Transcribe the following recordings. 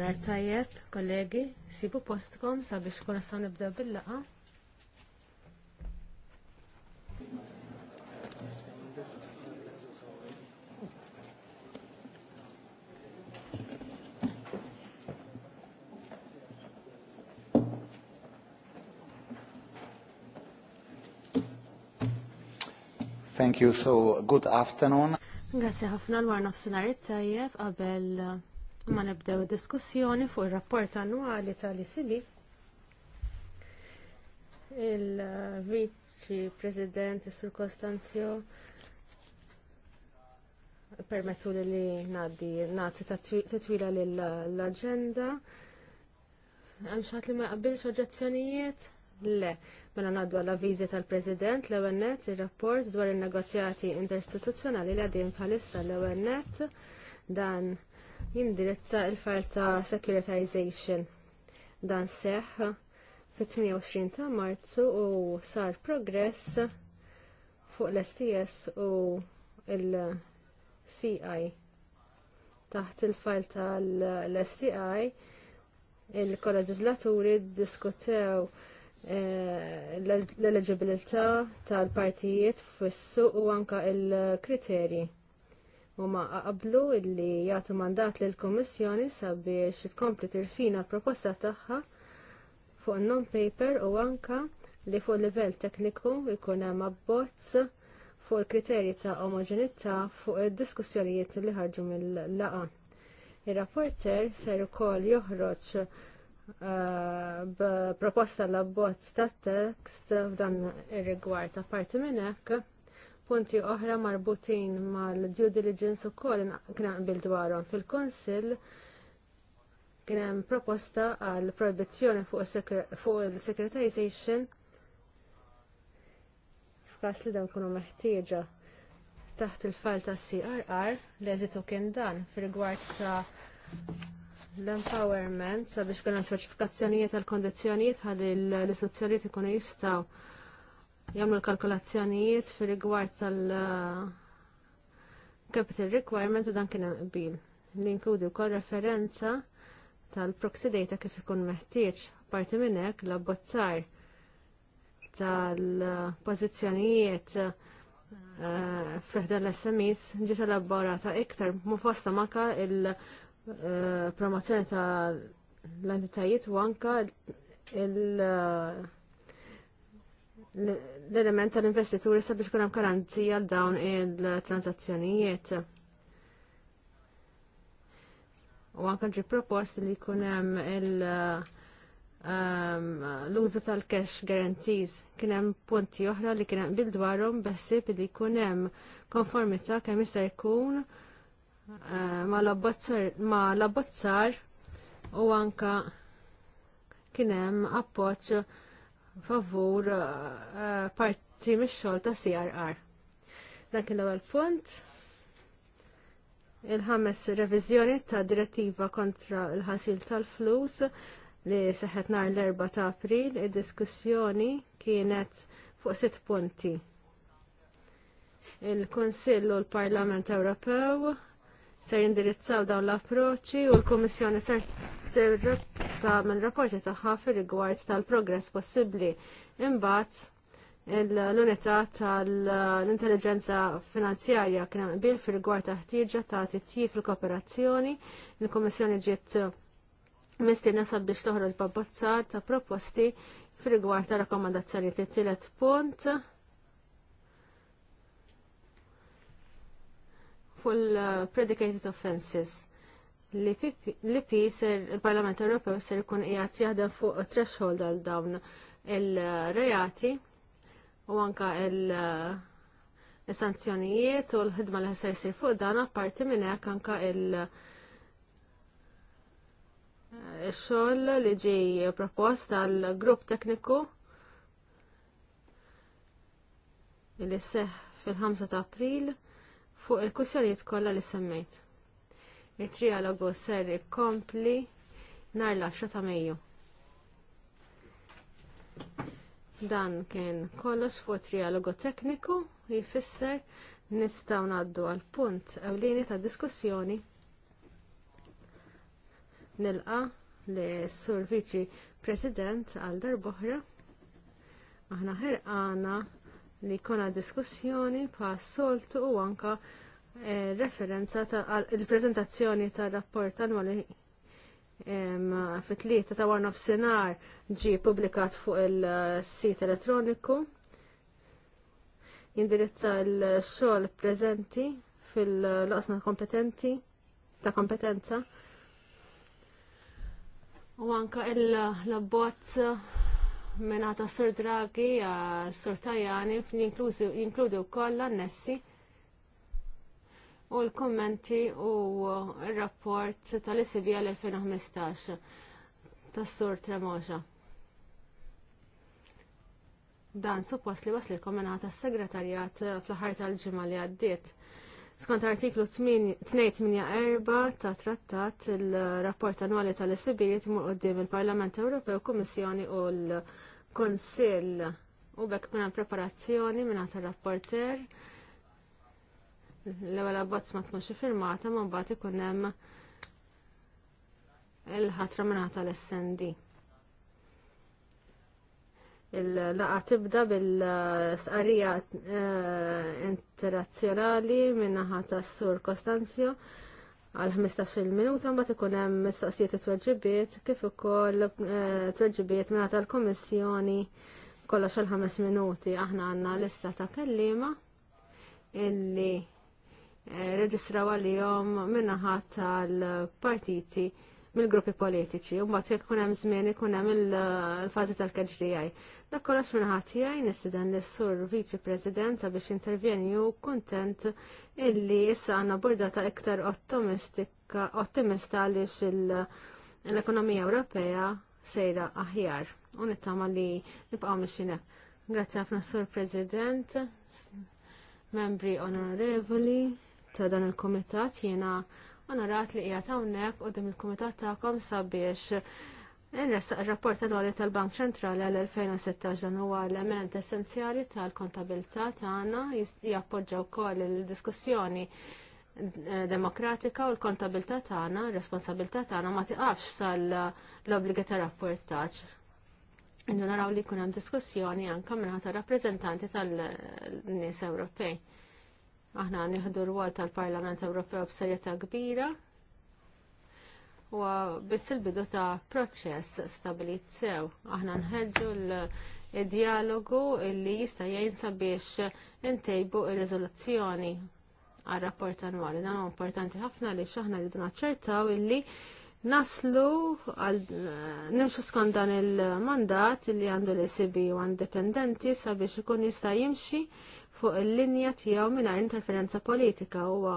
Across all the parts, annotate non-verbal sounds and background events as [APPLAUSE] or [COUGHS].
Nar kollegi, sibu postkom sabiex kun nibda bil-laqa. Thank you, so good afternoon. Grazie ħafna l-war nofsinarit, tajjeb qabel Ma nibdew diskussjoni fuq ir-rapport annwali tal-ICB. Il-Viċi President Sur Costanzio. permettu li li ngħaddi nagħti titwila l-aġenda. Hemm xi li ma jqabbilx oġġezzjonijiet? Le, mela naddu għalla avviżi tal-President l ewennet il-rapport dwar il-negozjati interistituzzjonali li għadin bħalissa l ewennet dan jindirizza il-fajl ta' securitization. Dan seħ fit-28 ta' Marzu u sar progress fuq l-STS u l-CI. Taħt il-fajl tal-STI il-kolleġislaturi ddiskutew eh, l-eligibilità tal-partijiet fis-suq u anke l kriterji U ma qablu li jagħtu mandat lill kummissjoni sabiex tkompli tirfina l-proposta tagħha fuq non-paper u anke li fuq livell tekniku jkun hemm abbozz fuq il-kriterji ta' omoġenità fuq id-diskussjonijiet li ħarġu mill laqgħa ir rapporter ser ukoll joħroġ eh, b'proposta l abbozz tat tekst f'dan ir-rigward apparti minn hekk punti oħra marbutin mal-due diligence ukoll kien qbil dwarhom fil-Kunsill kien hemm proposta għal proibizzjoni fuq il-secretization f'każ li dan kunu meħtieġa taħt il-fall ta' CRR li eżitu kien dan fil gwart ta' l-empowerment sabiex kuna speċifikazzjonijiet għal kondizzjonijiet għal l-istituzzjonijiet ikunu jistgħu jagħmlu l-kalkolazzjonijiet fir-rigward tal- uh, capital requirement u dan kien qbil li inkludi wkoll referenza tal-proxy data kif ikun meħtieġ parti minn hekk l-abbozzar tal-pożizzjonijiet Uh, l sms ġiet elaborata iktar mufosta maka il-promozzjoni uh, tal entitajiet u anka il- uh, l-element tal-investituri sabiex kun hemm garanzija għal dawn il-transazzjonijiet. U anke ġi propost li jkun hemm ehm, l-użu tal-cash guarantees kien hemm punti oħra li kien hemm bil dwarhom li jkun hemm konformità kemm jista' jkun eh, ma l-abbozzar u anka kien hemm favur eh, eh, parti mix-xogħol ta' CRR. kien l-ewwel punt il-ħames reviżjoni ta' direttiva kontra l-ħasil tal-flus li seħet nar l-4 ta' april id-diskussjoni kienet fuq sitt punti. Il-Konsill u l-Parlament Ewropew ser jindirizzaw dawn l-approċċi u l-Kummissjoni ser tagħmel rapporti tagħha fir-rigward tal-progress possibbli. Imbagħad l-unità tal-intelligenza finanzjarja kien hemm qbil fir-rigward ta' ħtieġa ta' titjib fil-kooperazzjoni. Il-Kummissjoni ġiet mistinna sabiex toħroġ babbozzar ta' proposti fir-rigward ta' rakkomandazzjoni tielet punt full uh, predicated offenses li pi ser il-Parlament Ewropew ser ikun qiegħed jaħdem fuq threshold għal dawn il-reati u anka uh, il-sanzjonijiet u l-ħidma li ser sir fuq dan apparti minn hekk anka il- uh, xogħol li ġej propost għal grupp tekniku li seħ fil-5 ta' april fuq il-kussjonijiet kollha li semmejt. Il-trialogu ser ikompli nhar l-10 ta' Mejju. Dan kien kollox fuq trialogu tekniku jfisser nistgħu ngħaddu għal punt ewlieni ta' diskussjoni nilqa li sur viċi president għal oħra. aħna ħirqana li jkollna diskussjoni pa' soltu u anka eh, referenza il prezentazzjoni tar rapport annwali fit-tlieta ta' warna Senar ġi publikat fuq il-sit elettroniku jindirizza l-xogħol prezenti fil-loqsma kompetenti ta' kompetenza u anka l labbozza minn ta' Sur Draghi, Sur Tajani, jinkludu kolla nessi u l-kommenti u r-rapport tal-ISB għal-2015 tas-Sur Tremoja. Dan suppost li wasli minn ta' segretarjat fl-ħar tal-ġimgħa li għaddiet. Skont artiklu 284 ta' trattat il-rapport annwali tal-Sibiet mur qoddim il-Parlament Ewropew, Kummissjoni u l-Konsill u bekk minna preparazzjoni minna tal-rapporter. L-ewwel abbozz ma tkunx firmata ma mbagħad ikun hemm il-ħatra minna tal-SND. Il-laqa tibda bil-sqarija eh, interazzjonali minnaħa tas sur Kostanzio għal 15 minuta mbagħad ikun hemm mistoqsijiet it-tweġibiet kif ukoll eh, tweġibiet mingħata l-Kummissjoni kollha xogħol ħames minuti aħna għandna lista ta' kelliema illi eh, reġistraw għalihom minnaħa tal-partiti mill-gruppi politiċi u mbagħad jekk hemm żmien ikun hemm il-fażi tal-KGDI. Dak kollox minn ħadd tiegħi nisidan lis-sur Viċi President biex intervjeni u kuntent illi issa għandna burdata iktar ottimistika ottimista għaliex l-ekonomija Ewropea sejra aħjar u nittama li nibqgħu mixinek. Grazzi ħafna sur President, membri onorevoli ta' dan il-komitat jiena onorat li qiegħed hawnhekk qudiem il-kumitat tagħkom sabiex Nressaq il-rapport annwali tal-Bank Ċentrali għal-2016 dan huwa element essenzjali tal-kontabilità tagħna jappoġġa wkoll il-diskussjoni eh, demokratika u l-kontabilità tagħna, responsabilità tagħna ma tiqafx sal l-obbligi ta' rapportaġġ. Indu naraw li jkun hemm diskussjoni anke minħata rappreżentanti tal-nies Ewropej. Aħna nieħdu rwol tal-Parlament Ewropew b'serjetà kbira u biss il-bidu ta' proċess stabilit sew. Aħna nħedġu l-dialogu li jista' jgħin biex intejbu ir-riżoluzzjoni għal-rapport annwali. Dan importanti ħafna li xaħna li naċċertaw illi naslu għal nimxu skont dan il-mandat li għandu l-ECB u indipendenti sabiex ikun jista' jimxi fuq il-linja tiegħu mingħajr interferenza politika huwa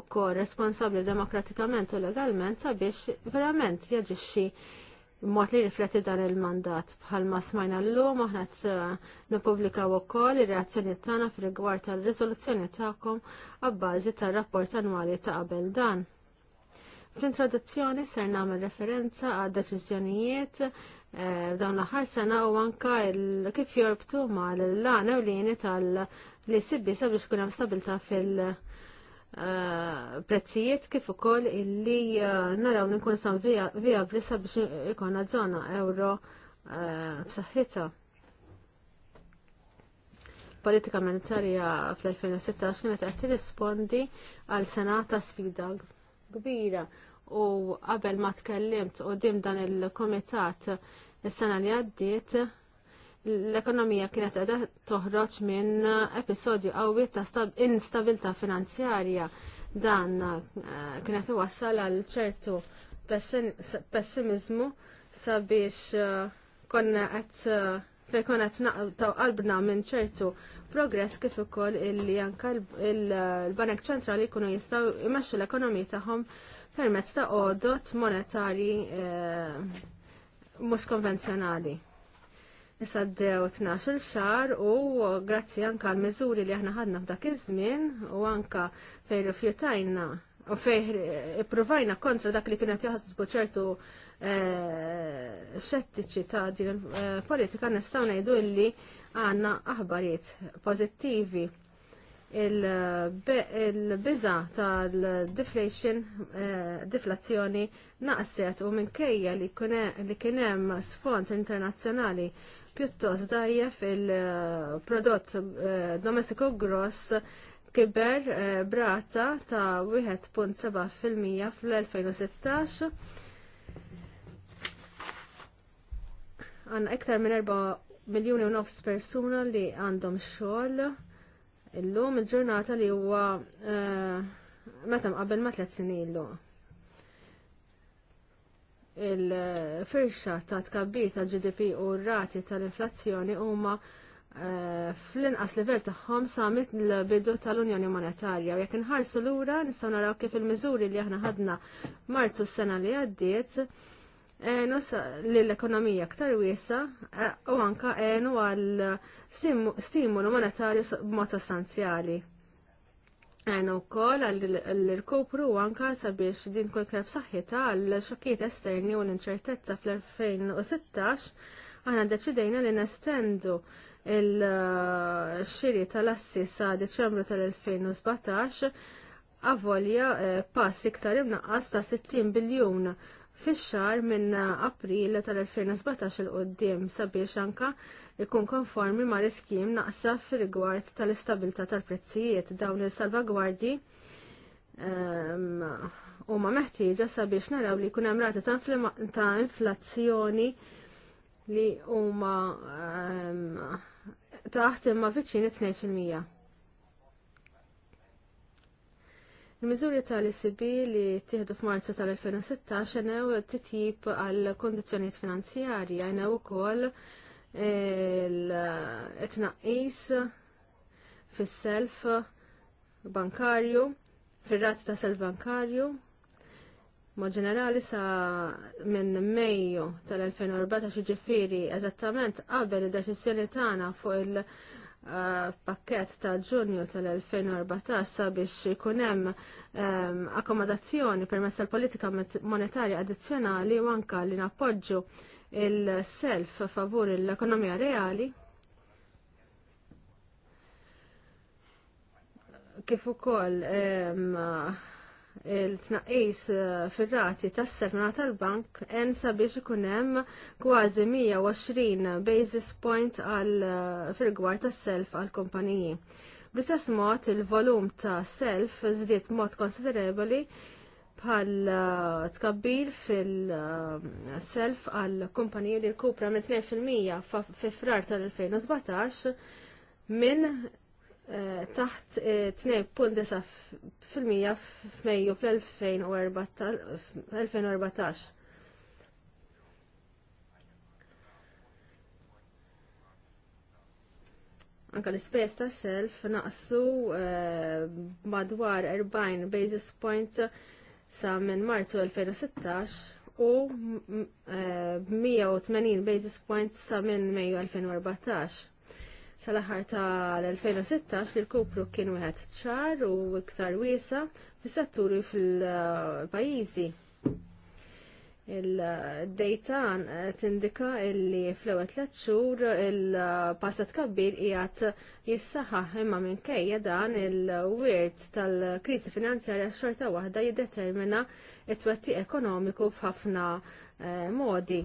wkoll responsabbli demokratikament u legalment sabiex verament jaġixxi mod li rifletti dan il-mandat bħalma smajna l-lum aħna eh, nippubblikaw ukoll ir-reazzjonijiet tagħna fir-rigward tal-riżoluzzjoni tagħkom għabbażi tar-rapport annwali ta' qabel dan. Fl-introduzzjoni ser nagħmel referenza għad deċiżjonijiet Eh, dawn l-aħħar sena u anka kif jorbtu ma l-lana u lini tal lissibbi sabiex kun hemm stabilta fil-prezzijiet eh, kif ukoll illi eh, naraw nkun san vija blissa biex ikonna żona euro b'saħħitha. Politika monetarja fl-2016 kienet qed tirrispondi għal sena ta' sfida kbira u qabel ma tkellimt u dim dan il-komitat is-sena li għaddiet, l-ekonomija kienet qiegħda toħroġ minn episodju qawwi ta' instabilta finanzjarja. Dan eh, kienet iwassal għal ċertu pessimizmu sabiex eh, konna qed eh, fej konna qed qalbna minn ċertu progress kif ukoll illi anke banek Ċentrali jkunu jistgħu jmexxu l-ekonomija tagħhom permezz ta' għodot monetari eh, mhux konvenzjonali. Issa d-dew 12 xar u grazzi anka għal miżuri li aħna ħadna f'dak iż-żmien u anka fejn rifjutajna u fejn ippruvajna kontra dak li kienet jaħsbu ċertu eh, xettiċi ta' din il-politika eh, nistgħu ngħidu li għandna aħbarijiet pożittivi il-biża tal-deflation, eh, deflazzjoni naqset u minkejja li kien hemm sfond internazzjonali pjuttost dajjef il-prodott eh, domestiku gross kiber eh, brata ta' 1.7% fl-2016 għanna iktar minn 4 miljoni u nofs persuna li għandhom xogħol illum il-ġurnata li huwa eh, meta qabel ma' tliet snin illu. Il-firxa ta' tkabbir tal-GDP u r-rati tal-inflazzjoni huma eh, fl-inqas livell tagħhom samit l-bidu tal-Unjoni Monetarja jekk inħarsu lura nistgħu naraw kif il-miżuri li aħna ħadna Marzu s-sena li għaddiet enu eh, l-ekonomija ktar wiesa eh, u anka enu għal stimulu monetarju b'mod sostanzjali. Enu kol għall-rkupru u anka sabiex din kol kreb saħħita għal xokiet esterni u l-inċertezza fl-2016 għana deċidejna li nestendu il-xiri tal-assi sa' Deċembru tal-2017 avolja eh, pass iktar imnaqqas ta' 60 biljun fix-xar minn April tal-2017 il quddiem sabiex anka ikun konformi ma' riskim naqsa fil-rigward tal-istabilta tal-prezzijiet dawn il-salvagwardji ehm, u ma' meħtieġa sabiex naraw li kun hemm rata ta' inflazzjoni li huma ehm, taħt imma viċini 2%. Il-miżuri tal-ECB li tieħdu f'Marzu tal-2016 għenew titjib għal kondizjoniet finanzjarji għenew ukoll l-etnaqis fis-self bankarju, fir-rat ta' self bankarju, ma' ġenerali sa minn Mejju tal-2014 ġifiri eżattament qabel id-deċizjoni tagħna fuq il- Eh, pakket ta' ġunju tal-2014 sabiex ikun hemm ehm, akkomodazzjoni permezz tal-politika monetarja addizzjonali u anka li nappoġġu il-self favur l-ekonomija reali kif ukoll ehm, il-tnaqis eh, fil-rati tas serna tal-bank ensa biex ikun hemm kważi 120 basis point għal eh, firgwar tas self għal kumpaniji. Bl-istess mod il-volum ta' self żdiet mod konsiderevoli bħal eh, tkabbir fil-self għal kumpaniji li rkupra me 2% fi frar tal-2017 minn taħt 2.9 eh, fil-mija f'Mejju fl-2014. Anka l-ispejs ta' self naqsu eh, madwar 40 basis point sa' minn Marzu 2016 u 180 eh, basis point sa' minn Mejju 2014 Sal-aħħar tal-2016 li l-kupru kien wieħed ċar u iktar wiesa fis-setturi fil-pajjiżi. Il-data tindika illi fl-ewwel tliet xhur il passat kabbir qiegħed jissaħħaħ imma minkejja dan il-wirt tal-kriżi finanzjarja xorta waħda jiddetermina t-twetti ekonomiku f'ħafna eh, modi.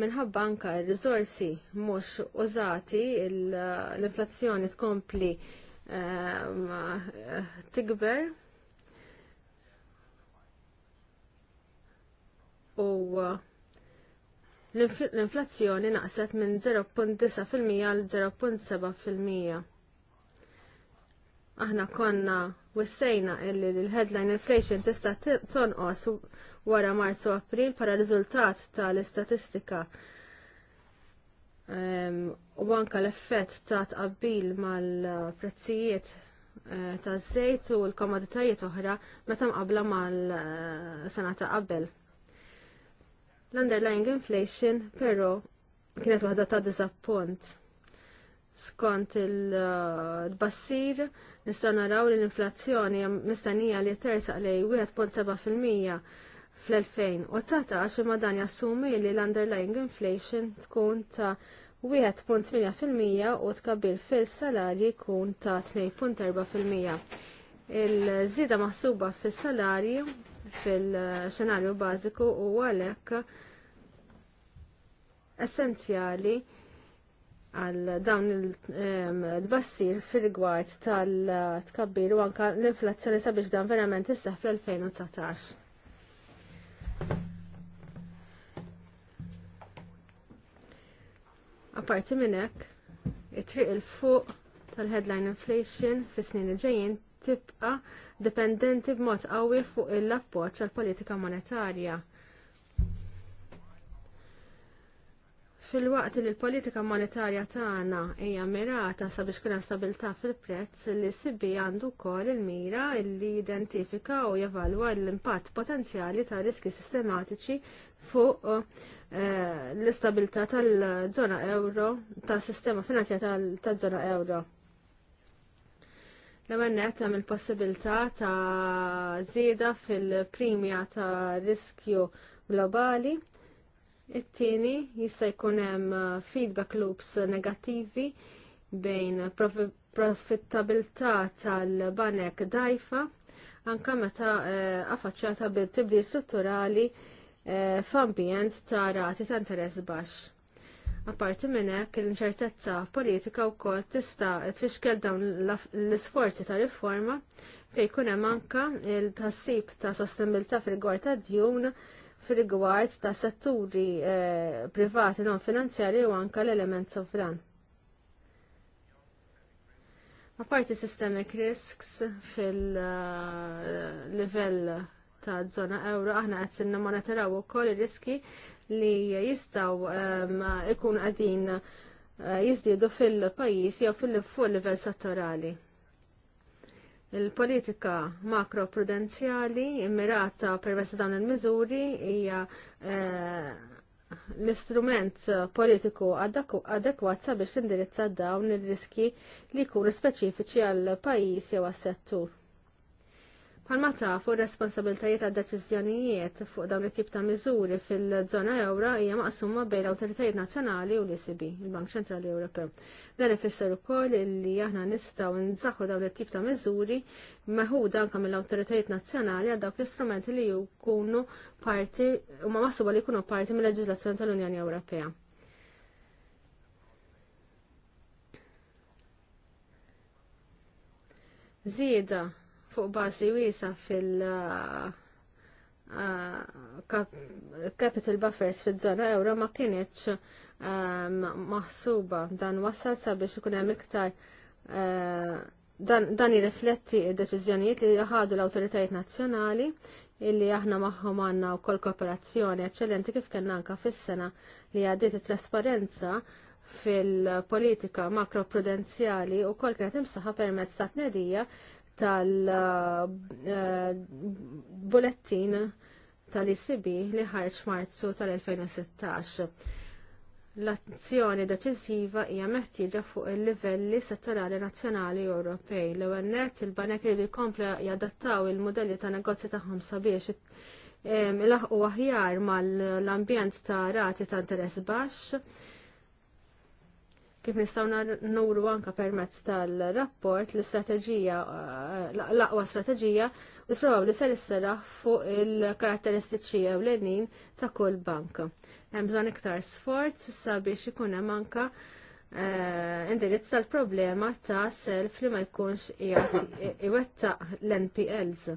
minħabba anka r-risorsi mhux użati l-inflazzjoni tkompli ehm, tikber u l-inflazzjoni naqset minn 0.9% għal 0.7%. Aħna konna wissejna illi l-headline inflation tista' tonqos wara Marzu April para riżultat tal-istatistika u anke l-effett ta' tqabbil mal-prezzijiet eh, taż żejt u l-komoditajiet oħra meta mqabbla mal-sena eh, ta' qabel. L-underlying inflation però kienet waħda ta' diżappunt skont il-bassir eh, Nistgħu naraw li l-inflazzjoni mistennija li tersaq li 1.7% fl-2019 imma dan jassumi li l-underlying inflation tkun ta' 1.8% u tkabbir fil-salarji jkun ta' 2.4%. Il-żieda maħsuba fis-salarji fil-xenarju bażiku u għalhekk essenzjali għal dawn il-tbassir fil-gwart tal-tkabbir u anka l-inflazzjoni sabiex dan verament issa fl-2019. Aparti minn hekk, it-triq il-fuq tal-headline inflation fis snin il-ġejjin tibqa dipendenti b'mod qawwi fuq il-appoġġ għal politika monetarja. Fil-waqt li l-politika monetarja tagħna hija mirata sabiex kien stabilità fil-prezz li sibi għandu wkoll il-mira li identifika u jevalwa l-impatt potenzjali ta' riski sistematiċi fuq eh, l-istabilità tal-żona euro ta' sistema finanzja tal-żona euro. L-ewwel net hemm il-possibilità ta' żieda fil-primja ta' riskju globali It-tieni jista' jkun hemm uh, feedback loops negattivi bejn profittabilità tal-banek dajfa anka meta eh, affaċċjata bil tibdil strutturali eh, f'ambjent ta' rati ta' interess baxx. Apparti minn hekk l-inċertezza politika wkoll tista' tfixkel dawn l-isforzi ta' riforma fejn jkun hemm anka il-tassib ta' sostenibilità fir-rigward ta' djun fil-gwart ta' setturi eh, privati non finanzjari u anka l-element sovran. A parti systemic risks fil-level eh, ta' zona euro, aħna qed monitoraw ukoll ir-riski li jistgħu ehm, ikun għadin eh, jiżdiedu fil-pajjiż jew fil level livell settorali. Il-politika makroprudenzjali immirata permezz dawn il-miżuri hija eh, l-istrument politiku adekwat sabiex indirizza dawn ir riski li jkunu speċifiċi għal pajjiż jew għas-settur. Palma tafu r-responsabiltajiet għad deċiżjonijiet fuq dawn it-tip ta' miżuri fil-żona ewra hija maqsuma bejn l-awtoritajiet nazzjonali u l-ECB, il-Bank Ċentrali Ewropew. Dan ifisser ukoll li aħna nistgħu nżaħħu dawn it-tip ta' miżuri meħuda anke mill-awtoritajiet nazzjonali għal dawk l-istrumenti li jkunu parti huma maħsuba li jkunu parti mill-leġiżlazzjoni tal-Unjoni Ewropea. Zieda fuq bażi wiesa fil- uh, uh, capital buffers fil-żona euro ma kienieċ um, maħsuba dan wassal sabiex ikun hemm iktar uh, dan jirrifletti id-deċiżjonijiet li ħadu l-awtoritajiet nazzjonali illi aħna magħhom għandna wkoll kooperazzjoni eċċellenti kif kellna anke fis-sena li għaddiet it-trasparenza fil-politika makroprudenzjali u kol kienet imsaħħa permezz ta' tnedija tal-bulettin eh, tal-ICB li ħarġ Marzu tal-2016. L-azzjoni deċiżiva hija meħtieġa fuq il-livelli settorali nazzjonali Ewropej. L-ewwel nett il-banek li jkompla jadattaw il-modelli ta' negozji tagħhom sabiex eh, il-aħqu aħjar mal-ambjent ta' rati ta' interess baxx kif nistgħu nuru anke permezz tal-rapport l-istrateġija eh, l-aqwa strateġija u probabbli ser isseraħ fuq il-karatteristiċi lenin ta' kull bank. Hemm bżonn iktar sforz sabiex ikun hemm anka eh, indirizz tal-problema ta' self li ma jkunx iwettaq l-NPLs.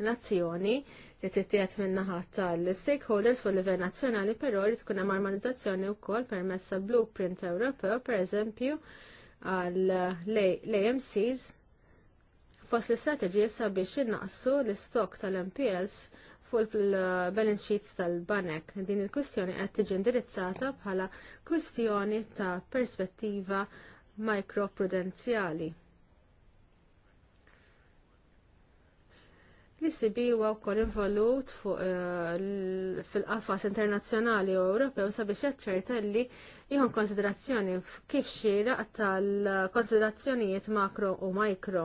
L-azzjoni li minna ħatta tal-stakeholders fuq livell nazzjonali però li tkun hemm armonizzazzjoni wkoll permezz ta' blueprint Ewropew pereżempju għall-AMCs fost l-istrateġija sabiex innaqsu l-istok tal-MPLs fuq il-balance sheets tal-banek. Din il-kwistjoni qed tiġi indirizzata bħala kwistjoni ta' perspettiva makroprudenzjali. L-ICB huwa wkoll involut eh, fil-qafas internazzjonali u Ewropew sabiex jaċċerta li jieħu konsiderazzjoni kif xira tal-konsiderazzjonijiet makro u mikro.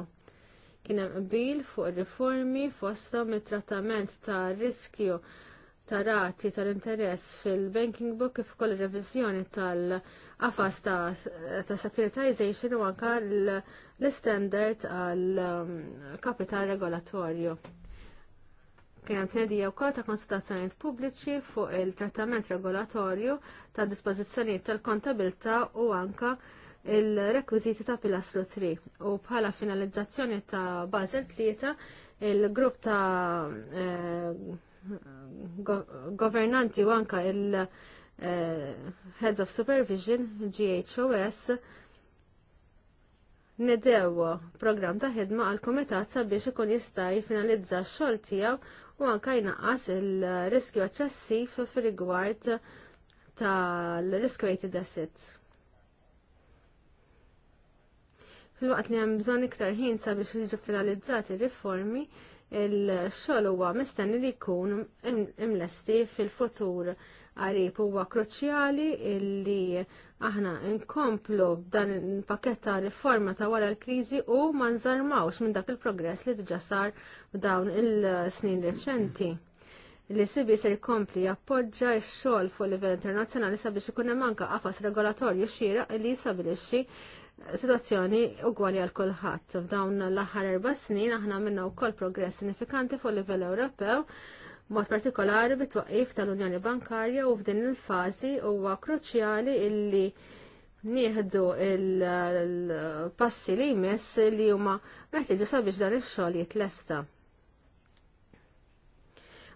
Kien hemm qbil fuq ir-riformi fostom it-trattament ta' riskju ta' rati tal-interess fil-banking book kif ukoll ir-reviżjoni tal-qafas ta' securitization u anke l standard għal mm, kapital regolatorju. Kienem tnedija wkoll ta' konsultazzjonijiet pubbliċi fuq il-trattament regolatorju ta' dispożizzjonijiet tal-kontabilta u anka il-rekwiziti ta' pilastru 3. U bħala finalizzazzjoni ta' Basel 3 il-grupp ta' eh, governanti u anka il- eh, Heads of Supervision, GHOS, nedew program ta' ħidma għal komitat sabiex ikun jista' jifinalizza x-xogħol tiegħu u anka jnaqqas il-riskju eċċessiv fir-rigward tal-risk weighted assets. Fil-waqt li hemm bżonn iktar ħin sabiex jiġu finalizzati riformi, il-xogħol huwa mistenni li jkun imlesti fil-futur qarib huwa kruċjali illi aħna nkomplu dan il paket ta' riforma ta' wara l-kriżi u ma nżarmawx minn dak il-progress li diġà sar f'dawn il-snin reċenti. Li sibi se jkompli jappoġġa x-xogħol fuq livell internazzjonali sabiex ikun hemm anke qafas regolatorju xieraq li jistabilixxi situazzjoni ugwali għal kulħadd. F'dawn l-aħħar erba' snin aħna minna wkoll progress sinifikanti fuq livell Ewropew mod partikolari bit-twaqqif tal-Unjoni Bankarja u f'din il-fażi huwa kruċjali illi nieħdu il-passi li jmiss li huma meħtieġu sabiex dan ix-xogħol jitlesta.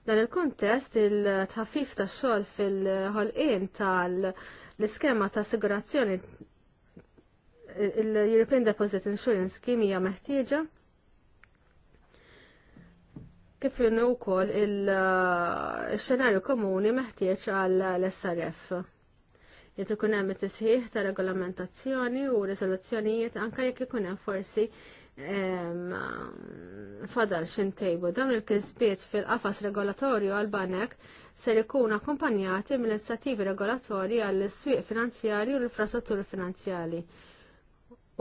Dan il-kuntest il-tħaffif tax-xogħol fil-ħolqien tal-iskema ta' assigurazzjoni il-European Deposit Insurance Scheme hija meħtieġa kif u wkoll il-xenarju komuni meħtieġ għal srf Jrid ikun hemm it-tisħiħ ta' regolamentazzjoni u riżoluzzjonijiet anke jekk ikun hemm forsi fadal xintejbu Dan il-kizbiet fil-qafas regolatorju għal-banek ser ikun akkompanjati mill inizjattivi regolatorji għall-swieq finanzjarji u l-infrastrutturi finanzjali.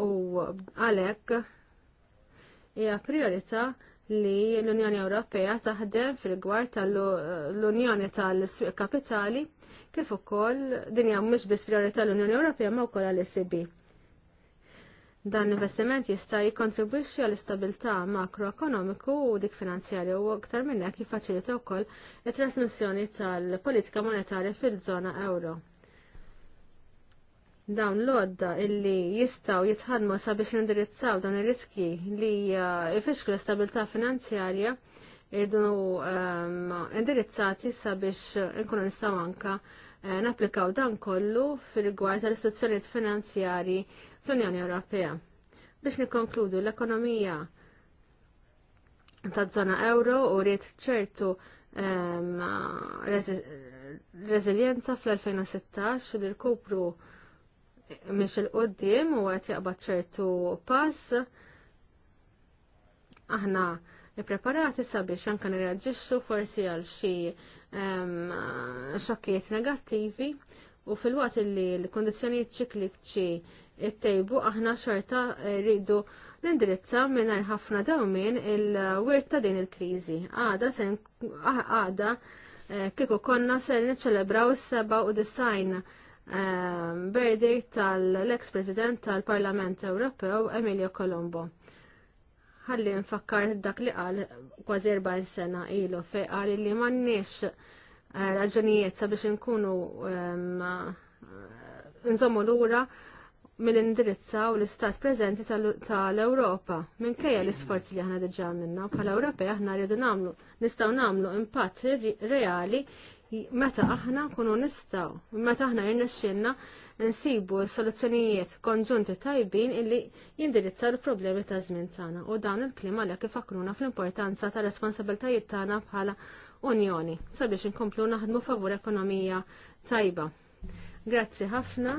U għalhekk hija priorità li l-Unjoni Ewropea taħdem fil-gwar tal-Unjoni tal-Swiq Kapitali kif ukoll din hija mhux biss priorità l-Unjoni Ewropea ma wkoll għall-ECB. Dan l investiment jista' jikkontribwixxi għall istabilità makroekonomiku u dik finanzjarja u aktar minn hekk jiffaċilita wkoll it-trasmissjoni tal-politika monetarja fil-żona euro dawn l-odda illi jistaw jitħadmu sabiex nindirizzaw dan ir-riski li uh, jfixklu l-istabilità finanzjarja irdu um, indirizzati sabiex nkunu nistaw anka uh, napplikaw dan kollu fil-rigward tal-istituzzjonijiet finanzjarji fl-Unjoni Ewropea. Biex nikkonkludu l-ekonomija ta' zona euro u rrit ċertu um, fl-2016 u l-kupru Mhix il-qoddim u qed jaqbad ċertu pass. Aħna preparati sabiex anke nirreġixxu forsi għal xi xokkijiet negattivi u fil-waqt li l-kondizjonijiet ċikliċi ittejbu aħna xorta rridu nindirizza mingħajr ħafna dawmin il-wirt ta' din il-kriżi. Għada sen għada eh, kieku konna ser niċċelebraw s seba u design Ehm, verdict tal-ex president tal-Parlament Ewropew Emilio Colombo. Ħalli nfakkar dak li qal kważi 40 sena ilu fej qal li m'għandniex eh, raġunijiet sabiex inkunu ehm, eh, nżommu lura mill indirizza u l-istat preżenti tal-Ewropa. Minkejja l-isforzi li aħna diġà għamilna bħala Ewropej aħna rridu nagħmlu nistgħu nagħmlu impatt reali meta aħna nkunu nistaw, meta aħna jirnexxinna nsibu soluzzjonijiet konġunti tajbin illi jindirizzaw il-problemi ta' żmien tagħna u dan il-klima li kif akruna fl-importanza ta' responsabiltajiet tagħna bħala Unjoni sabiex inkomplu naħdmu favur ekonomija tajba. Grazzi ħafna.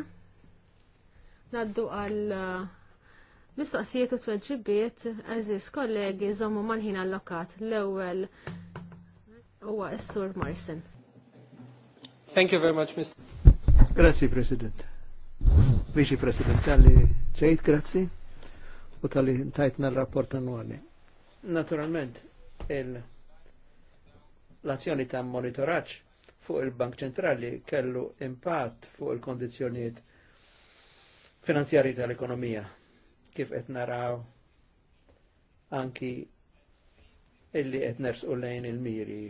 Naddu għal uh, mistoqsijiet u tweġibiet, eżis kollegi, żommu mal-ħin allokat l-ewwel huwa s-sur Marsen. Thank you very much, Mr. Grazzi, President. Vici President, tali li ġejt, u tali li tajtna l-rapport annuali. Naturalment, l-azzjoni ta' monitoraċ fuq il-Bank Ċentrali kellu impatt fuq il-kondizjoniet finanzjari tal-ekonomija, kif qed naraw anki illi qed nersqu lejn il-miri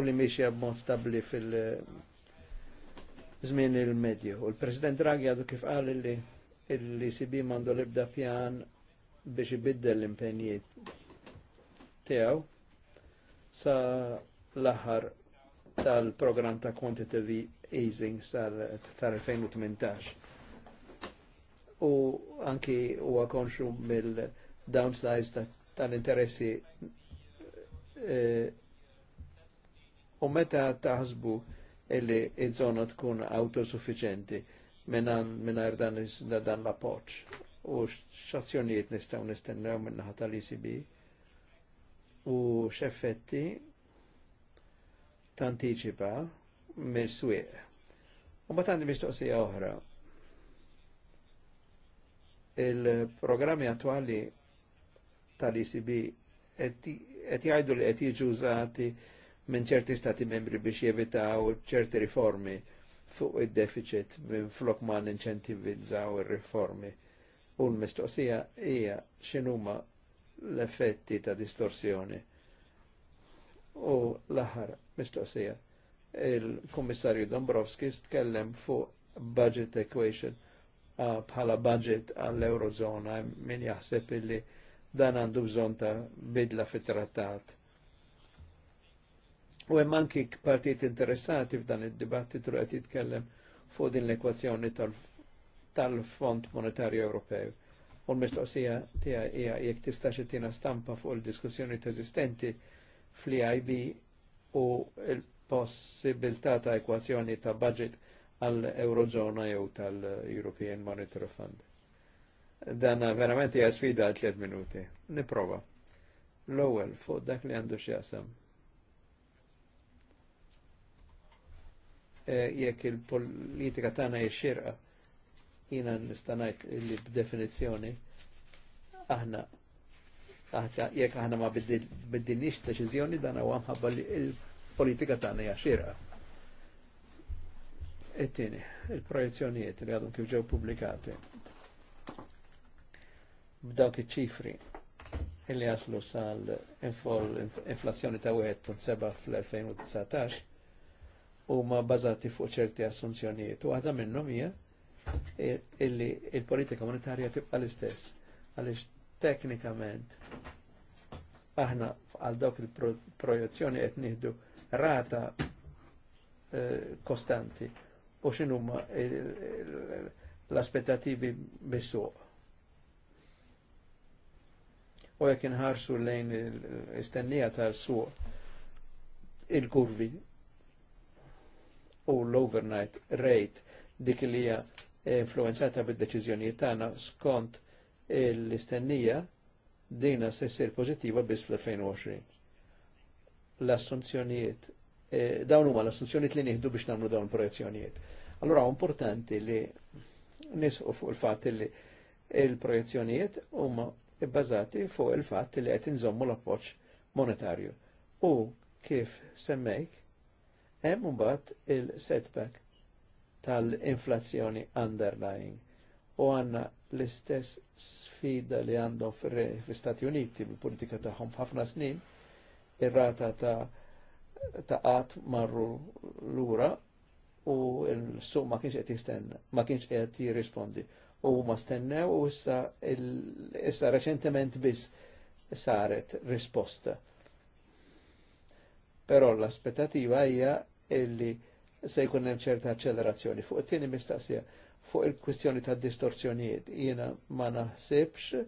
u li miexja b'mod stabli fil-żmien il-medju. U l-President Draghi għadu kif qal li l-ECB mandu l-ibda pjan biex ibiddel l-impenjiet tiegħu sa l-aħħar tal-programm ta' quantitative easing tal-2018. U anki huwa konxu mill-downsize tal-interessi eh, u meta taħsbu illi iż zona tkun autosuffiċenti minar dan, dan la poċ u xazzjoniet nistaw nistennew minna minnaħa tal-ECB u x'effetti tantiċipa mill-swieq. U ma tandi mistoqsija oħra. Il-programmi attuali tal icb qed jgħidu li qed jiġu użati minn ċerti stati membri biex jevitaw ċerti riformi fuq id-deficit minn flok ma ninċentivizzaw il riformi U l-mistoqsija hija xinuma l-effetti ta' distorsjoni. U l-aħħar mistoqsija il-Kummissarju Dombrovski tkellem fuq budget equation bħala budget għall-Eurozona min jaħseb illi dan għandu bżon ta' bidla fit-trattat U hemm anki partit interessati f'dan id-dibattitu qed jitkellem fuq din l-ekwazzjoni tal-Fond Monetarju Ewropew. U l-mistoqsija tiegħi hija jekk tista' xi tina stampa fuq il-diskussjoni teżistenti fl-IB u l-possibilità ta' ekwazzjoni ta' budget għall eurozona jew tal-European Monetary Fund. Dan verament hija sfida għal tliet minuti. Niprova. L-ewwel fuq dak li għandu x'jaqsam jekk il-politika tagħna xirqa jiena nista' ngħid li b'definizzjoni aħna jekk aħna ma biddilniex deċiżjoni dan huwa mħabba li l-politika tagħna hija xirqa. It-tieni, il-projezzjonijiet li għadhom kif ġew pubblikati b'dawk iċ-ċifri illi jaslu sal inflazzjoni ta' 1.7 fl-2019 huma bazati fuq ċerti assunzjonijiet. U għadha minnhom hija illi il-politika monetarja tibqa l-istess Għalix teknikament aħna għal dawk il-projezzjoni qed nieħdu rata eh, kostanti u x'inhuma l-aspettativi bis-suq. U jekk inħarsu lejn l-istennija tal-suq il-kurvi u l-overnight rate dik li hija influenzata bid-deċiżjonijiet tagħna skont l-istennija dina se jsir pożittiva biss fl-2020. L-assunzjonijiet eh, dawn huma l-assunzjonijiet li nieħdu biex nagħmlu dawn projezzjonijiet. Allura importanti li nisqu fuq il-fatt li il-projezzjonijiet huma bbażati fuq il-fatt li qed inżommu l-appoġġ monetarju. U kif semmejk Hemm mbagħad il-setback tal-inflazzjoni underlying u għanna l-istess sfida li għandhom fl-Istati Uniti bil-politika tagħhom ħafna snin, ir-rata ta' ta' qatt marru lura u l-suq ma kienx qed jistenna, ma kienx qed jirrispondi. U ma stennew u issa issa reċentement biss saret risposta. Però l-aspettativa hija illi se jkun hemm ċerta accelerazzjoni. Fuq it-tieni mistaqsija fuq il-kwistjoni ta' distorsjonijiet jiena ma naħsibx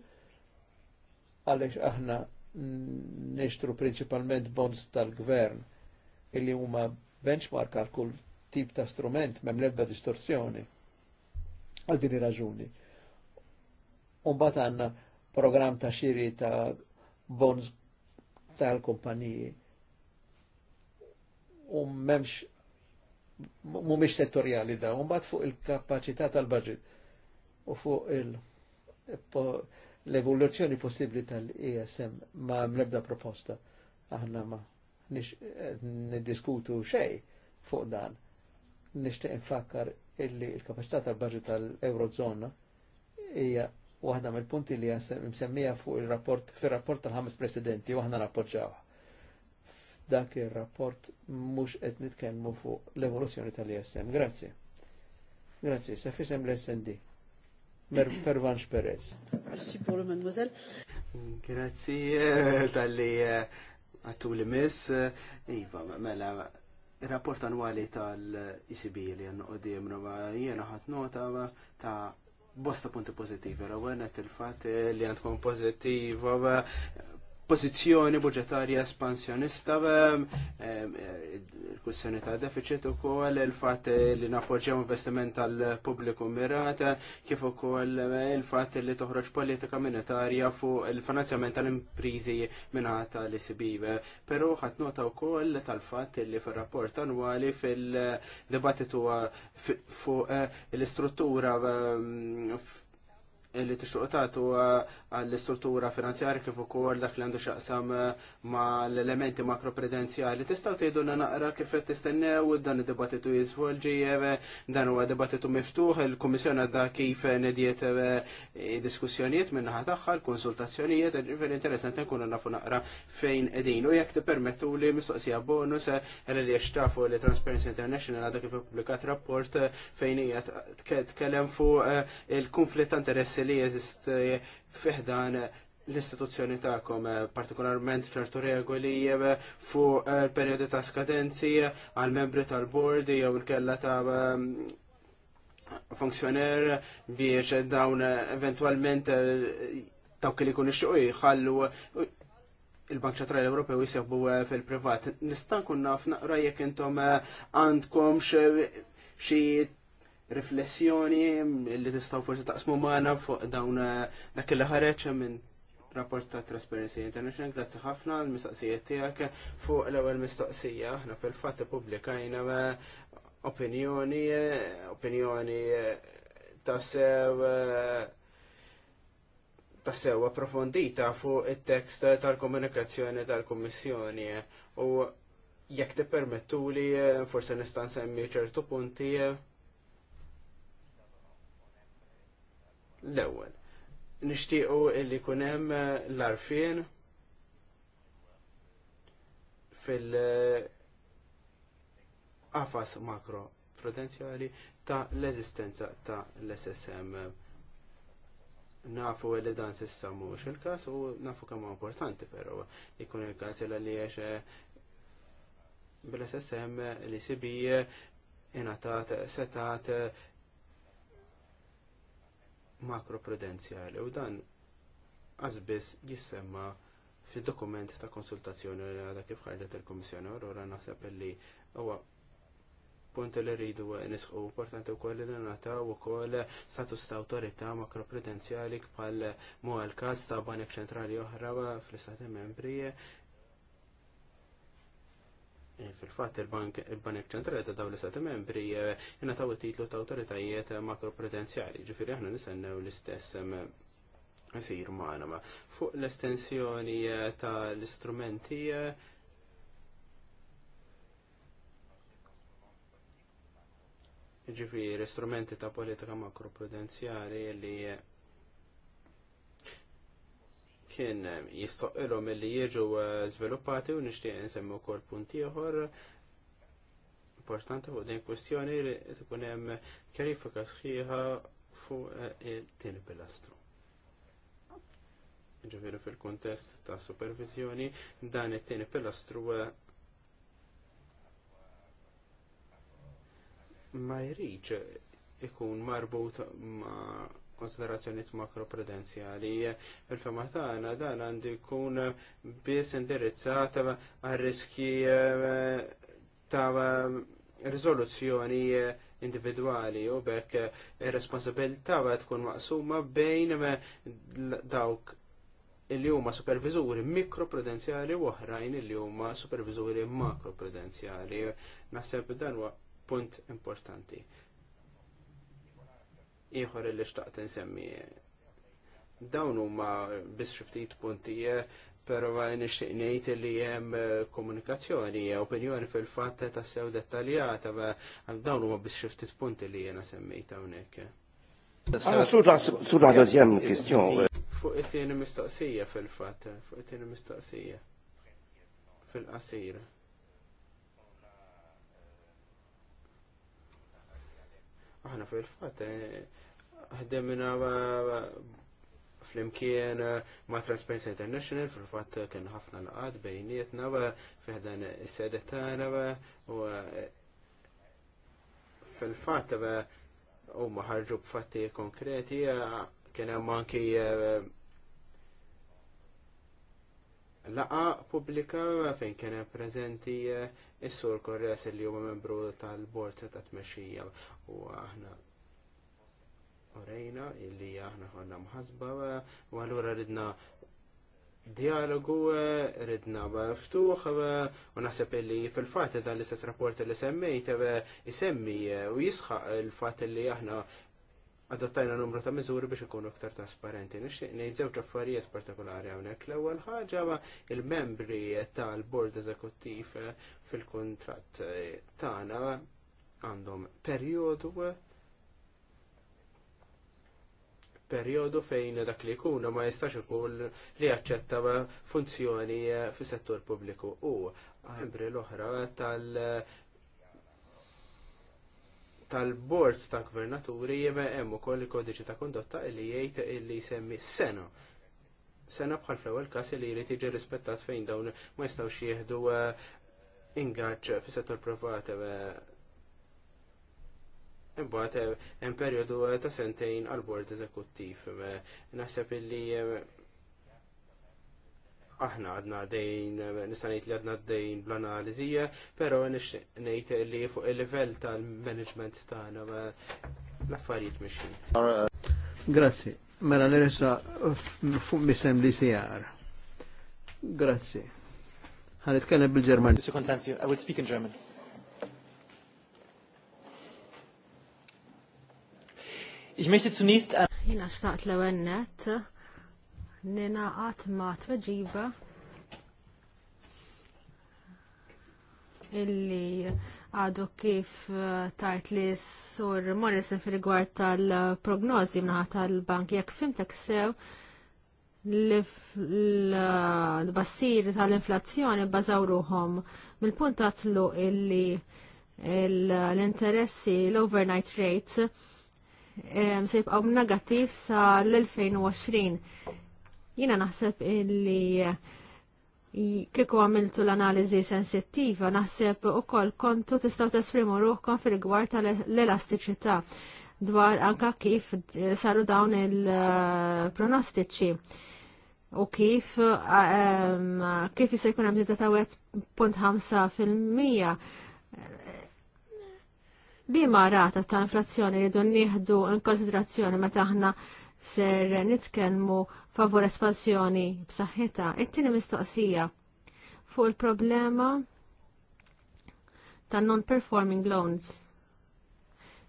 għaliex aħna nixtru principalment bonds tal-gvern illi huma benchmark għal kull tip ta' strument mem lebda distorsjoni għal din raġuni. Umbat għanna program ta' xiri ta' bonds tal-kumpaniji u memx miex settorjali da, un bat fuq il-kapacità tal-budget u fuq l-evoluzzjoni possibli tal-ESM ma mlebda proposta aħna ma nix diskutu xej fuq dan nishtiq infakkar illi il-kapacità tal-budget tal-Eurozona hija waħda mill-punti li msemmija fuq il-rapport fir-rapport tal-ħames presidenti waħna nappoġġawha dak il-rapport mux qed nitkellmu fuq l-evoluzzjoni tal-ISM. Grazie. Grazie, se fisem l-SND. Pervanx Perez. Merci pour le mademoiselle. Grazie eh, tal-li eh, għattu li mis. Eh, iva, mela, il-rapport annuali tal-ICB li għannu għodim, jena ħat nota ta' bosta punti pozitivi, l-għawenet il-fat li għandkom pozittiva pożizzjoni budgetarja espansjonista, ehm, ehm, eh, il-kussjoni ta' deficit ukoll il-fatt li nappoġġew investiment tal pubbliku mirat, kif ukoll eh, il-fatt li toħroġ politika monetarja fuq il-finanzjament tal-imprizi minata li sibibe. Però ħat nota wkoll tal-fatt li fir-rapport annwali fil-dibattitu fuq eh, l-istruttura ehm, li tixtuq tagħtu għall-istruttura finanzjarja kif ukoll dak li għandu x'aqsam ma l-elementi makroprudenzjali. Tistgħu tgħidulna naqra kif qed tistennew dan id-dibattitu jiżvolġi dan huwa dibattitu miftuħ, il-Kummissjoni għadha kif nediet eh, diskussjonijiet min-naħa tagħha, konsultazzjonijiet, ġifieri interessanti nkunu nafu naqra fejn qegħdin. U jekk tippermettu li mistoqsija bonus eh, li jaxtafu li Transparency International għadha kif ippubblikat rapport eh, fejn hija tkellem fuq il-konflitt ta' interessi li jeżist eh, fiħdan l-istituzzjoni ta'kom, eh, partikolarment ċertu regoli eh, fuq il-periodi ta' skadenzi għal membri tal-board jew il-kella ta' funzjoner biex dawn eventualment ta' kelli kun ixxuq jħallu il-Bank Ċentrali Ewropew jisibu fil-privat. Nista' nkun naf naqra jekk intom għandkom xi riflessjoni li tistaw forsi taqsmu maħna fuq dawn eh, dak li ħareċ minn rapport ta' Transparency International, grazzi ħafna l-mistaqsijiet tiegħek fuq l-ewwel mistoqsija, aħna fil-fatt publikajna eh, opinjoni, eh, opinjoni ta' sew ta' sew approfondita fuq it-tekst tal-komunikazzjoni tal-Kummissjoni u jekk tippermettuli forse nistan semmi ċertu punti L-ewwel, nixtiequ li kunem hemm eh, l arfin fil- qafas makro prudenzjali ta' l-eżistenza ta' l-SSM. Nafu li dan sissa mux il każ u nafu kemm importanti però jkun il każ l li eh, bil-SSM li sibi eh, inatat setat makroprudenzjali u dan għazbis jissemma fid dokument ta' konsultazzjoni li għada kif ħarġet il-Komissjoni Aurora naħseb li huwa punt li rridu nisħu importanti wkoll li nata ukoll status ta' awtorità makroprudenzjali bħal mu għal każ ta' banek ċentrali oħra fl-istati membri Eh, Fil-fat il-Banek ċentrali ta' dawli stati membri eh, jena taw titlu ta' autoritajiet makroprudenzjali, ġifiri aħna nistennew l-istess eh, sir maħna. Fuq l-estensjoni ta' l-istrumenti ġifiri l-istrumenti ta' politika makroprudenzjali li kien eh, jistoqilhom milli jiġu eh, żviluppati u nixtieq insemmi wkoll punti ieħor importanti fuq din kwestjoni li tkun hemm kjarifika sħiħa fuq eh, il-tieni pilastru. Ġifieri fil-kuntest ta' supervizjoni dan it-tieni pilastru ma jridx ikun marbut ma' konsiderazzjoniet makroprudenzjali. Il-fema tagħna dan għandu jkun biss indirizzat għal riski eh, ta' riżoluzzjoni individuali u bekk ir-responsabilità tkun maqsuma bejn dawk il huma supervizuri mikroprudenzjali u oħrajn il huma supervizuri makroprudenzjali. Naħseb dan huwa punt importanti ieħor li xtaqt insemmi. Dawn huma biss xi ftit punti eh, pero nixtieq ngħid li hemm eh, komunikazzjoni, eh, opinjoni fil-fatt ta' sew dettaljata, għal dawn huma biss xi ftit punti li jiena semmejt hawnhekk. Sura għadu kistjon. Fuq it-tieni mistoqsija fil-fatt, fuq it-tieni mistoqsija fil-qasira. Aħna fil-fatt eh, ħdemna fl-imkien eh, ma' Transparency International fil-fatt kien ħafna laqad bejnietna fiħdan is-sedetana u eh, fil-fatt u ħarġu b'fatti konkreti kien hemm anki laqa publika fejn kien prezenti is-sur Korres li huwa membru tal-bord ta' tmexxija u aħna orejna illi aħna ħanna mħasba u għallura ridna dialogu ridna ftuħ u naħseb illi fil-fat dan l-istess rapport li semmejt isemmi u jisħaq il-fat illi aħna adottajna numru ta' miżuri biex ikunu aktar trasparenti. Nixtieq ngħid żewġ affarijiet partikolari hawnhekk. L-ewwel ħaġa il-membri tal-bord eżekuttiv fil-kuntratt tagħna għandhom perjodu perjodu fejn dak li jkunu ma jistax ikun li jaċċetta funzjoni fis settur pubbliku u għambri l-oħra tal tal-boards ta' gvernaturi jibbe hemm ukoll il-kodiċi ta' kondotta illi jgħid li jsemmi sena. Sena bħal fl-ewwel każ li jrid jiġi rispettat fejn dawn ma jistgħux jieħdu eh, ingaġġ fis-settur privat eh, Imbagħad eh, hemm perjodu eh, ta' sentejn għal bord eżekuttiv. Eh, naħseb illi aħna għadna dejn, nista' ngħid li għadna dejn bl-analiżi, però ngħid li fuq il-livell tal-management tagħna l-affarijiet mixi. Grazzi. Mela nirsa fuq misem li sijar. Grazzi. Ħanitkellem bil-Ġerman. I will speak in German. Ich möchte zunächst an... Jina xtaqt l nena nina għatma tweġiba illi għadu kif eh, tajt li sur Morrison fil-gwar tal-prognozi mnaħat tal-bank, jek fimtek sew l-bassir tal-inflazzjoni bazaw ruħom mill-punt tatlu illi l-interessi, l-overnight rates, se jibqaw negattiv sa l-2020. Jina naħseb illi kiku għamiltu l-analizi sensittiva, naħseb u koll kontu tistaw tesfrimu ruħkom fil-gwar tal-elastiċità dwar anka kif saru dawn il-pronostiċi u kif kif jista' jkun hemm 0.5 fil-mija li ma rata ta' inflazzjoni li dun nieħdu in konsiderazzjoni meta aħna ser nitkellmu favur espansjoni b'saħħitha. It-tieni mistoqsija fuq il-problema ta' non-performing loans.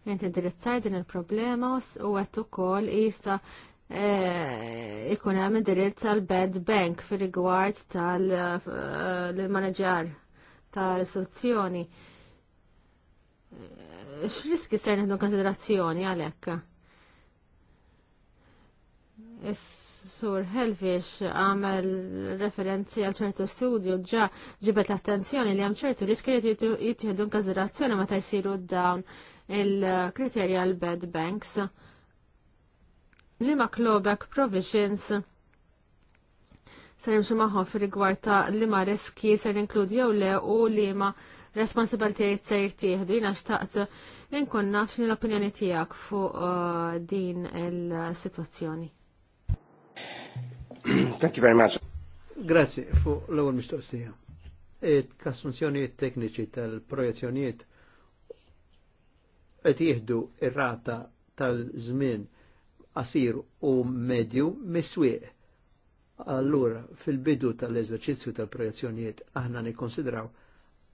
Inti indirizzaj din il-problema u għet ukoll jista' eh, ikun hemm indirizz tal-bed bank fir-rigward tal eh, manager tal-istituzzjoni x-riski ser neħdu konsiderazzjoni għalhekk. sur Helvish għamel referenzi għal ċertu studju ġa ġibet l-attenzjoni li hemm ċertu riski li jittieħdu konsiderazzjoni meta jsiru dawn il-kriterja l-bed banks. Li ma klobek provisions sarim jimxu fil rigward ta' li ma riski ser inkludi jew le u li ma' responsabiltijiet se jittieħdu jina xtaqt inkun naf x'in l-opinjoni tiegħek fuq uh, din il-sitwazzjoni. [CLEARS THROAT] Thank you very much. Grazzi fuq l-ewwel mistoqsija. Kassunzjonijiet tekniċi tal-projezzjonijiet qed jieħdu ir-rata tal-żmien qasir u medju miswieq. Allura, fil-bidu tal-eżerċizzju tal-projezzjonijiet aħna nikkonsidraw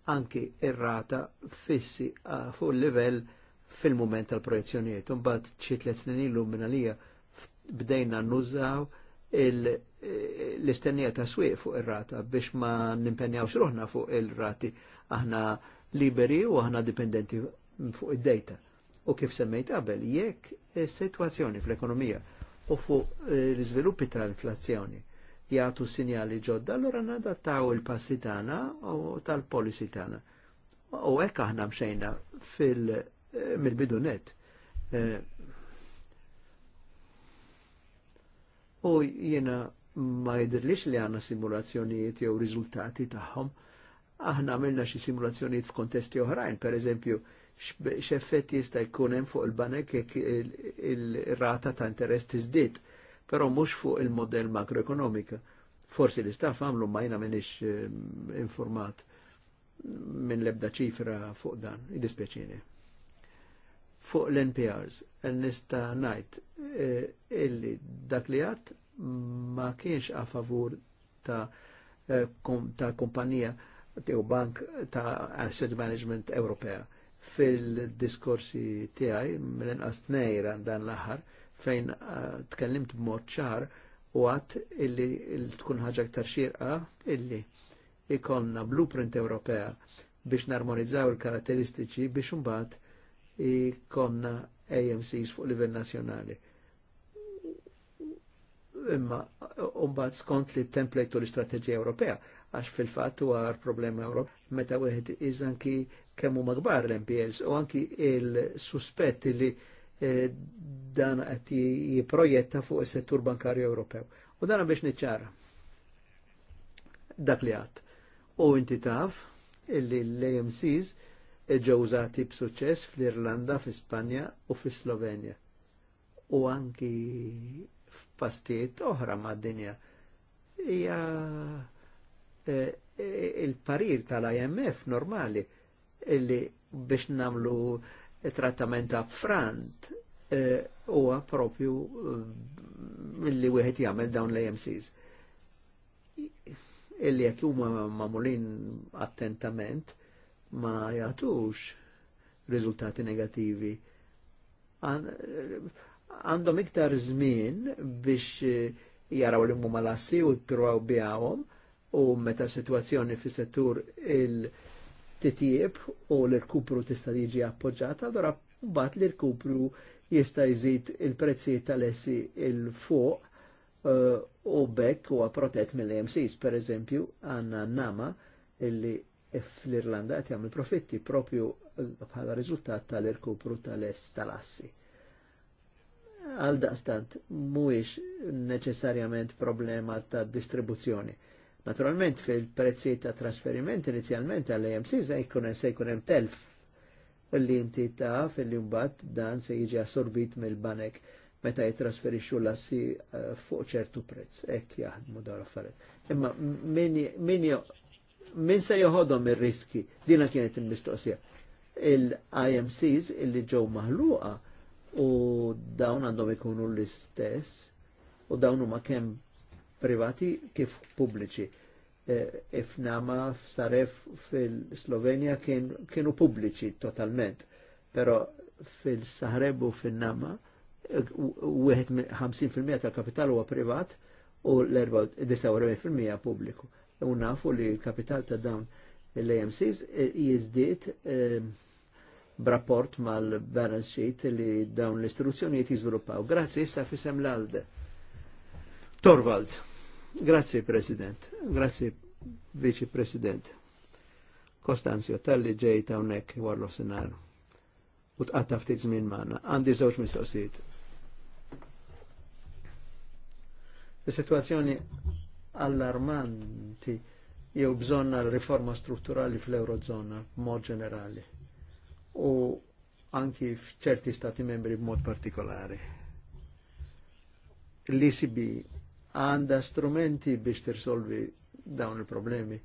anki errata rata fissi ah, fuq il-livell fil-moment tal-projezzjonijiet. mbagħad xi tliet snin illum minn għalija bdejna nużaw l-istennija ta' swieq fuq ir-rata biex ma nimpenjawx ruħna fuq il-rati aħna liberi u aħna dipendenti fuq id-dejta. U kif semmejt qabel, jekk is-sitwazzjoni fl-ekonomija u fuq eh, l-iżviluppi tal-inflazzjoni jgħatu sinjali ġodda, allora nadattaw il-passi tagħna u tal-policy tagħna. U hekk aħna mxejna fil eh, mill-bidunet. Eh, u jiena ma jidirlix li għanna simulazzjonijiet jew riżultati tagħhom. Aħna għamilna xi simulazzjonijiet f'kontesti oħrajn, per eżempju, x'effett jista' jkun hemm fuq il-banek il-rata ta' interess tiżdied pero mux fuq il-modell makroekonomika. Forsi li staff għamlu ma jina minix eh, informat minn lebda ċifra fuq dan, id-dispieċini. Fuq l-NPRs, nista najt eh, illi dak li għat ma kienx a favur ta' eh, ta' kompanija u bank ta' asset management Ewropea. Fil-diskorsi tiegħi mill-inqas nejra dan l-aħħar, fejn eh, tkellimt b'mod ċar u għat illi tkun ħaġa ktar xirqa illi ikonna blueprint Ewropea biex narmonizzaw il-karatteristiċi biex mbagħad ikonna AMCs fuq livell nazjonali. Imma mbagħad skont li template u l-istrateġija Ewropea għax fil fat u għar problema Ewropea meta wieħed iż anki kemm huma kbar l-MPLs u anki il-suspetti li il Eh, dan qed jipprojetta fuq is-settur bankarju Ewropew. U dan biex niċċara. Dak li għat. U inti taf illi l-AMCs ġew użati b'suċċess fl-Irlanda, fl-Ispanja u fl-Slovenja. U anki f'pastijiet oħra mad-dinja. Hija eh, il-parir tal-IMF normali illi biex namlu trattament upfront eh, huwa propju eh, li wieħed jagħmel dawn l-AMCs. Illi jekk huma magħmulin attentament ma jagħtux riżultati negativi. Għandhom iktar żmien biex eh, jaraw li mumalassi lassi u jippruaw bijawhom u meta situazzjoni fi settur il- titjieb u l-irkupru tista' jiġi appoġġata, allora mbagħad l-irkupru jista' jżid il-prezzijiet tal-essi il-fuq eh, u bekk huwa protett mill mcs per eżempju, għanna nama illi fl-Irlanda qed jagħmel profitti propju bħala riżultat tal-irkupru tal-ess tal-assi. Għal daqstant mhuwiex neċessarjament problema ta' distribuzzjoni Naturalment fil-prezzi ta' trasferiment inizjalment għall-AMC se jkun se jkun hemm telf li inti ta' fil-li mbagħad dan se jiġi assorbit mill-banek meta jitrasferixxu l-assi eh, fuq ċertu prezz. Hekk jaħdmu dawn l-affarijiet. Imma min se joħodhom ir-riski, dina kienet il-mistoqsija. Il-IMCs illi ġew maħluqa u dawn għandhom ikunu l-istess u dawn huma kemm privati kif pubbliċi. Ifnama e, f'Saref fil-Slovenja kienu pubbliċi totalment, pero fil-Sahreb u fil-Nama 50% e, tal-kapital huwa privat u l-49% pubbliku. U nafu li l-kapital ta' dawn l-AMCs e, jizdiet e, b'rapport mal-balance sheet li dawn l istruzzjoni jizviluppaw. Grazie issa fissem l-alde. Torvalds. Grazie President, grazie Vice President. Kostanzio, tal-li ġejta unnek warlo senar. U tqatta ftit żmien magħna. Għandi żewġ mistoqsijiet. is allarmanti jew bżonna l-riforma strutturali fl-Eurozona b'mod ġenerali u anki f'ċerti stati membri b'mod partikolari. L-ECB għanda strumenti biex tirsolvi dawn il-problemi.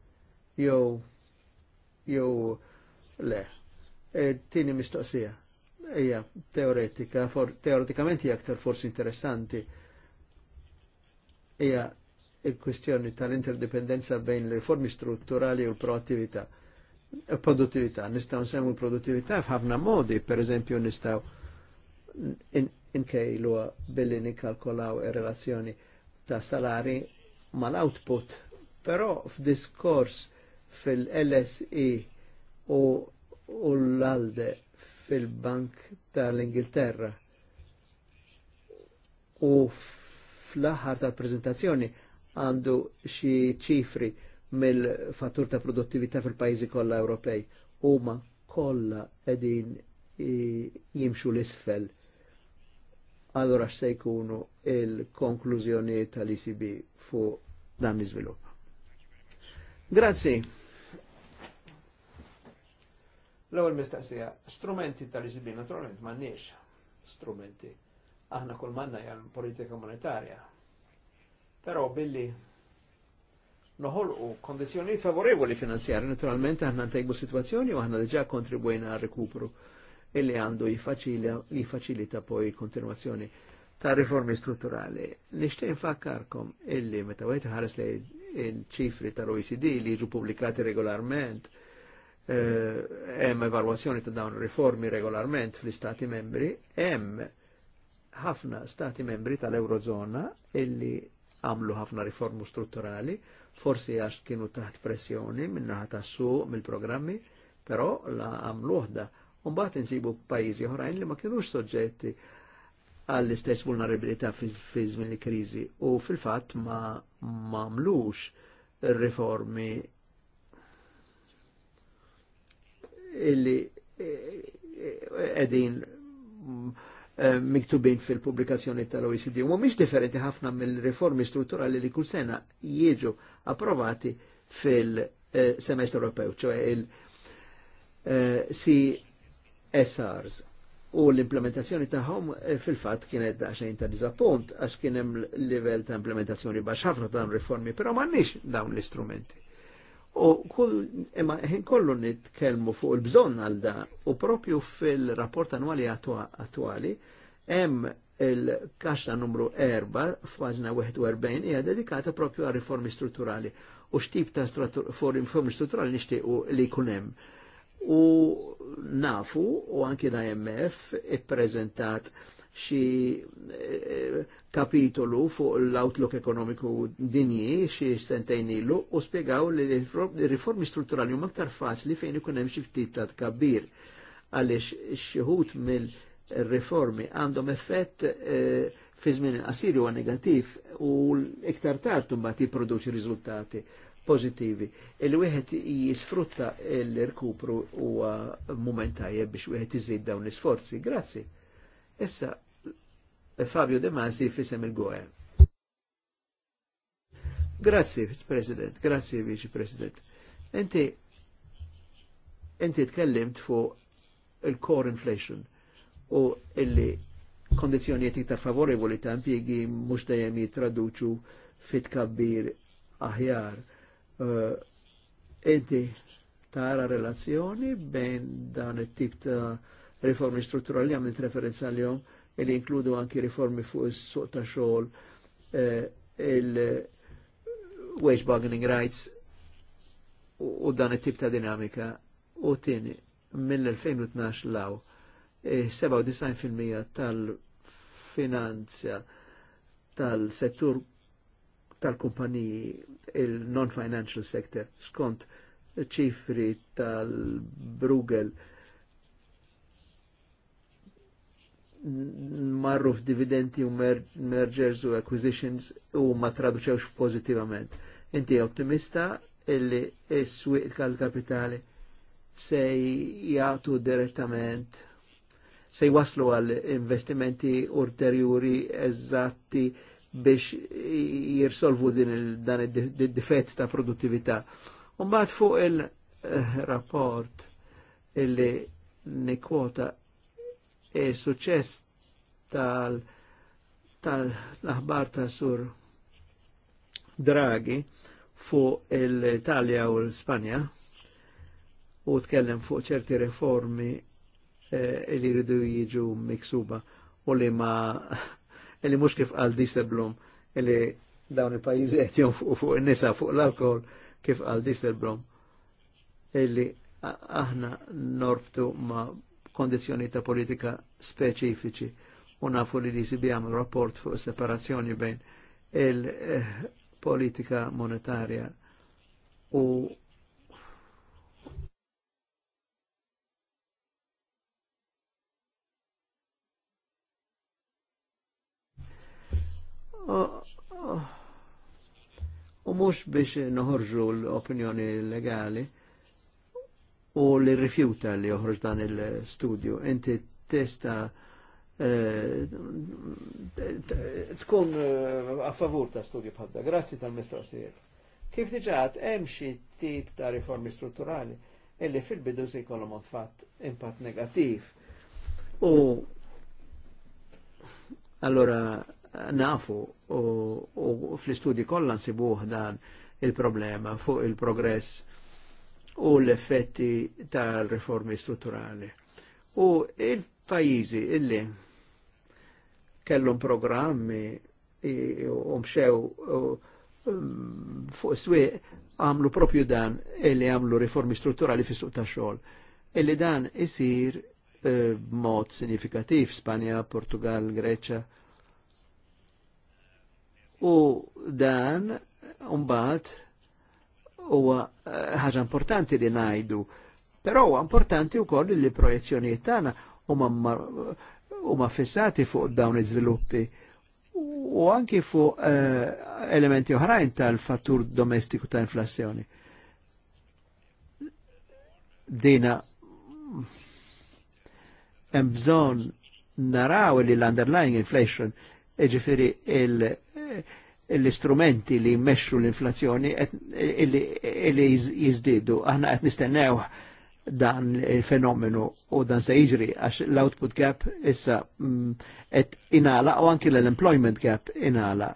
Jow, jow, le. E, tini mistoqsija. Ija, teoretika, for, teoretikament hija aktar forsi interessanti. Ija il-kwestjoni tal-interdependenza bejn l reformi strutturali u l-proattività. E, produttività, nistaw nsemmu produttività f'ħafna modi, per eżempju nistaw inkejlu in billi nikalkolaw ir-relazzjoni e ta' salari mal-output. Però f'diskors fil-LSE u, u l-ALDE fil-Bank tal-Ingilterra u fl-aħħar tal-prezentazzjoni għandu xi ċifri mill-fattur ta' produttività fil-pajjiżi kollha Ewropej huma kollha qegħdin jimxu l-isfel allora se jkunu il-konklużjoni tal-ICB fu dan l izvilup Grazzi. L-ewwel mistaqsija, strumenti tal-ICB naturalment ma nix strumenti. Aħna kull manna jgħal politika monetarja. Pero billi noħol u kondizjonijiet favorevoli finanzjari, naturalment aħna ntejbu situazzjoni u aħna diġà kontribwejna għal rekupru illi għandu jifaċilita poi kontinuazzjoni ta' riformi strutturali. Nishtej nfakkarkom illi meta wieħed ħares e li il-ċifri tal-OECD li ġu publikati regolarment, eh, hemm evalwazzjoni ta' dawn riformi regolarment fl-istati membri, hemm ħafna stati membri tal-Eurozona illi għamlu ħafna riformu strutturali, forsi għax kienu taħt pressjoni minnaħat tas mill-programmi, però la għamlu oħda Umbat nsibu pajizi oħrajn li ma kienux soġġetti għall-istess vulnerabilità fi żmien li kriżi u fil-fatt ma mamlux riformi illi e, e, edin e, miktubin fil-pubblikazzjoni tal-OECD. U mhumiex differenti ħafna mill-riformi strutturali li kull sena jiġu approvati fil-semestru Ewropew, il- Uh, si SRs u l-implementazzjoni tagħhom eh, fil-fatt kienet daqsxejn ta' diżappunt għax kien hemm livell ta' implementazzjoni baxx ħafna ta' riformi, però m'għandniex dawn l-istrumenti. U kull imma ħin kollu nitkellmu fuq il-bżonn għal da, u propju fil-rapport annwali attwali hemm il-kaxta numru 4 f'paġna 41 hija dedikata propju għal riformi strutturali u xtip ta' riformi strutturali nixtiequ li jkun hemm u nafu u anki l-IMF ippreżentat xi eh, kapitolu fuq l-outlook ekonomiku dinji xi sentejn ilu u spjegaw li l-riformi strutturali huma aktar faċli fejn ikun hemm xi ftit ta' tkabbir għaliex xi mill-riformi għandhom effett eh, fi żmien qasir huwa negattiv u l-iktar tard mbagħad jipproduċi riżultati pozitivi. Il-wieħed jisfrutta l-irkupru huwa moment biex wieħed iżid dawn l-isforzi. Grazzi. Issa Fabio De Masi fisem il-Goe. Grazzi, President, grazzi, Vice President. Inti enti tkellimt fuq il-core inflation u illi kondizjonijiet iktar favorevoli ta' impjiegi mhux dejjem jitraduċu fit kabbir aħjar Eh, edi tara relazzjoni bejn dan it-tip ta' riformi strutturali li għamilt referenza li jom li inkludu anki riformi fuq suq ta' xogħol eh, il-wage bargaining rights u dan it-tip ta' dinamika u tieni mill-2012 law 97% eh, tal-finanzja tal-settur tal-kumpaniji il-non-financial sector skont ċifri tal-Brugel marruf dividendi u mergers u acquisitions u ma traduċewx pozitivament. Inti optimista illi s-swiq tal-kapitali se jgħatu direttament se jwaslu għal investimenti ulterjuri eżatti biex jirsolvu din dan il-difett ta' produttività. Umbat fuq il-rapport eh, illi nikwota il-suċess e tal-aħbar ta' sur Draghi fuq l italja u l-Spanja u tkellem fuq ċerti reformi eh, li jridu jiġu miksuba u li ma illi mhux kif qal Dieselblom illi dawn il-pajjiżi qed jonfuq fuq in-nisa fuq l-alkohol kif qal Dieselblom illi aħna norbtu ma kondizjoni ta' politika speċifiċi u nafu li li sibi għamlu rapport fuq separazzjoni bejn il-politika eh, monetarja u u mux biex noħorġu l-opinjoni legali u li rifjuta li joħroġ dan il-studio. Inti testa eh, tkun eh, a favur ta' studio bħadda. Grazzi tal-mistoqsijiet. Kif diġat, hemm xi tip ta' riformi strutturali illi fil-bidu se jkollhom fatt impatt negativ. U allora nafu u fl istudi kollan nsibuh dan il-problema fuq il-progress u l-effetti tal-reformi strutturali. U il-pajizi illi kellum programmi u mxew um, fuq swieq għamlu propju dan illi għamlu reformi strutturali fis suq ta' xogħol. Illi dan isir eh, mod signifikativ signifikattiv Spanja, Portugal, Greċja, U dan umbat huwa eh, ħaġa importanti li najdu. Però huwa importanti wkoll li projezzjoni tagħna huma huma fissati fuq dawn iż-żviluppi u anki fuq uh, elementi oħrajn tal-fattur domestiku ta' inflazzjoni. Dina hemm bżonn naraw li l-underlying inflation, e ġifiri il- l-istrumenti li jmexxu l-inflazzjoni li jizdidu. Aħna qed nistennew dan il-fenomenu u dan se jiġri għax l-output gap issa qed mm, inala u anki l-employment gap inala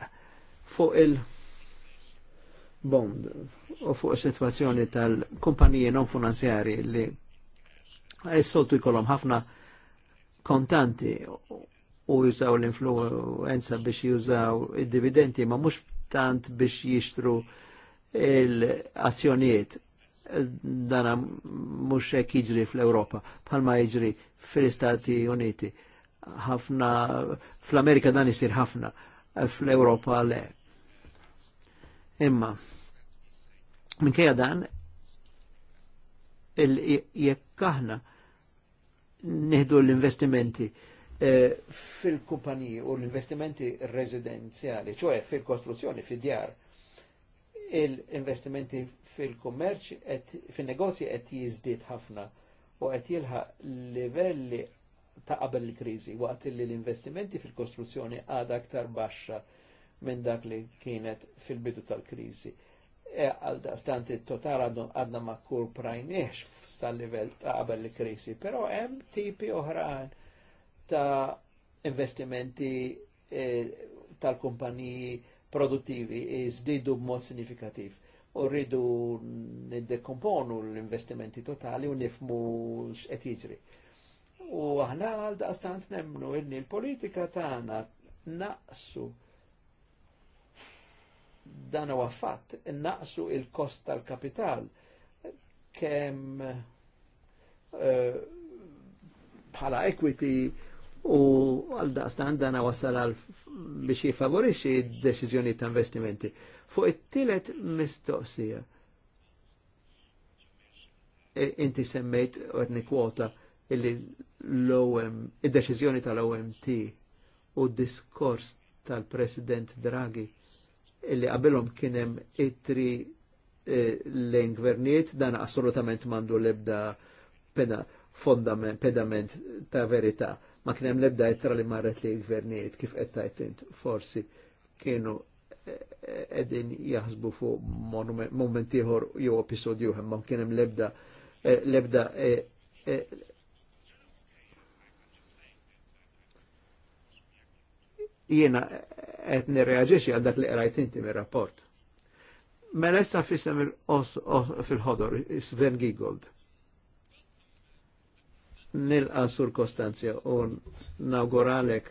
fuq il-bond u fuq is-sitwazzjoni tal-kumpaniji non finanzjari li s-soltu jkollhom ħafna kontanti u jużaw l-influenza biex jużaw id-dividendi, ma mux tant biex jixtru l-azzjonijiet. Dana mux ek jiġri fl-Europa, bħalma jiġri fil-Istati Uniti. ħafna, fl-Amerika dan jisir ħafna, fl-Europa le. Imma, minkejja dan, jekk aħna neħdu l-investimenti Eh, fil-kumpaniji u l-investimenti residenziali, ċoħe fil-kostruzzjoni, fil-djar, l-investimenti fil-kummerċ, fil-negozji qed jizdit ħafna u qed jilħaq livelli ta' qabel l-kriżi waqt li l-investimenti fil-kostruzzjoni għadha aktar baxxa minn dak li kienet fil-bidu tal-kriżi. E, għal stanti daqstanti għadna ma' kur prajniex sal-livell ta' qabel l krizi però hemm tipi oħrajn ta' investimenti e, tal-kumpaniji produttivi jizdidu e b'mod sinifikativ. U rridu niddekomponu l-investimenti totali u nifmu x'qed jiġri. U aħna għaldaqstant nemmnu inni l-politika tagħna naqsu dan huwa fatt, naqsu il-kost tal-kapital kemm e, bħala uh, equity u għal daqstan dan għasal għal biex jifavorixi deċiżjoni ta' investimenti. Fuq it-tielet mistoqsija. E, inti semmejt u għetni kwota illi l-OM, id-deċiżjoni tal-OMT u diskors tal-President Draghi illi qabilhom kienem itri e, lejn gvernijiet dan assolutament mandu lebda pedament ta' verità ma kien hemm l-ebda ittra li marret li gvernijiet kif qed tajtint forsi kienu edin eh, eh, jaħsbu fuq moment ieħor jew episodju hemm ma kien hemm l-ebda eh, l-ebda jiena qed nirreaġixxi għal dak li qrajt inti mir-rapport. Mela issa fissem fil-ħodor Sven Giegold nilqa sur Kostanzja u nawguralek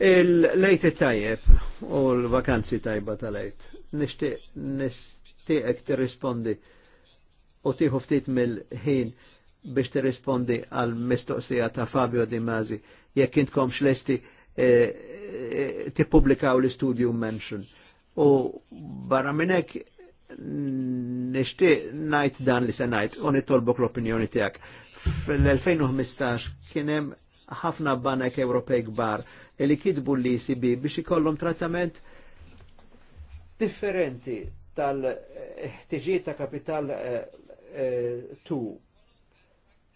il-lejt tajjeb u l-vakanzi tajba tal-lejt. Nishtiqek tirrispondi u tiħu ftit mill-ħin biex tirrispondi għal mistoqsija ta' Fabio Di Mazi jekk intkom xlesti eh, eh, tippubblikaw l-istudju mention. U barra minnek nishtiq najt dan li se najt u nitolbok l-opinjoni tiegħek. Fl-2015 kien hemm ħafna banek Ewropej gbar li kidbu l-ECB biex ikollhom trattament differenti tal-ħtiġijiet ta' kapital eh, eh, tu.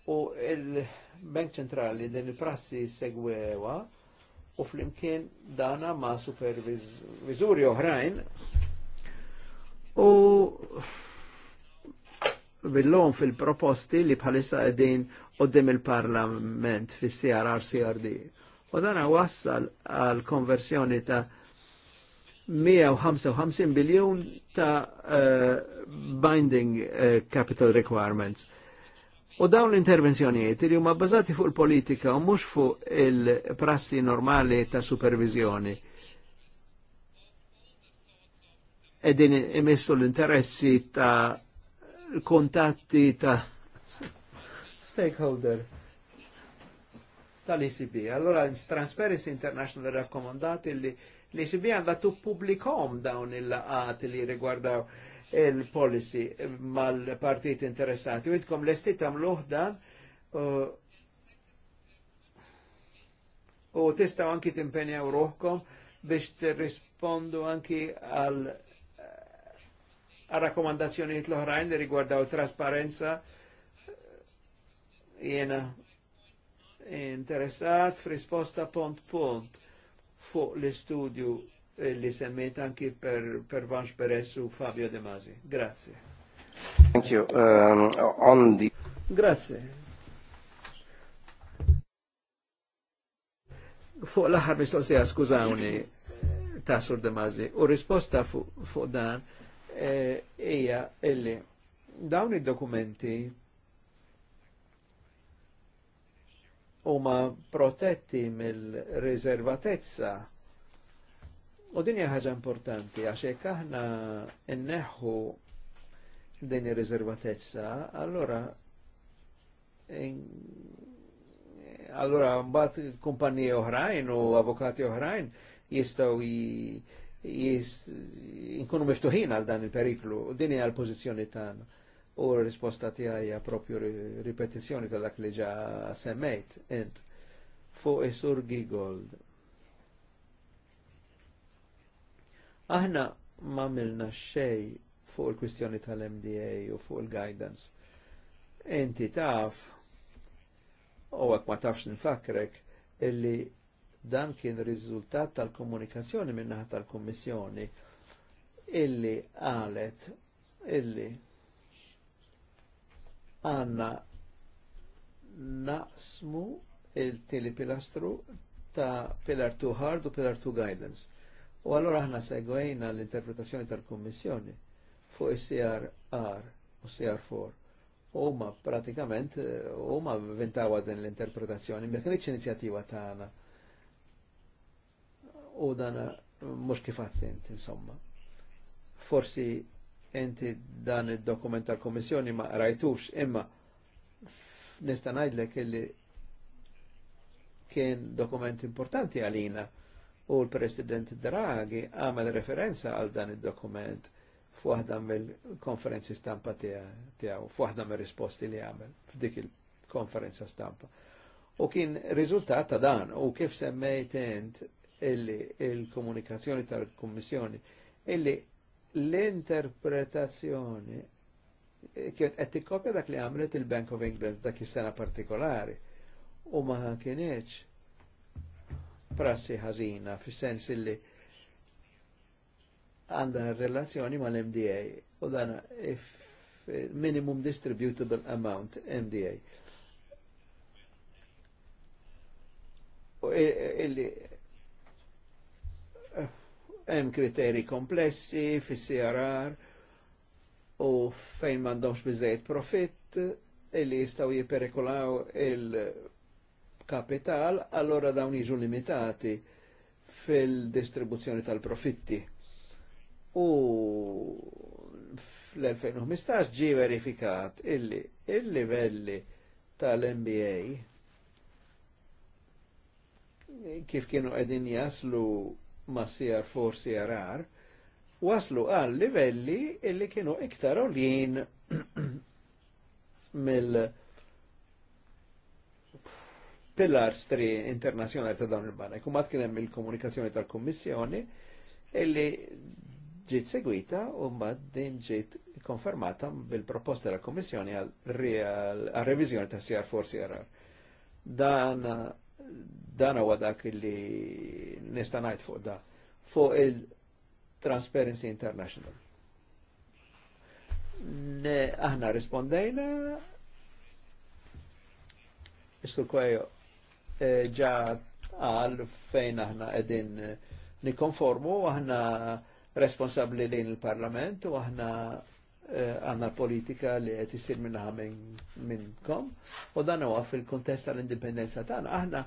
U il-Bank Ċentrali din il-prassi segwewa u fl-imkien dana ma' supervizuri oħrajn U billon fil-proposti li bħalissa għedin qoddim il-parlament fis crd U dan wassal għal konversjoni ta' 155 biljun ta' uh, binding uh, capital requirements. U dawn l-intervenzjonijiet li huma bbażati fuq il-politika u mhux fuq il-prassi normali ta' supervizjoni edin emessu l-interessi ta' kontatti ta' stakeholder tal-ECB. Allora, Transparency International rakkomandati li l-ECB għanda tu publikom dawn il-laqat li rigwardaw il-policy mal-partit interessati. U l-estit għamluħ dan uh, u tistaw anki timpenjaw ruħkom biex t tirrispondu anki għal għal-rakkomandazzjonijiet l-oħrajn li rigwardaw trasparenza jena interessat f'risposta pont pont fuq l-istudju li semmet anki per, per Vanx Peressu Fabio De Masi. Grazie. Thank you. Um, on the... Grazie. Fuq l-ħar mistoqsija, skużawni, ta' Sur De Masi, u risposta fuq fu dan Eh, ija illi dawn id-dokumenti huma protetti mill-riservatezza u din hija ħaġa importanti għax jekk aħna nneħħu din ir-riservatezza, allora allora mbagħad kumpaniji oħrajn u avukati oħrajn jistgħu jinkunu miftuħin għal dan il-periklu, din hija l-pożizzjoni tagħna. U risposta tiegħi hija propju ripetizzjoni ta' dak li ġa semmejt int fuq is-sur Gigold. Aħna ma milna xej fuq il-kwistjoni tal-MDA u fuq il-guidance. Inti taf, u għak ma tafx nifakrek, illi Dan kien riżultat tal-komunikazzjoni minnaħat tal kommissjoni illi għalet illi għanna naqsmu il-tili pilastru ta' pilar 2 Hard u pilar 2 Guidance. U allora aħna segwejna l-interpretazzjoni tal-Kommissjoni fuq is-CRR u CR4. Huma pratikament eh, huma ventawa din l-interpretazzjoni, ma kienx inizjattiva tagħna. Ta u dan mhux kif int insomma. Forsi enti dan id-dokument tal-Kommissjoni ma rajtux imma nista' ngħidlek illi kien dokument importanti għalina u l-President Draghi għamel referenza għal dan id-dokument f'waħda mill-konferenzi stampa tiegħu, f'waħda mill-risposti li għamel f'dik il-konferenza stampa. U kien riżultat ta' dan u kif semmejt int il-komunikazzjoni tal kommissjoni illi l-interpretazzjoni eh, kienet qed tikkopja dak li għamlet il-Bank of England dak is-sena partikolari u ma kienieċ prassi ħażina fis-sens illi għandha relazzjoni mal-MDA u dan eh, minimum distributable amount MDA. illi hemm kriteri komplessi fis-CRR u fejn m'għandhomx biżejjed profitt illi jistgħu jiperikolaw il-kapital, allora dawn jiġu limitati fil-distribuzzjoni tal-profitti. U fl-2015 ġi verifikat illi il-livelli tal-MBA kif kienu qegħdin jaslu ma' CR4 CRR waslu għal livelli illi kienu iktar u lin [CLEARS THROAT] mill pillar stri internazjonali ta' dawn il-banek. U mat kienem il-komunikazzjoni tal-Kommissjoni illi ġiet segwita u mbagħad din ġiet konfermata bil-proposta tal kommissjoni għal revizjoni ta' CR4 CRR. Dan Dan huwa dak li nista' ngħid fuq da fuq il-Transparency International. aħna rispondejna Issu kwejo eh, ġa għal fejn aħna edin eh, nikonformu, aħna responsabli lejn il-parlament u aħna eh, għanna politika li għet jisir minnaħa minnkom u dan huwa fil kontesta l indipendenza tagħna. Aħna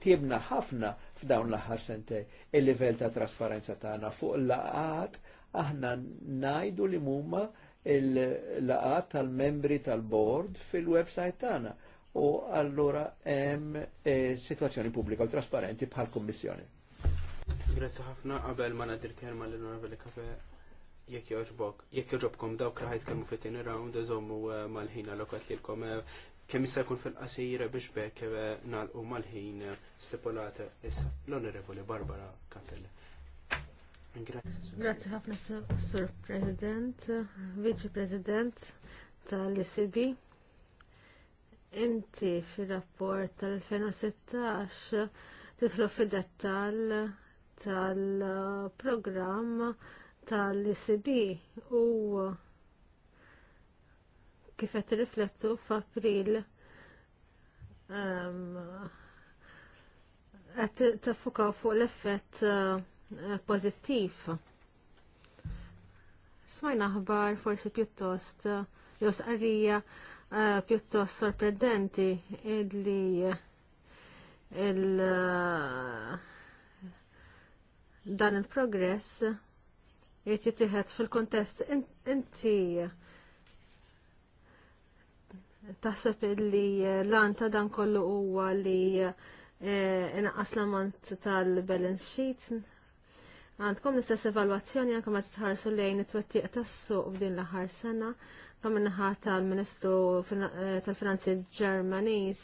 tjibna ħafna f'dawn l-aħħar sentej il-livell ta' trasparenza tagħna fuq l laqat aħna najdu li mumma il-laqat tal-membri tal-board fil-website tagħna u allura hemm sitwazzjoni eh, situazzjoni pubblika u trasparenti bħal kummissjoni. Grazzi ħafna qabel ma l kelma l-Onorevoli Kafe jekk jogħġbok. jekk jogħġobkom dawk li ħajtkellmu fit-tieni round, iżommu eh, mal-ħin allokat lilkom eh, kemm issa jkun fil qasira biex bekk eh, nagħlqu mal-ħin eh, stipulata issa l-Onorevoli Barbara Kapell. Grazie ħafna Sur President, Vice President tal-ICB. Inti fir-rapport tal-2016 titlu fid dettal tal-programm tal-ICB u kif qed riflettu f'April ehm, qed tiffukaw fuq l-effett eh, pożittiv. Smajna aħbar forsi pjuttost jew sqarrija eh, pjuttost sorprendenti illi il eh, dan il-progress jrid jittieħed fil-kontest inti in taħseb li eh, lan ta' dan kollu huwa li eh, inqas l-ammont tal-balance sheet. Għandkom l-istess evalwazzjoni anke ma titħarsu lejn it-twettiq tas-suq b'din l-aħħar sena kemm minnaħa tal-Ministru eh, tal-Finanzi Ġermaniż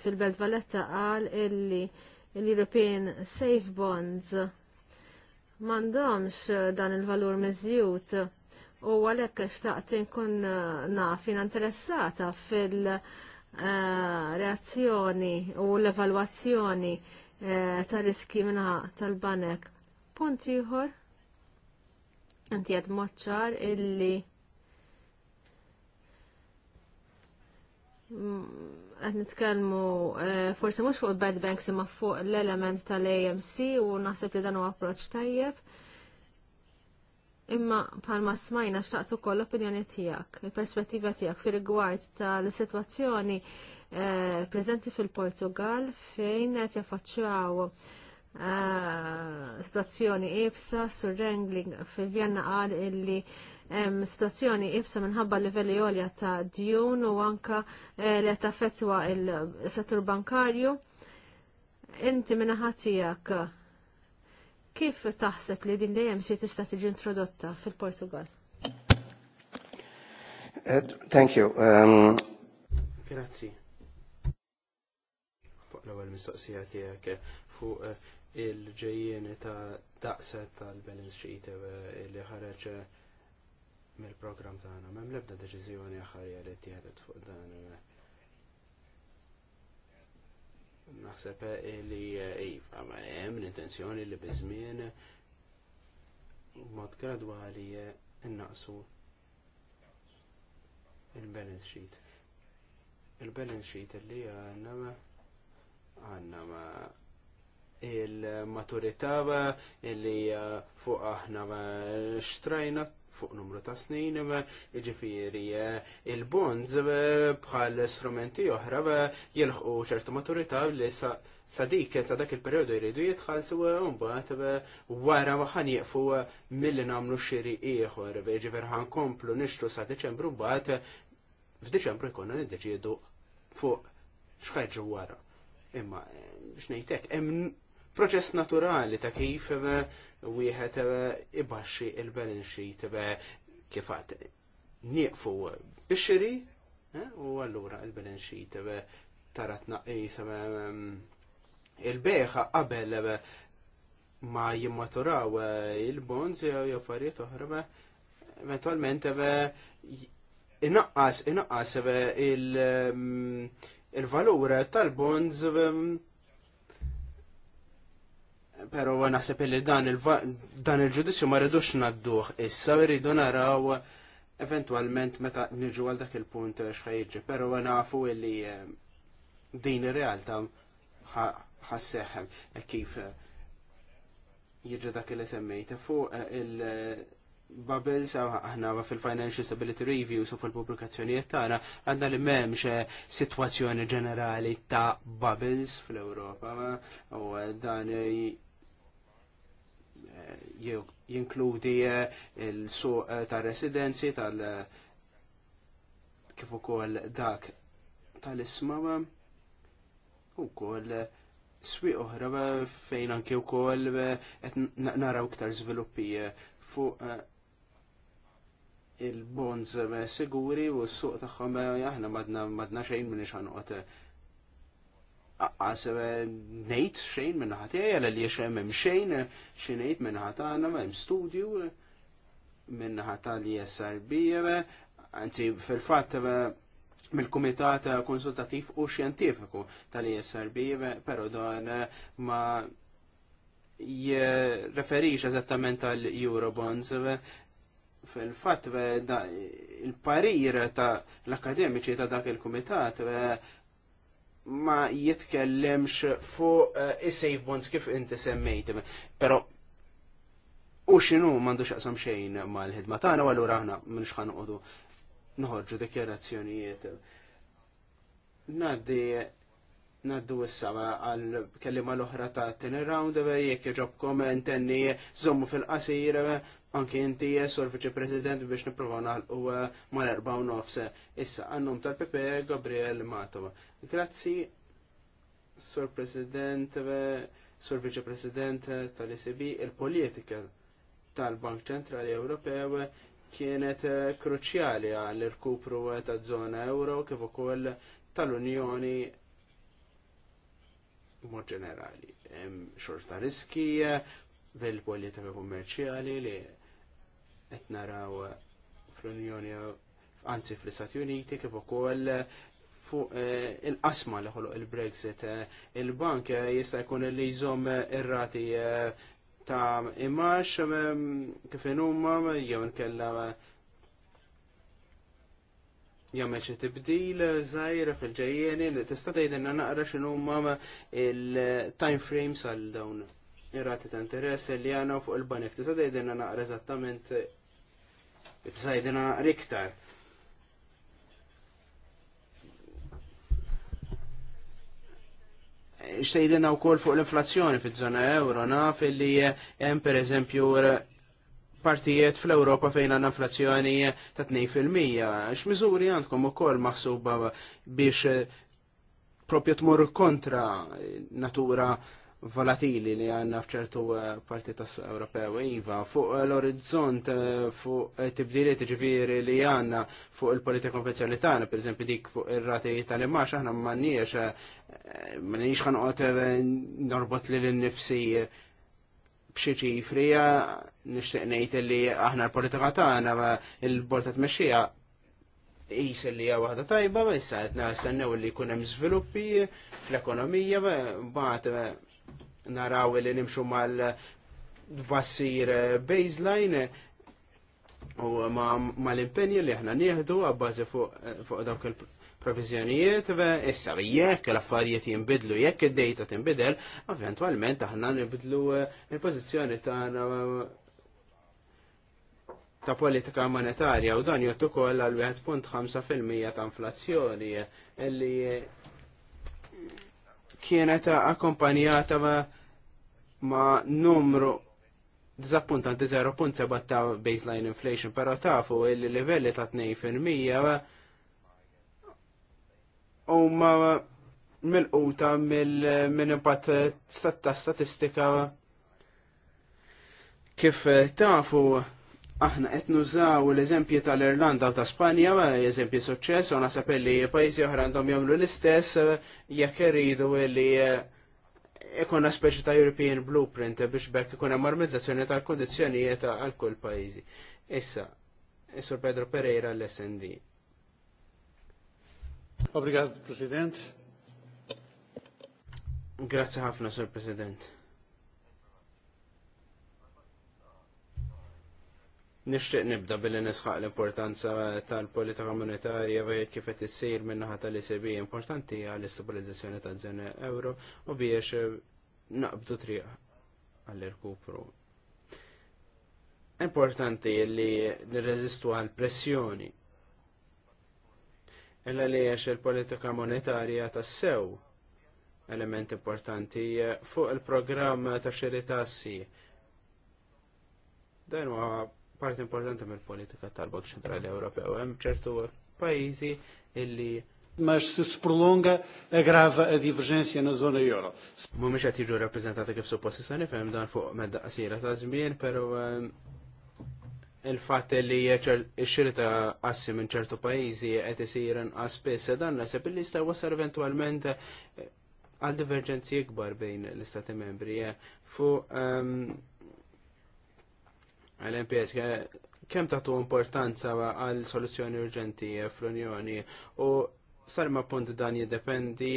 fil-Belt Valletta qal illi l-European Safe Bonds m'għandhomx dan il-valur miżjud u għalhekk xtaqt inkun eh, nafin interessata fil-reazzjoni eh, u l-evalwazzjoni eh, ta' riski minna tal-banek. Punt ieħor inti qed moċċar illi mm, għed nitkelmu forse mux fuq bad banks imma fuq l-element tal-AMC u naħseb li dan huwa approċċ tajjeb. Imma palma smajna xtaqt ukoll l-opinjoni tiegħek, il-perspettiva tiegħek fi rigward ta' sitwazzjoni situazzjoni eh, preżenti fil-Portugal fejn qed jaffaċċjaw eh, stazzjoni ibsa sur Rengling fil-Vjenna qal illi hemm stazzjoni ibsa minħabba livelli għolja ta' djun u anka eh, li taffettwa il-settur bankarju. Inti minnaħatijak Kif taħseb li din dejjem si tista' tiġi introdotta fil-Portugal? Eh, thank you. Um... Grazzi. Fuq l-ewwel mistoqsija tiegħek fuq eh, il-ġejjien ta' daqset tal-balance sheet eh, li ħareġ mill-programm tagħna. M'hemm l-ebda deċiżjoni aħħarja li tieħed fuq dan. Naħseb li eh, iva, hemm l-intenzjoni li biżmien mod gradwali eh, innaqsu il-balance sheet. Il-balance sheet li għanna għanna ma il-maturità li eh, fuq aħna xtrajna fuq numru ta' snin, ġifiri eh, il-bonds eh, bħal strumenti oħra jilħu ċertu maturità li sa' dik, sa' dak il-periodu jridu jitħalsu mbagħad eh, wara ħan jieqfu milli nagħmlu xiri ieħor, ġifier ħan komplu nixtru sa' Deċembru mbagħad f'Diċembru jkollna niddeċiedu fuq x'ħarġu wara. Imma x'nejtek hemm proċess naturali ta' kif eh, wieħed eh, ibaxxi il-balance sheet eh, kif għad nieqfu bixxiri u allura il-balance sheet tara tnaqqis il-beħa qabel ma jimmaturaw il-bonds jew affarijiet oħra eventualment inaqqas inaqqas mm, il-valur tal-bonds Pero naħseb li dan il-ġudizzju ma rridux nadduh issa rridu naraw eventualment meta niġu għal dak il-punt xħajġi. Pero nafu li eh, din ir-realtà ħasseħem e kif eh, jġi dak li semmejt e Fu eh, il- Bubbles, aħna fil-Financial Stability Review, su fil-publikazzjonijiet tagħna, għandna li m'hemmx sitwazzjoni ġenerali ta' bubbles fl-Ewropa u dan jinkludi eh, il-suq eh, ta' residenzi tal- eh, kif ukoll dak tal-isma ukoll swieq oħra fejn anki wkoll qed naraw iktar zviluppi fuq il-bonds siguri u s-suq tagħhom aħna madna madna xejn minn xanqot għas eh, nejt xejn minn ħati għal li xem hemm xejn xejn nejt minn ħata għanna ma' studju minn ħata li SRB għanti fil-fat mill-Kumitat Konsultativ u Xjentifiku tal-ISRB, pero dan ma jirreferix eżattament tal-Eurobonds fil-fat il-parir ta' l-akademiċi ta' dak il-Kumitat ma jitkellemx fuq eh, is-safe bonds kif inti semmejt. Però u xinu m'għandux xaqsam xejn mal-ħidma tagħna u allura aħna m'inx ħanqodu noħorġu dikjarazzjonijiet. Naddi Naddu issa għal kellima l-oħra ta' ten round, jġob komment enni zommu fil-qasir, anki inti Sur l-Viċi President biex niprofaw naħlqu eh, mal-erba' u nofs. Issa għannum tal-PP Gabriel Matova. Grazzi, Sur President, Sur Viċi President tal-ECB, il-politika tal-Bank Ċentrali Ewropew kienet eh, kruċjali għall-irkupru eh, ta' zona euro kif ukoll tal-Unjoni mod ġenerali. Hemm xorta riski bil-politika kummerċjali li qed naraw fl-Unjoni anzi fl-Istati Uniti kif ukoll fuq eh, il-qasma li ħoloq il-Brexit. Il-bank jista' jkun li jżomm ir-rati eh, ta' imax mm, kif inhuma jew inkella jagħmel tibdil żgħira fil t tista' tgħidilna naqra mama il-time frames għal dawn Irrati ta' interess li għana fuq il-banek. Tista' tgħidilna naqra eżattament tgħidilna naqra iktar. xtejdina u kol fuq l-inflazzjoni fil-żona euro, naf li jem per eżempju partijiet fl-Europa fejn għanna inflazzjoni ta' 2%. X'miżuri għandkom ukoll maħsuba biex eh, propju tmur kontra natura volatili li għanna fċertu eh, parti tas Ewropew iva fuq l-orizzont eh, fuq tibdiliet ġviri li għanna fuq il-politika konvenzjonali tagħna, per eżempju dik fuq ir-rati tal-imax aħna m'għandniex m'għandniex ħanqot norbot l nifsi b'xi ċifri nixtieq ngħid li aħna l-politika tagħna il borta ta' tmexxija qis li hija waħda tajba, issa qed nastennew li jkun hemm żviluppi fl-ekonomija, mbagħad naraw li nimxu mal bassir baseline u mal-impenju li aħna nieħdu għabbażi fuq dawk il- provizjonijiet, issa jekk l-affarijiet jinbidlu, jekk id-dejta tinbidel, eventualment aħna nibidlu eh, il-pozizjoni ta' eh, ta' politika monetarja u dan jottu koll għal 1.5% ta' inflazzjoni eh, li kienet akkompanjata ma' numru dizappuntanti 0.7 ta' baseline inflation, pero tafu il-livelli ta' 2% huma milquta minn impatt ta' statistika kif tafu aħna qed nużaw l-eżempji tal-Irlanda u ta' Spanja, eżempji suċċess, u nasab li pajjiżi oħra għandhom jagħmlu l-istess jekk iridu li eh, ikun speċi ta' European Blueprint biex bekk ikun hemm armonizzazzjoni tal-kondizzjonijiet għal kull pajjiżi. Issa, Isur Pedro Pereira l-SND. Obrigat President. Grazie ħafna, Sir President. Nixtieq nibda billi nisħaq l-importanza tal-politika monetarja bejn kif qed issir min-naħa tal-ECB importanti għall istabilizzazzjoni taż zene euro u biex naqbdu triq għall-irkupru. Importanti li nirreżistu għal pressjoni illa li għax il-politika monetarja tas-sew element importanti fuq il-programm ta' xiri tassi. Dan huwa parti importanti mill-politika tal-Bank Ċentrali Ewropew. Hemm ċertu pajjiżi illi mas se se prolonga agrava a divergência na zona euro. Mumiċa qed jiġu rappreżentati kif suppost s-sani, fem dan fuq medda qasira ta' żmien, pero ehm, il-fat li ta' assi minn ċertu pajizi qed isir inqas spiss dan naseb li jista' wasar eventwalment eh, għal divergenzi ikbar bejn l-istati membri eh, Fu ehm, l-MPS eh, kemm tagħtu importanza għal soluzzjoni urġenti fl-Unjoni u sar ma punt dan jiddependi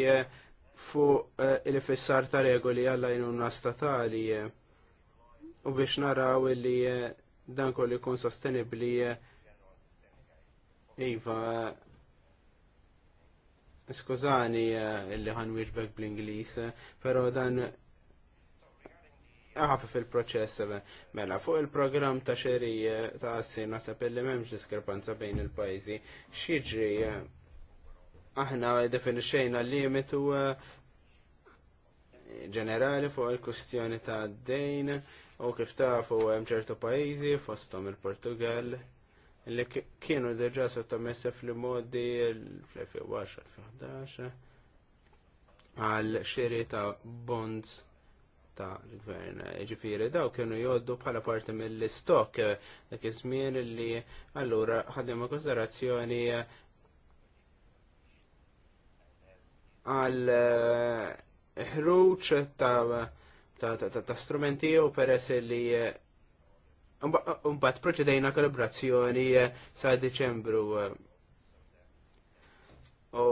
fuq il-fissar ta' regoli għall-għajnuna statali u biex naraw li dan kollu jkun sostenibli eh, iva skużani eh, li ħan wieġbek bl-Inglis, pero dan ħafa fil-proċess eh, mela fuq il-programm ta' xeri ta' assi nasab li memx diskrepanza bejn il-pajzi. Xieġri aħna definixxejna l-limitu ġenerali fuq il-kustjoni ta' d-dejn U kif tafu hemm ċertu pajjiżi fosthom il-Portugal li kienu deġa sottomessi fl-modi fl-2010-2011 għal xiri ta' bonds ta' l-gvern. Ġifiri, daw kienu joddu bħala parti mill-istok dak iż-żmien li allura ħaddim konsiderazzjoni għal ħruġ ta' ta' strumenti u peress li eh, Mbagħad eh, proċedejna kalibrazzjoni eh, sa Deċembru. U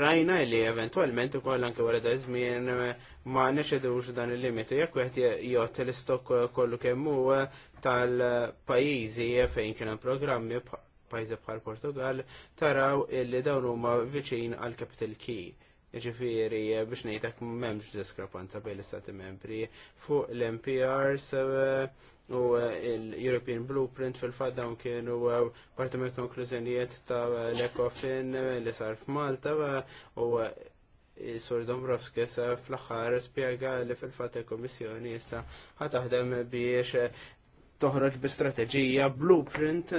rajna li eventualment ukoll anke wara da żmien ma nexedux dan il-limitu jekk wieħed jgħod l-istokk kollu kemm tal-pajjiżi fejn kien hemm programmi pajjiżi bħal Portugal taraw illi dawn huma viċin għal Capital Key. Ġifiri, biex nejtak memx diskrepanza bej l-istati membri fuq l mprs eh, u eh, l-European Blueprint fil-fat dawn kienu eh, parti minn konklużjonijiet ta' l-Ecofin li sar f'Malta u Sur Dombrovski sa fl-axar spiega li fil-fat il-Komissjoni issa ħataħdem biex toħroġ bi strateġija blueprint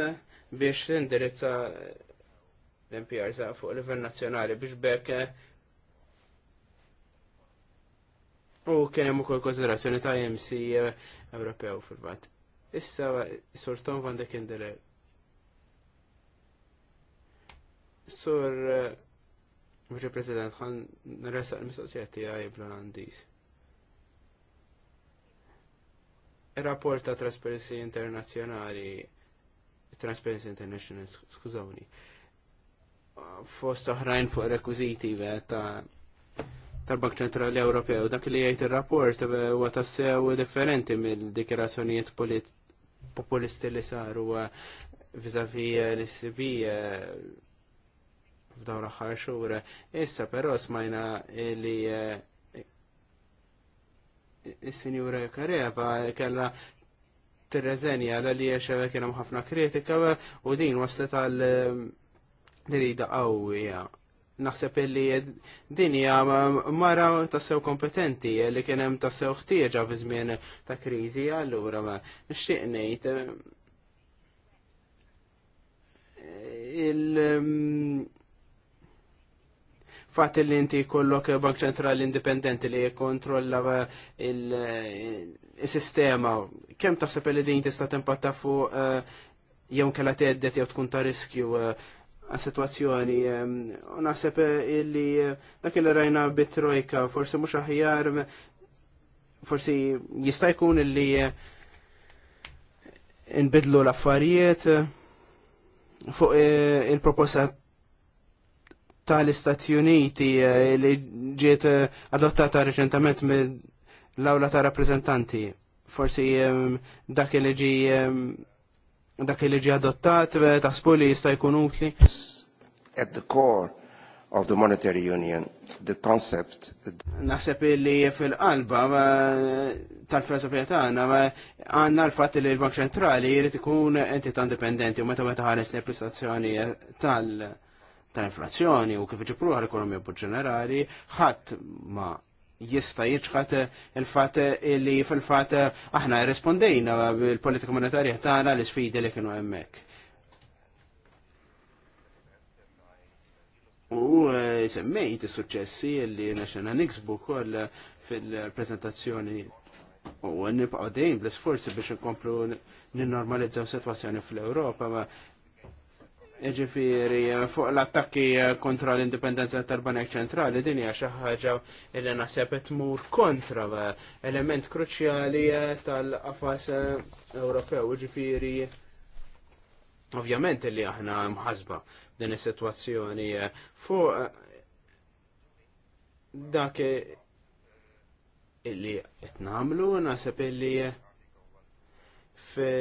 biex tindirizza l-NPR fuq livell nazzjonali biex bekk U kienem hemm ukoll konsiderazzjoni ta' MC eh, Ewropew fil-fatt. Issa Sur Tom van de Kindeler. Sur eh, Vice President n-resa l-mistoqsijat tiegħi bl Rapport ta' Transparency Internazzjonali Transparency International, skużawni. Fost oħrajn fuq rekwiżiti ta' tal-Bank Ċentrali Ewropew. Dak li jgħid ir-rapport eh, huwa tassew differenti mill dikjarazzjonijiet populisti li saru eh, vis-a-vis eh, l-ICB f'dawn l-aħħar xhur. Issa però smajna li is-Sinjura Kareva kellha tirreżenja għal li jiex kien hemm ħafna kritika u din waslet għal li qawwija naħseb illi dinja mara tassew kompetenti li kien hemm tassew ħtieġa fi żmien ta' kriżi għallura ma nixtieq ngħid eh, il mm, fat li inti kollok bank ċentral indipendenti li kontrolla eh, il-sistema eh, kemm taħseb li din tista' tempatta fuq jew kella tgħeddet jew tkun ta' riskju uh, għas-situazzjoni. naħseb eh, illi eh, dak li rajna bit-trojka, forsi mhux aħjar, forsi jista' jkun illi eh, nbidlu l-affarijiet fuq il-proposta tal-Istati Uniti li ġiet adottata reċentament mill-Awla ta' Rappresentanti. Forsi dak li ġi dak li leġi adottat ta' spoli jista' jkun utli. At the core of the monetary union, the concept. Naħseb li fil-qalba tal-filosofija tagħna għandna l-fatt li l-Bank Ċentrali jrid ikun entità indipendenti u meta meta ħares l prestazzjoni tal- inflazzjoni u kif ġipruħa l-ekonomija b'ġenerali, ħadd ma' jista jitħat il-fat li fil-fat aħna rispondejna bil-politika monetarja tagħna l-isfidi li kienu hemmhekk. U semmejt is-suċċessi li nexxena niksbu wkoll fil-preżentazzjoni u nibqgħu dejjem bl-isforzi biex inkomplu ninnormalizzaw sitwazzjoni fl-Ewropa ma Ġifiri, fuq l-attakki kontra l-indipendenza tal-Banek ċentrali, din hija xi ħaġa li naħseb tmur kontra element kruċjali tal-qafas Ewropew. Ġifiri, ovvjament li aħna mħasba din is-sitwazzjoni fuq dak illi qed nagħmlu naħseb illi fi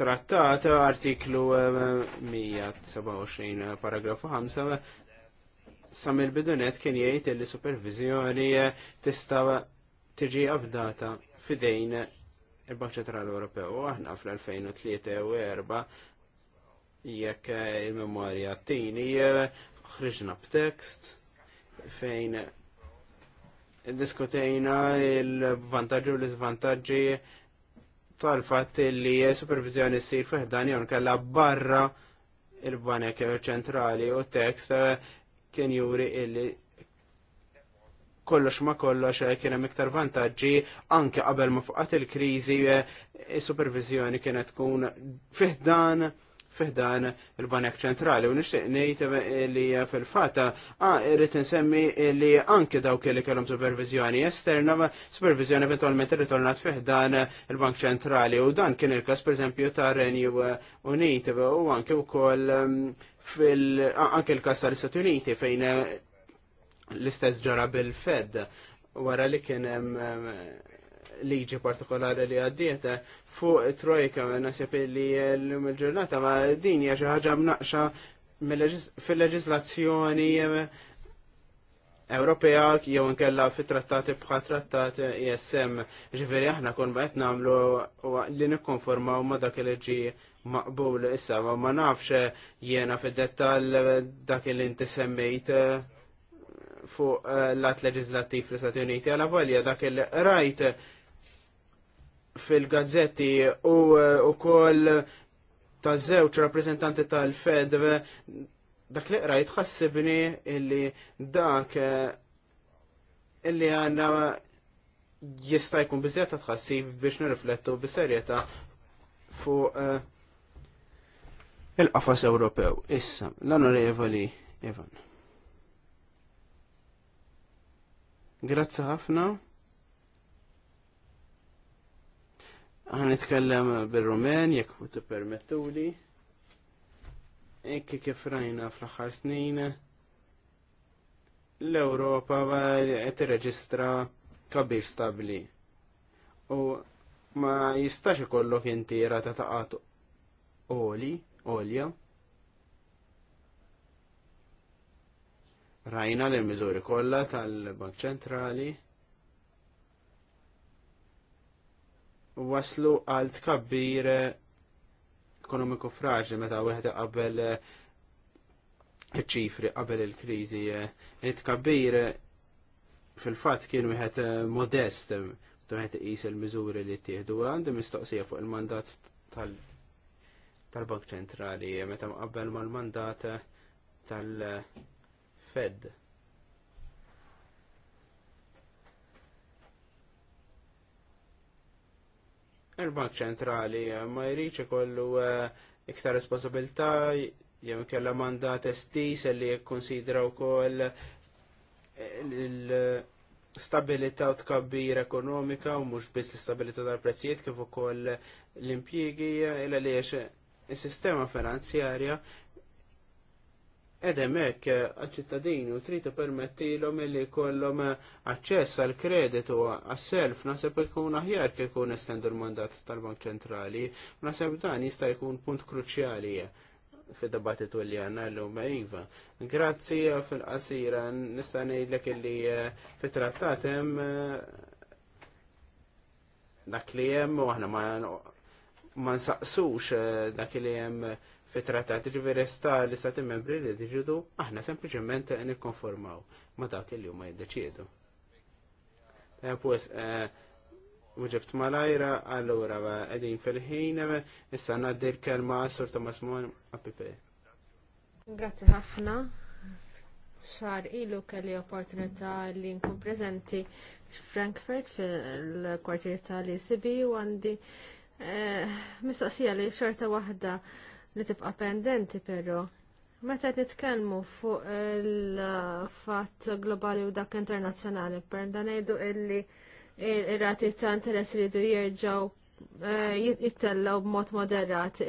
trattat artiklu 127 eh, eh, paragrafu 5 Samir bidunet kien jgħid li supervizjoni eh, tista' tiġi abdata fidejn il-Bank Ċentrali Ewropew. Aħna fl-2003 u 4 jekk il-memorja t-tini ħriġna b'tekst fejn diskutejna il-vantaġġi u l-iżvantaġġi tal-fatt li supervizjoni ssir fiħdan jew kalla barra il-banek ċentrali u tekst eh, kien juri illi kollox ma kollox eh, kien hemm iktar vantaġġi anke qabel ma fuqat il-kriżi eh, is-supervizjoni kienet tkun fiħdan dan fiħdan il-Banek ċentrali u nixtieq ngħid li fil-fatt ah, irrit insemmi li anke dawk li kellhom supervizjoni esterna ma supervizjoni eventualment irritornat fiħdan il-Bank ċentrali u dan kien il-każ esempio, ta' Renju Unit u anke wkoll mm, fil anki il-każ tal-Istati Uniti fejn l-istess ġara bil-Fed wara li kien hemm liġi partikolari li għaddiet fuq trojka nasib li l-lum il-ġurnata ma din hija xi ħaġa mnaqxa fil-leġislazzjoni Ewropea jew nkella fit-trattati bħa trattat ISM, e ġifiri aħna kun qed nagħmlu li nikkonformaw ma dak il-ġi maqbul issa ma nafx jiena fid-dettall dak li inti semmejt fuq l-att leġislattiv fl-Istati Uniti għala volja dak il-rajt fil-gazzetti eh, u koll ta' żewġ rappreżentanti tal-Fed dak li rajt ħassibni illi dak eh, illi għandna jista' jkun tħassib biex nirriflettu b'serjetà fuq eh, il-qafas Ewropew. Issa, l Evali, Evan Grazzi ħafna. Għan nitkellem bil-Rumen, jek u t-permettu li. Ekki kif rajna fl-axar snin. L-Europa għet reġistra kabir stabli. U ma jistax ikollok inti rata għatu oli, olja. Rajna l-mizuri kollha tal-Bank Ċentrali waslu għal tkabbir ekonomiku fraġi meta wieħed qabel eh, ċifri qabel il-kriżi. Eh, tkabbir eh, fil-fatt kien wieħed modest meta wieħed iqis il-miżuri li ttieħdu għandi mistoqsija fuq il-mandat tal-Bank Ċentrali meta mqabbel mal-mandat tal-Fed. il-Bank Ċentrali ma jridx ikollu eh, iktar responsabilità jew kellha mandat estis li jikkonsidra wkoll eh, l-stabilità u tkabbir ekonomika u mhux biss l-istabilità tal-prezzijiet kif ukoll l-impjiegi illa li is-sistema finanzjarja edem hekk eh, għal-ċittadini u trid permettilhom li jkollhom eh, aċċess għal kreditu għas-self naħseb ikun aħjar kif estendu l-mandat tal-Bank Ċentrali. Naħseb dan jista' jkun punt kruċjali eh, fid-dibattitu li għanna l-lum Iva. Grazzi fil-qasira nista' ngħidlek li fit-trattat hemm dak li hemm u aħna ma nsaqsux dak li hemm fit trattat ġiviri sta li stati membri li diġidu, aħna sempliciment nikkonformaw ma dak li huma jiddeċiedu. Eh, Pwes, eh, uġibt malajra, għallura għedin fil-ħin, issa naddi l-kelma sur Thomas Mon APP. Grazzi ħafna. Xar ilu kelli opportunità li nkun prezenti Frankfurt fil-kwartier tal-ECB u għandi eh, mistoqsija li xorta waħda li tibqa' pendenti però. Meta qed nitkellmu fuq il-fatt globali u dak internazzjonali, per da ngħidu illi ir-rati ta' interess li jdu jerġgħu eh, jittellaw b'mod moderat.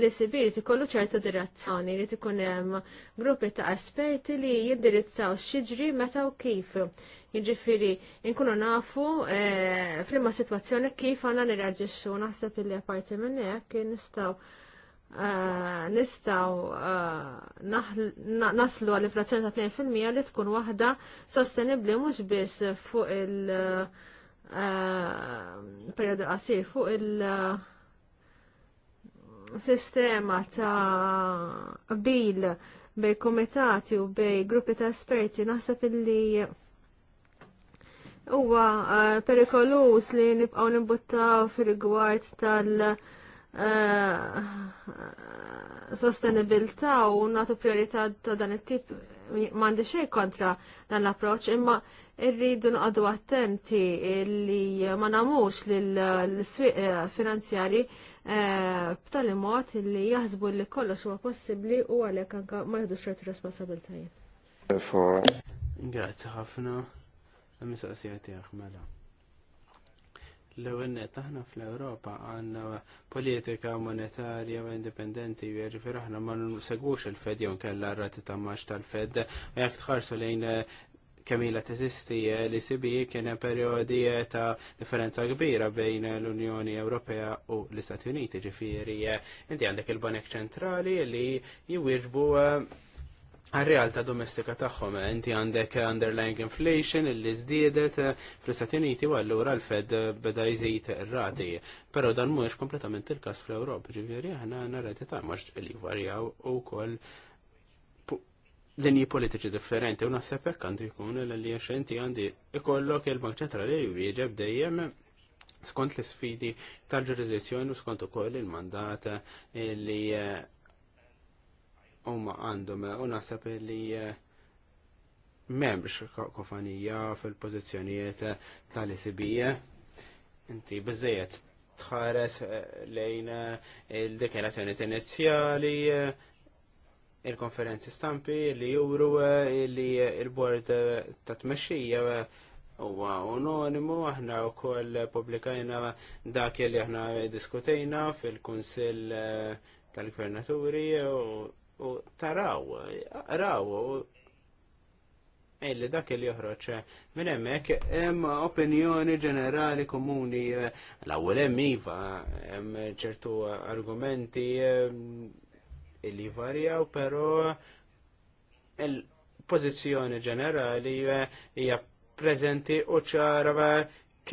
l sibir ti kollu ċertu direzzjoni li tkun hemm gruppi ta' esperti li jindirizzaw x'jiġri meta u kif. Jiġifieri nkunu nafu eh, fl-imma sitwazzjoni kif għandna nirraġixxu naħseb illi apparti minn hekk nistgħu Ah, nistaw ah, naslu għall-inflazzjoni ta' 2% li tkun waħda sostenibli mhux biss fuq il- ah, periodu qasir fuq il- sistema ta' bil bej komitati u bej gruppi ta' esperti naħseb illi huwa perikolus li nibqgħu nimbuttaw fil-rigward tal- Eh, sostenibilità u natu priorità ta' dan it-tip mandi xej kontra dan l-approċ imma irridu nqadu attenti li ma namux l-swiq eh, finanzjari eh, b'tali mod li jaħsbu li kollox huwa possibbli u għalhekk anke ma jieħdux ċertu responsabiltajiet. Grazzi ħafna. mela. L-għennet, aħna fl-Europa għanna politika monetarja u indipendenti, ġifir aħna ma segwux il-Fed jon kella rrati tammax tal-Fed, jgħak tħarsu lejn kamila teżisti li sibi kien periodi ta' differenza kbira bejn l-Unjoni Ewropea u l-Istati Uniti ġifiri. Inti għandek il-Banek Ċentrali li jwieġbu għal-realtà domestika tagħhom. Eh, inti għandek underlying inflation illi żdiedet eh, fl-Istati Uniti u allura l-Fed eh, beda jżid ir-rati. Però dan mhuwiex kompletament il-każ fl-Ewropa, ġifieri aħna narrati ta' mhux li varjaw ukoll dinji politiċi differenti u naħseb hekk għandu jkun li inti għandi ikollok il-Bank Ċentrali li jieġeb dejjem skont l-sfidi tal-ġurisdizzjoni u skont ukoll il-mandat li huma għandhom eh, u naħseb li eh, memx kofanija fil-pozizjonijiet eh, tal-isibija. Inti bizzejet tħares lejn il-dekerazzjoni inizjali, il-konferenzi stampi li juru li il-bord ta' tmexxija huwa anonimu, aħna wkoll publikajna dak li aħna diskutejna fil-Kunsill tal-Gvernaturi u u taraw, raw u illi dak li joħroġ minn hemmhekk hemm opinjoni ġenerali komuni l-ewwel hemm iva hemm ċertu argumenti ehm, illi varjaw però il-pożizzjoni ġenerali hija preżenti u ċara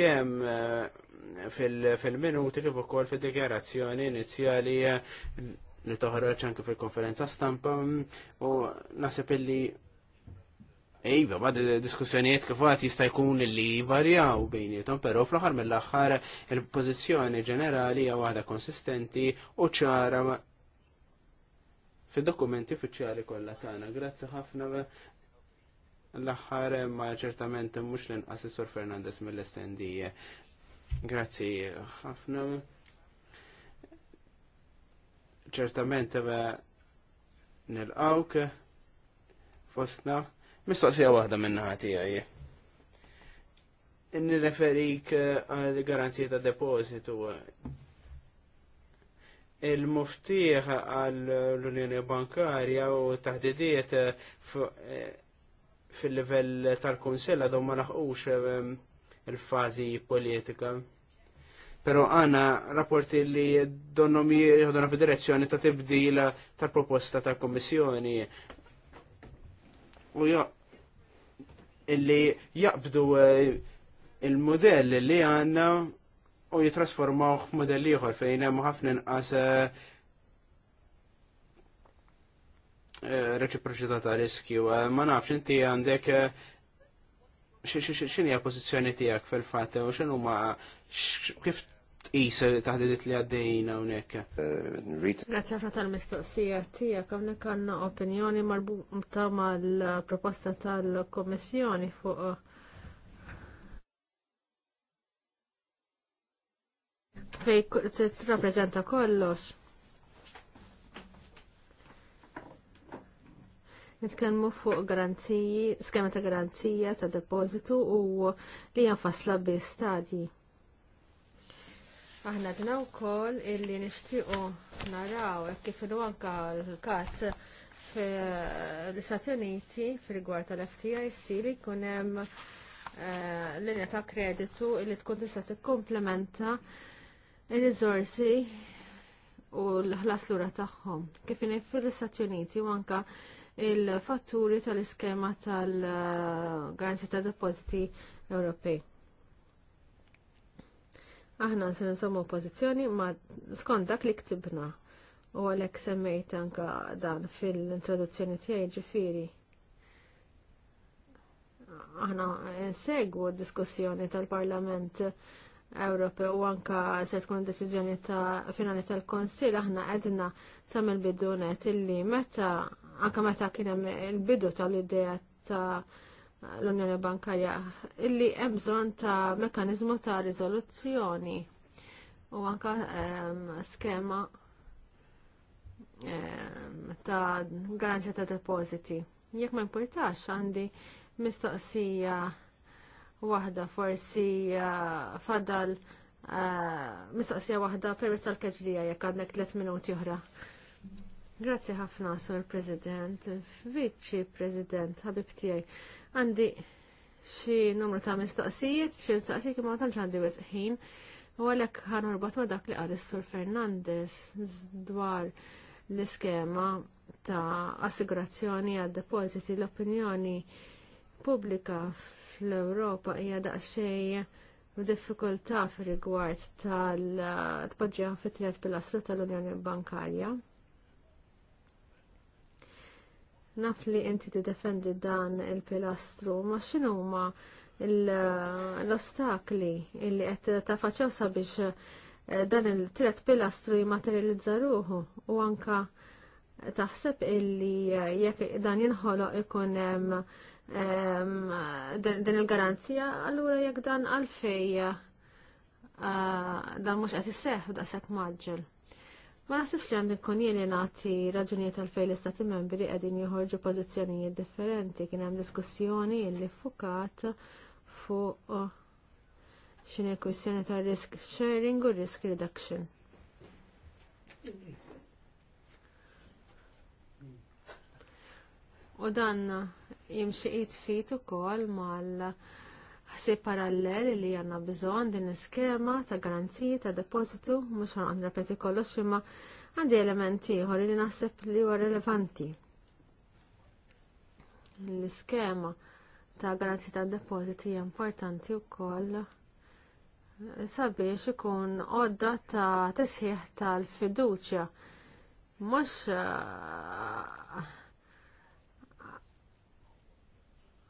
kemm eh, fil-minuti kif ukoll fid-dikjarazzjoni inizjali eh, li toħroġ anke fil-konferenza stampa u naħseb illi Iva, bad diskussjonijiet kif għat jista' jkun li varjaw bejnietom, però fl-aħħar mill-aħħar il-pożizzjoni ġenerali hija waħda konsistenti u ċara fid-dokumenti uffiċjali kollha tagħna. Grazzi ħafna l-aħħar ma ċertament mhux l-inqas Sur Fernandez mill-estendija. Grazzi ħafna ċertament nil-għawk fostna. Mistoqsija waħda minna ħati għaj. Nirreferik eh, għal garanzija ta' depositu. Il-muftiħ għal l-Unjoni Bankarja u taħdidiet eh, eh, fil-level tal konsella domma ma naħqux il-fazi politika pero għana rapporti li donnom jieħduna fil-direzzjoni ta' tibdil ta' proposta ta' kommissjoni. U jo, illi jaqbdu eh, il-modell li għanna u jitrasformaw modell ieħor fejn hemm ħafna inqas eh, eh, reċiproċità ta' riskju. Ma nafx inti għandek xini għal pozizjoni tijak fil-fat u xinu ma kif Isa taħdidit li għaddejna hawnhekk. Eh, Grazie ħafna tal-mistoqsija tiegħek hawnhekk għandna opinjoni marbuta mal-proposta tal komissjoni fuq eh, fej t-rapprezenta kollox. Nitkellmu fuq garanziji, skema ta' garanzija ta' depozitu u li janfasla bi stadji. Aħna dna wkoll illi nixtiequ naraw kif ilu anka l-każ fl-Istati Uniti fil gwar tal-FTIC li jkun hemm eh, linja ta' kreditu li tkun tista' tikkomplementa ir-riżorsi u l-ħlas l-ura tagħhom. Kif inhi fil-Istati Uniti u anke il-fatturi tal-iskema tal-garanzi eh, ta' depositi Ewropej. Aħna se nżommu pożizzjoni ma skont dak li ktibna u għalhekk semmejt anke dan fil-introduzzjoni tiegħi ġifieri. Aħna nsegwu d-diskussjoni tal-Parlament Ewropew u anka se tkun deċiżjoni ta' finali tal-Konsil aħna qedna sam il-bidunet illi meta anka meta kien hemm il-bidu tal-idea ta' l-Unjoni Bankarja illi hemm bżonn ta' mekkaniżmu ta' riżoluzzjoni u anka ehm, skema ehm, ta' garanzja ta' depositi. Jekk ma importax għandi mistoqsija waħda forsi eh, fadal eh, mistoqsija waħda permess tal-keġdija jekk għandek tliet minuti oħra. Grazzi ħafna, Sur President, Viċi President, ħabib tiegħi. Għandi xi numru ta' mistoqsijiet, xi mistoqsijiet kif ma tantx għandi wisq ħin. U għalhekk ħanorbot ma' dak li qal is-Sur Fernandez dwar l-iskema ta' assigurazzjoni għad depositi l-opinjoni pubblika fl-Ewropa hija daqsxejn diffikultà fir-rigward tal-tpoġġiha fit-tliet pilastru tal-Unjoni Bankarja. Naf li inti tiddefendi dan il-pilastru, ma xinu ma l-ostakli li qed tafaċċew sabiex eh, dan il tret pilastru jimmaterializza u anka taħseb illi eh, jekk dan jinħoloq ikun hemm din il-garanzija, allura jekk dan għalfej eh, dan mhux qed isseħħ daqshekk maġġel. Ma nasibx li għandin kun jien li nagħti raġunijiet għalfejn l-istati membri qegħdin joħorġu pożizzjonijiet differenti. Kien hemm diskussjoni li fukat fuq uh, x'inhi kwistjoni ta' risk sharing u risk reduction. U dan jimxi it fit ukoll mal ħsieb parallel li għandna bżonn din iskema ta' garanziji ta' depositu mhux ħanqan repeti kollox imma għandi elementi ieħor li naħseb li huwa rilevanti. L-iskema ta' garanziji ta' depositi hija importanti wkoll sabiex ikun għodda ta' tisħiħ tal-fiduċja. Mux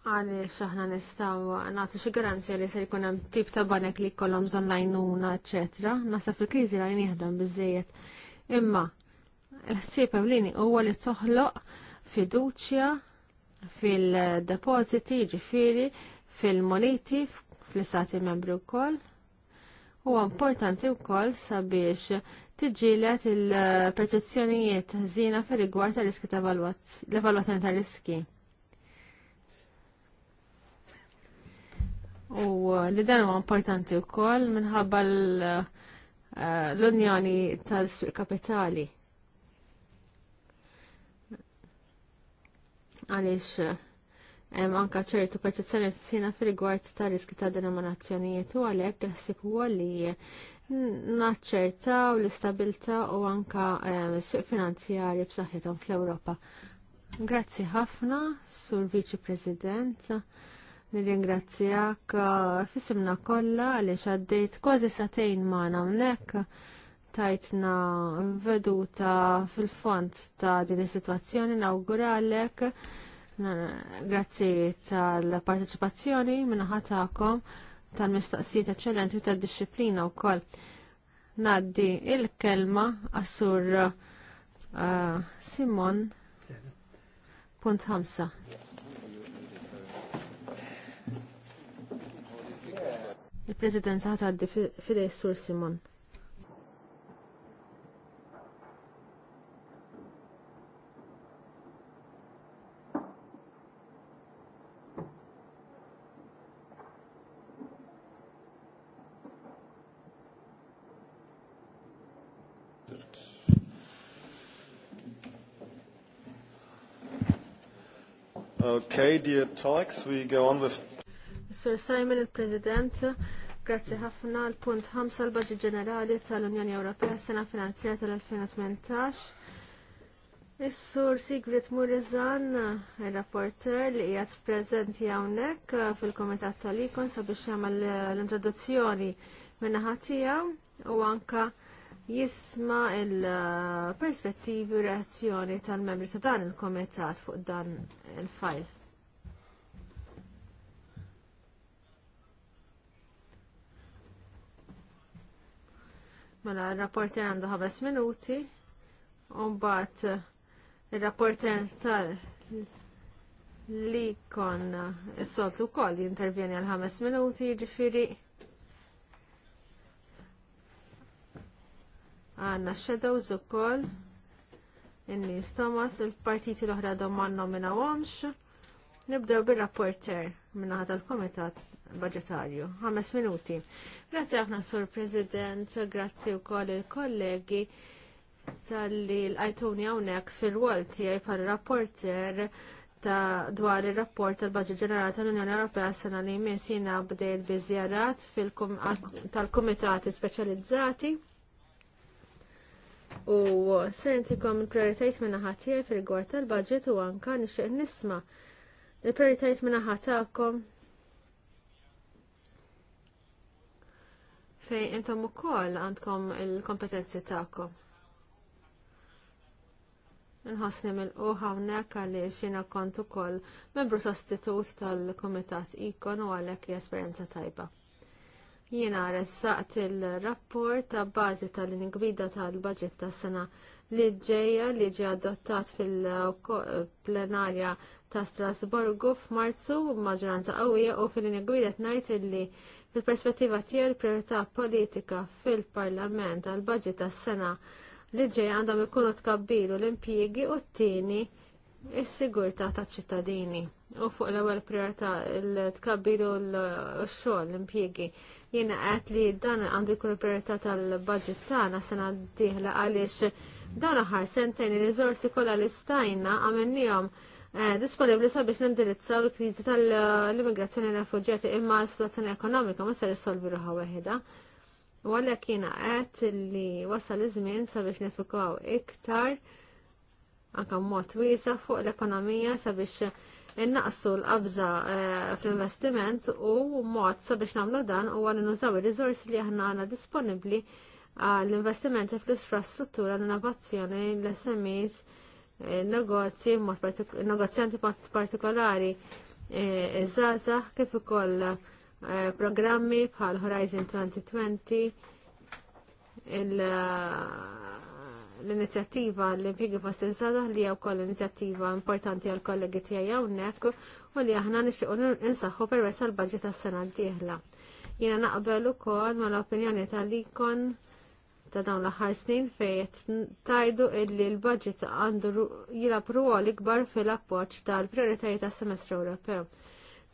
għani xaħna nistaw nagħtu xi garanzja li se jkun hemm tip ta' banek li jkollhom żonnajnuna, eċetera. Nasa fil-kriżi li nieħdem biżejjed. Imma l-ħsieb ewlieni huwa li toħloq fiduċja fil depositi ġifiri, fil-moniti fl-istati membri wkoll. Huwa importanti wkoll sabiex tiġġielet il-perċezzjonijiet zina fir-rigward tal-riski ta' l-evalwazzjoni ta' riski U eh, li dan huwa importanti wkoll minħabba eh, l-Unjoni tal swieq Kapitali. Għaliex eh, hemm anke ċertu perċezzjoni tsina fil-rigward tar riski ta' denominazzjonijiet u għalhekk naħseb huwa li naċċertaw l-istabilta u anka s-suq finanzjari b'saħħithom fl-Ewropa. Grazzi ħafna, Sur Viċi President. Nirringrazzjak uh, fissimna kollha għaliex għaddejt kważi satejn ma hawnhekk tajtna veduta fil-font ta' din is-sitwazzjoni nawguralek. Grazzi tal-parteċipazzjoni minnaħa tagħkom tal-mistaqsijiet eċċellenti u tad-dixxiplina wkoll. Naddi il-kelma għassur uh, Simon. Punt 5. il saħta għaddi fidej Sur Simon. Okay, dear talks, we go on with Sir Simon, il-President, grazzi ħafna l-punt 5 l baġit Ġenerali tal-Unjoni Ewropea sena finanzjera tal-2018. Is-Sur Sigrid Murizan, il-rapporter li jgħat prezenti għawnek fil-Komitat tal-Ikon sabiex jgħamil l-introduzzjoni minna ħatija u anka jisma il-perspettivi u reazzjoni tal-membri ta' dan il-Komitat fuq dan il-fajl. mela r-rapporter għandu ħames minuti, u mbagħad ir-rapporter tal li kon s-soltu kol jintervjeni għal ħames minuti, ġifiri. Għanna shadows u kol, Thomas, il-partiti l ohra domman nomina għomx, nibdew bil-rapporter minna ħat tal komitat budgetarju. Ħames minuti. Grazzi ħafna Sur President, grazzi wkoll il-kollegi tal-li l ajtuni għawnek fil walti tiegħi par rapporter ta' dwar il-rapport tal-Budget Ġenerali tal-Unjoni Ewropea sena li jmiss jiena bdejt biżjarat tal-kumitati speċjalizzati u sentikom il-prioritajt minna ħatijaj fil-gwar tal-budget u anka nixtieq nisma il-prioritajt minna ħatakom fej intom ukoll għandkom il-kompetenzi tagħkom. Nħossni mill-u hawnhekk għaliex jiena kont ukoll membru sostitut tal-Kumitat Ikon u għalhekk esperjenza tajba. Jiena ressaqt il-rapport ta' bażi tal-ingwida tal-budget tas-sena li ġeja li ġi adottat fil-plenarja ta' Strasburgu f'Marzu maġranza qawwija u fil-ingwidet ngħid li Il-perspettiva tiegħi l-priorità politika fil-Parlament għal budget tas-sena li ġej għandhom ikunu tkabbilu l-impjiegi u t-tieni is-sigurtà taċ-ċittadini. U fuq l-ewwel priorità l-tkabbilu l-xogħol l-impjiegi. Jiena qed li dan għandu jkun il-priorità tal-budget tagħna sena d-dieħla għaliex dan aħħar sentejn ir-riżorsi kollha li stajna għamilnihom Eh, disponibli sabiex nindirizzaw il-kriżi tal-immigrazzjoni refuġjati imma s-situazzjoni ekonomika ma ser issolvi ruħha weħda. U għalhekk jiena għet li wasal iż-żmien sabiex nifikaw iktar anke mod wiesa' fuq l-ekonomija sabiex innaqsu l-qabża eh, fl-investiment u mod sabiex nagħmlu dan huwa li nużaw ir-riżorsi li aħna għandna disponibbli għall-investimenti fl-infrastruttura, l-innovazzjoni, l-SMEs, Eh, negozji negozjanti partikolari iż-żgħażagħ eh, kif ukoll eh, programmi bħal Horizon 2020 l-inizjattiva l-impjegi fost iż-żgħażagħ li hija wkoll inizjattiva importanti għal kollegi tiegħi hawnhekk u li aħna nixtiequ insaħħu permezz tal baġġi tas-sena d-dieħla. Jiena naqbel ukoll mal-opinjoni tal-ikon ta' dawn l-aħħar snin qed tajdu illi l-budget għandu jilab rwol ikbar fil appoġġ tal prijoritajiet tas semestru Ewropew.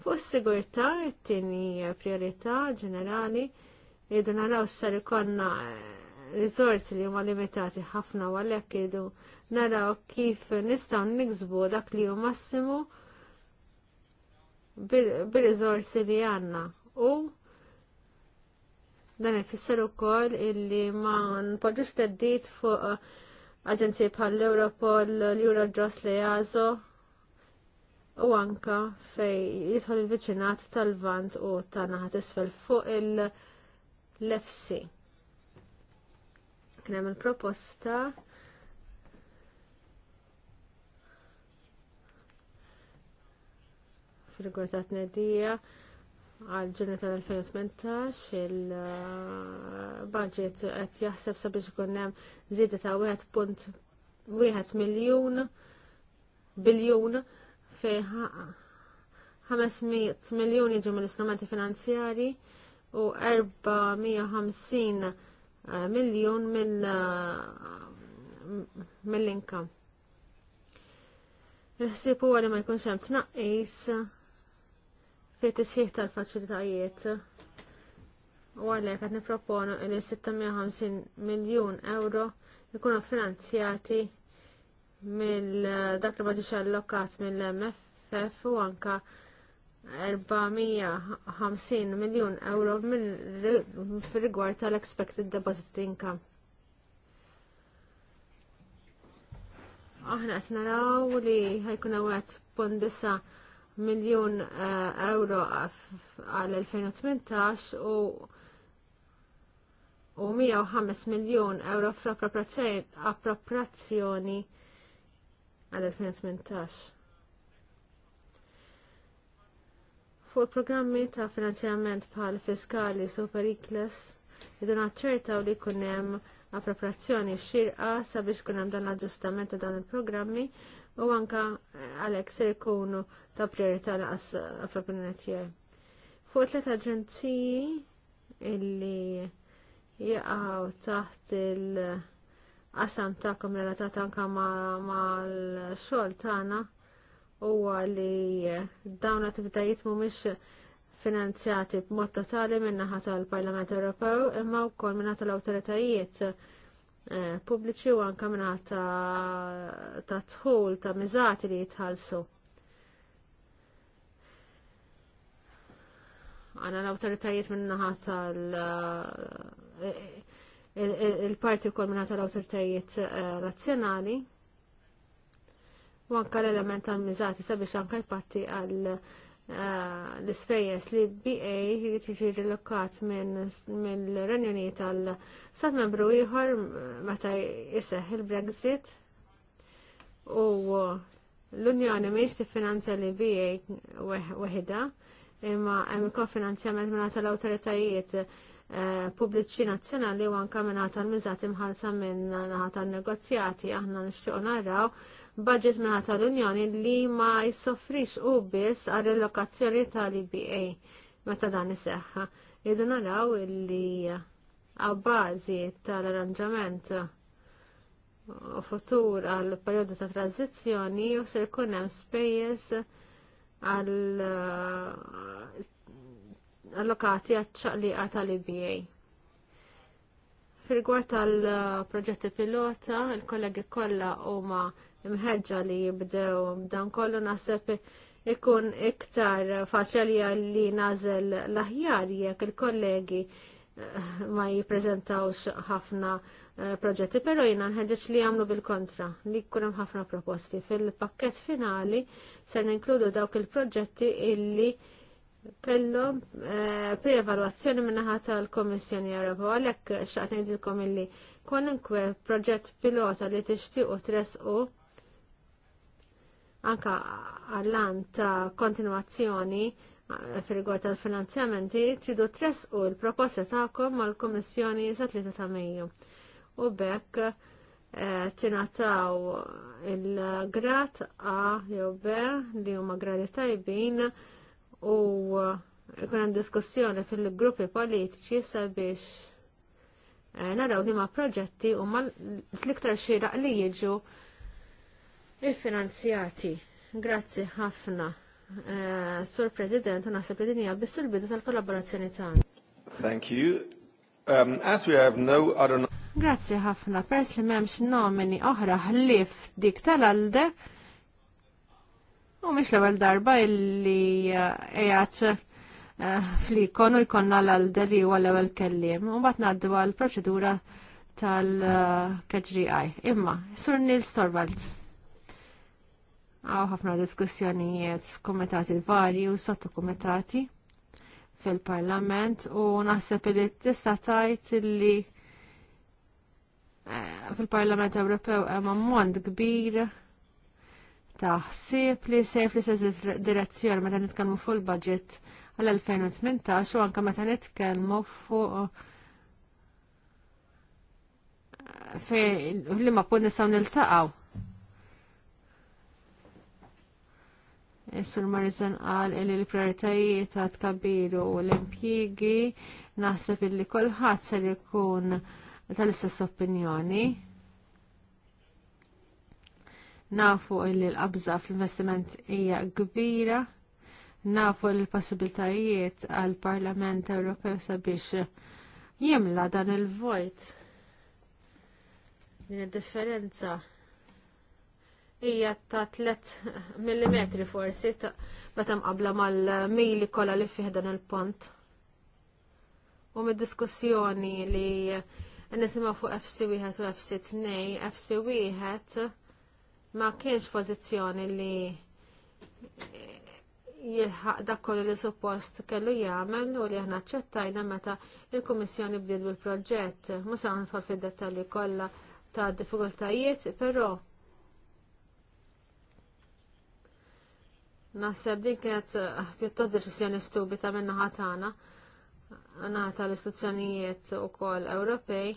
Fuq sigurtà t tieni priorità ġenerali jridu naraw sar ikonna riżorsi li huma limitati ħafna u għalhekk jridu naraw kif nistgħu niksbu dak li hu massimu bir-riżorsi li għandna u Dan ifisser ukoll illi ma npoġġux teddit fuq uh, aġenziji bħall Europol, l-Eurojust li jazo u anka fej jidħol il-viċinat tal-vant u tanaħat isfel fuq il-lefsi. Kena il-proposta fil-gwertat nedija għal ġurnata tal-2018 il-budget uh, qed jaħseb sabiex ikun hemm żieda ta' 1.1 miljun biljun fej 500 miljun jiġu mill-istrumenti finanzjari u 450 uh, miljun mill-inkam. Mill uh, Il-ħsieb huwa li ma jkunx hemm tnaqqis fit tisħiħ tal-faċilitajiet u għalhekk qed nipproponu li 650 miljun euro jikunu finanzjati mill dak li ma ġiex allokat mill-MFF u anka 450 miljun euro fil-rigward tal-expected deposit income. Aħna qed naraw li ħajkun hawn pondisa Eh, miljun euro għal 2018 u u 105 miljon euro f'appropriazzjoni għal 2018. Fuq programmi ta' finanzjament bħal fiskali superikles iduna ċertaw li kunem appropriazzjoni xirqa sabiex kunem dan l-aġġustament ta' dawn il-programmi u anka għalek se jkunu ta' priorità laqas fl-opinjoni tiegħi. Fuq tliet aġenziji illi jgħaw taħt il-qasam tagħkom relatat anka mal-xogħol tagħna huwa li dawn l-attivitajiet mhumiex finanzjati b'mod totali min-naħa tal-Parlament Ewropew imma wkoll min tal-awtoritajiet Eh, pubbliċi u anka minata ta' tħul ta' miżati li jitħallsu. Għana l-autoritajiet minnaħa tal eh, il-parti kol minnaħa tal-autoritajiet nazzjonali eh, u anka l-element tal mizati sabiex anka patti għal Ah, l-ispejjeż li BA jrid jiġi rilokkat mill-Renjoni tal sat Membru ieħor meta jseħħ il-Brexit u l-Unjoni mhijiex tiffinanzja li BA weħda imma hemm kofinanzjament minn tal-awtoritajiet eh, pubbliċi nazzjonali u anke minn tal-miżat imħalsa minn naħa tan-negozjati aħna nixtiequ naraw budget minna tal-Unjoni li ma jissofrix u biss għal il-lokazzjoni tal-IBA meta dan iseħħa. Idu naraw li għabbażi tal-arranġament u futur għal periodu ta' tranzizjoni u se jkun hemm spejjeż għal eh, allokati għat-ċaqliqa tal-IBA. Fil-gwar tal-proġetti pilota, il-kollegi kollha huma imħeġġa li jibdew dan kollu naħseb ikun iktar faċalja li nażel l-aħjar jekk il-kollegi eh, ma jippreżentawx ħafna eh, proġetti, pero jina nħedġeċ li jamlu bil-kontra, li kunem ħafna proposti. Fil-pakket finali ser ninkludu dawk il-proġetti illi kellhom eh, pre-evaluazzjoni minnaħa tal-Komissjoni Ewropew għalhekk xaqt ngħidilkom illi kwalunkwe proġett pilota li tixtiequ tresqu anka għallan ta' kontinuazzjoni eh, fil-rigward tal-finanzjamenti tridu tresqu l-proposta tagħkom mal-Kummissjoni sa' 3 ta' Mejju. U bekk eh, tinataw il-grat A jew B li huma gradi tajbin u jkun hemm diskussjoni fil-gruppi politiċi sabiex eh, naraw li ma' proġetti huma l-iktar xieraq li jiġu il-finanzjati. Grazzi ħafna. Eh, Sur President, naħseb li dinja biss il-bidu tal-kollaborazzjoni tagħna. Thank you. Um, as we have no other Grazzi ħafna, pers li memx nomini oħra ħlif dik tal-alde u miex l-ewwel darba illi eh, qiegħed eh, fl u jkollna l-alde li huwa l-ewwel kelliem u mbagħad ngħaddu għall-proċedura tal-KGI. Imma, Sur Nils Torvalds għaw ħafna diskussjonijiet f'kumitati varji u sottu komitati fil-parlament u naħseb li tista' tajt li eh, fil-Parlament Ewropew hemm ammont kbir ta' ħsieb li sejf li seżiż direzzjoni meta nitkellmu fuq il-budget għal-2018 u anke meta nitkellmu fuq eh, fil-ma punt nistgħu niltaqgħu Is-Sur Marizan qal li l-prioritajiet ta' tkabbiru u l-impjigi naħseb illi kulħadd ser jkun tal-istess opinjoni. Nafu illi l-qabża fl-investiment hija kbira nafu l-possibiltajiet għall parlament Ewropew sabiex jimla dan il-vojt din id-differenza hija ta' 3 mm forsi meta mqabla mal-mili kollha li fih dan il-pont. U mid-diskussjoni li nisimgħu fuq FC1 u FC2, FC1 ma kienx pożizzjoni li jilħaq dak kollu li suppost kellu jagħmel u li aħna ċettajna meta il-Kummissjoni bdiet bil-proġett. Mhux se nidħol fid-dettalji kollha ta' diffikultajiet, però Naħseb din kienet eh, pjuttost deċiżjoni stubita minn naħa tagħna l istazzjonijiet ukoll Ewropej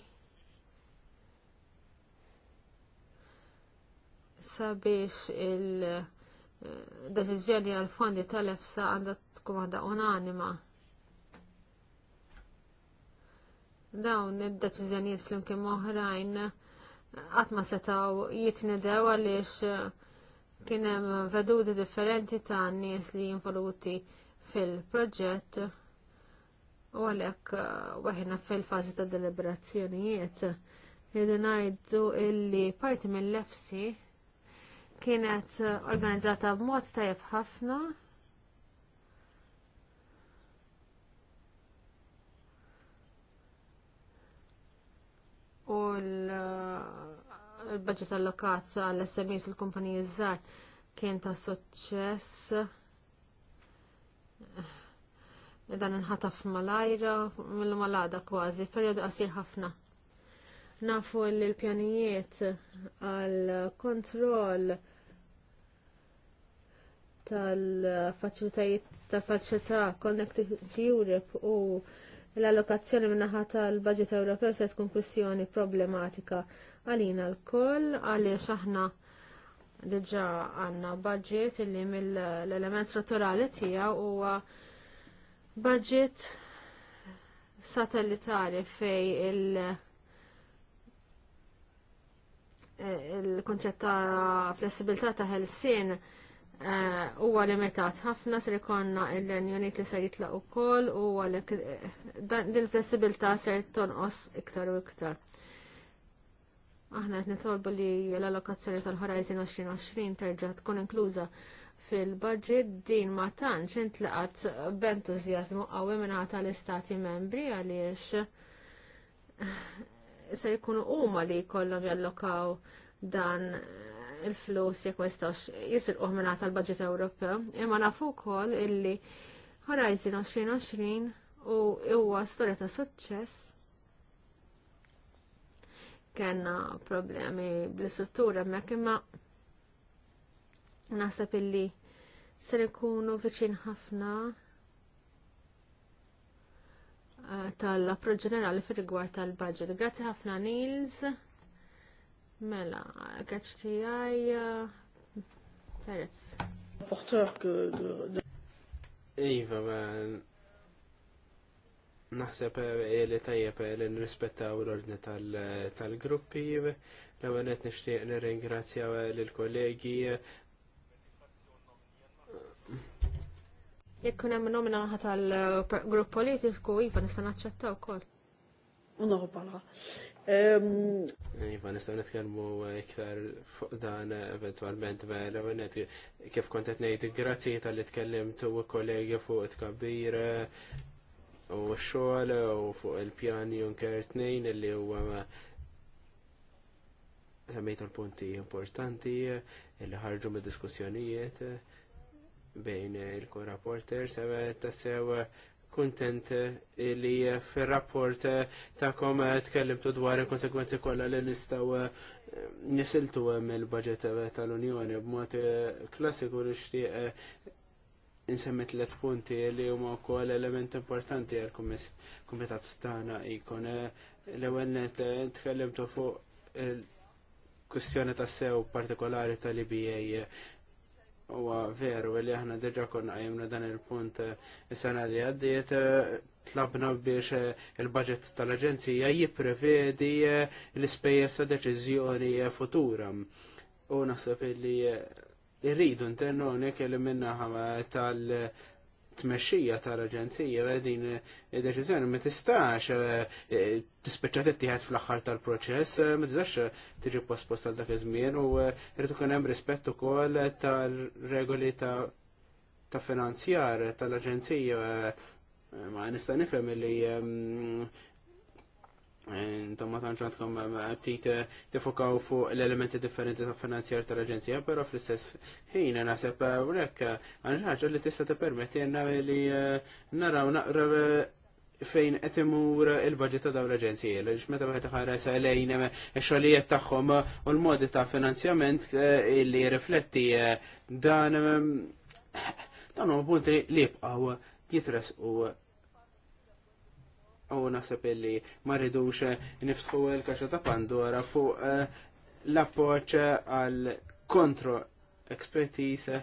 sabiex il-deċiżjoni eh, għal fondi tal-EFSA għandha tkun waħda unanima. Dawn id-deċiżjonijiet flimkien oħrajn eh, qatt ma setgħu jitnedew għaliex Kien hemm veduti differenti ta' nies li involuti fil-proġett u għalhekk uh, waħedna fil-fażi ta' deliberazzjonijiet jridu ngħidu illi parti mill-lefsi kienet organizzata b'mod tajjeb ħafna u l il-budget allokat għall smis il-kumpaniji żgħar kien ta' suċċess. Dan inħataf malajra, mill-malada kważi, perjodu qasir ħafna. Nafu li l-pjanijiet għal kontroll tal-faċilitajiet tal-faċilità Connected Europe u l-allokazzjoni minnaħa tal-budget Ewropew se tkun kwistjoni problematika għalina l-koll għaliex aħna diġa għanna budget illi mill-element strutturali tiegħu huwa budget satellitari fej il- il-konċett ta' flessibilità ta' ħelsien eh, huwa limitat ħafna se jkollna il Unit li se jitlaq ukoll u għalhekk eh, din flessibilità ser tonqos iktar u iktar. Aħna qed nitolbu li l-allokazzjoni tal-Horizon 2020 terġa' tkun inkluża fil-budget din ma tantx intlaqat b'entużjażmu qawwi mingħata tal-istati membri għaliex se jkunu huma li jkollhom jallokaw dan il-flus jekk ma jistgħux jisilquh mingħata tal-budget Ewropew, imma nafu wkoll illi Horizon 2020 u huwa storja ta' suċċess kena problemi bl-istruttura ma imma naħseb illi se nkunu viċin ħafna eh, tal-approċ ġenerali fir rigward tal-budget. Grazzi ħafna Nils, mela, kaċ tijaj, eh, Perez. Iva, Naħseb eh, li tajjeb eh, li nrispettaw l-ordni tal-gruppi, l-ewwel qed nixtieq nirringrazzjaw eh, lill-kollegi Jekk hemm nomina tal-grupp politiku, iva nista' naċċettaw ukoll. Unnaħu Iva, nistaw nitkellmu iktar fuq dan eventualment vera, venet kif kontet ngħid grazzi tal-li tkellimtu kollegi fuq tkabbir u xoħla xogħol u fuq il-pjani t-nejn li u semmejtu l-punti importanti li ħarġu mid diskussjonijiet bejn il-korrapporter sewa tassew kuntent li fil-rapport ta'kom tkellimtu dwar il-konsekwenzi kollha li nistaw eh, nisiltu mill-budget tal-Unjoni b'mod eh, klassiku li xtieq eh, insemmi tliet punti li huma wkoll element importanti għal kumitat tagħna ikun eh, l-ewwel net eh, tkellimtu fuq il-kwistjoni eh, ta' sew partikolari tal-IBA huwa veru li aħna diġà konna qajmna dan il-punt is-sena li għaddiet tlabna biex il-budget tal-Aġenzija jipprevedi l-ispejjeż ta' deċiżjoni futura. U naħseb li irridu internu nek minna tal-tmexxija tal-Aġenzija din id-deċiżjoni ma tistax eh, tispiċċa tittieħed fl-aħħar tal-proċess, eh, ma tistax tiġi pospost għal dak iż-żmien u eh, rrid ikun hemm rispett ukoll tal-regoli ta' finanzjar tal-Aġenzija ma nista' nifhem li ehm, Intom ma tantx għandkom eh, ftit eh, tifokaw fuq l-elementi differenti ta' finanzjar tal-Aġenzija, però fl-istess ħin naħseb hekk eh, għandna ħaġa li tista' tippermettilna li naraw naqra fejn qed imur il-budget ta' dawn l aġenzija Għaliex meta wieħed iħares lejn ix-xogħlijiet tagħhom u l-modi ta' finanzjament li rifletti dan dan huwa punti li jibqgħu jitresqu u naħseb illi ma rridux niftħu l-kaxa ta' Pandora fuq eh, l-appoċ għal kontro expertise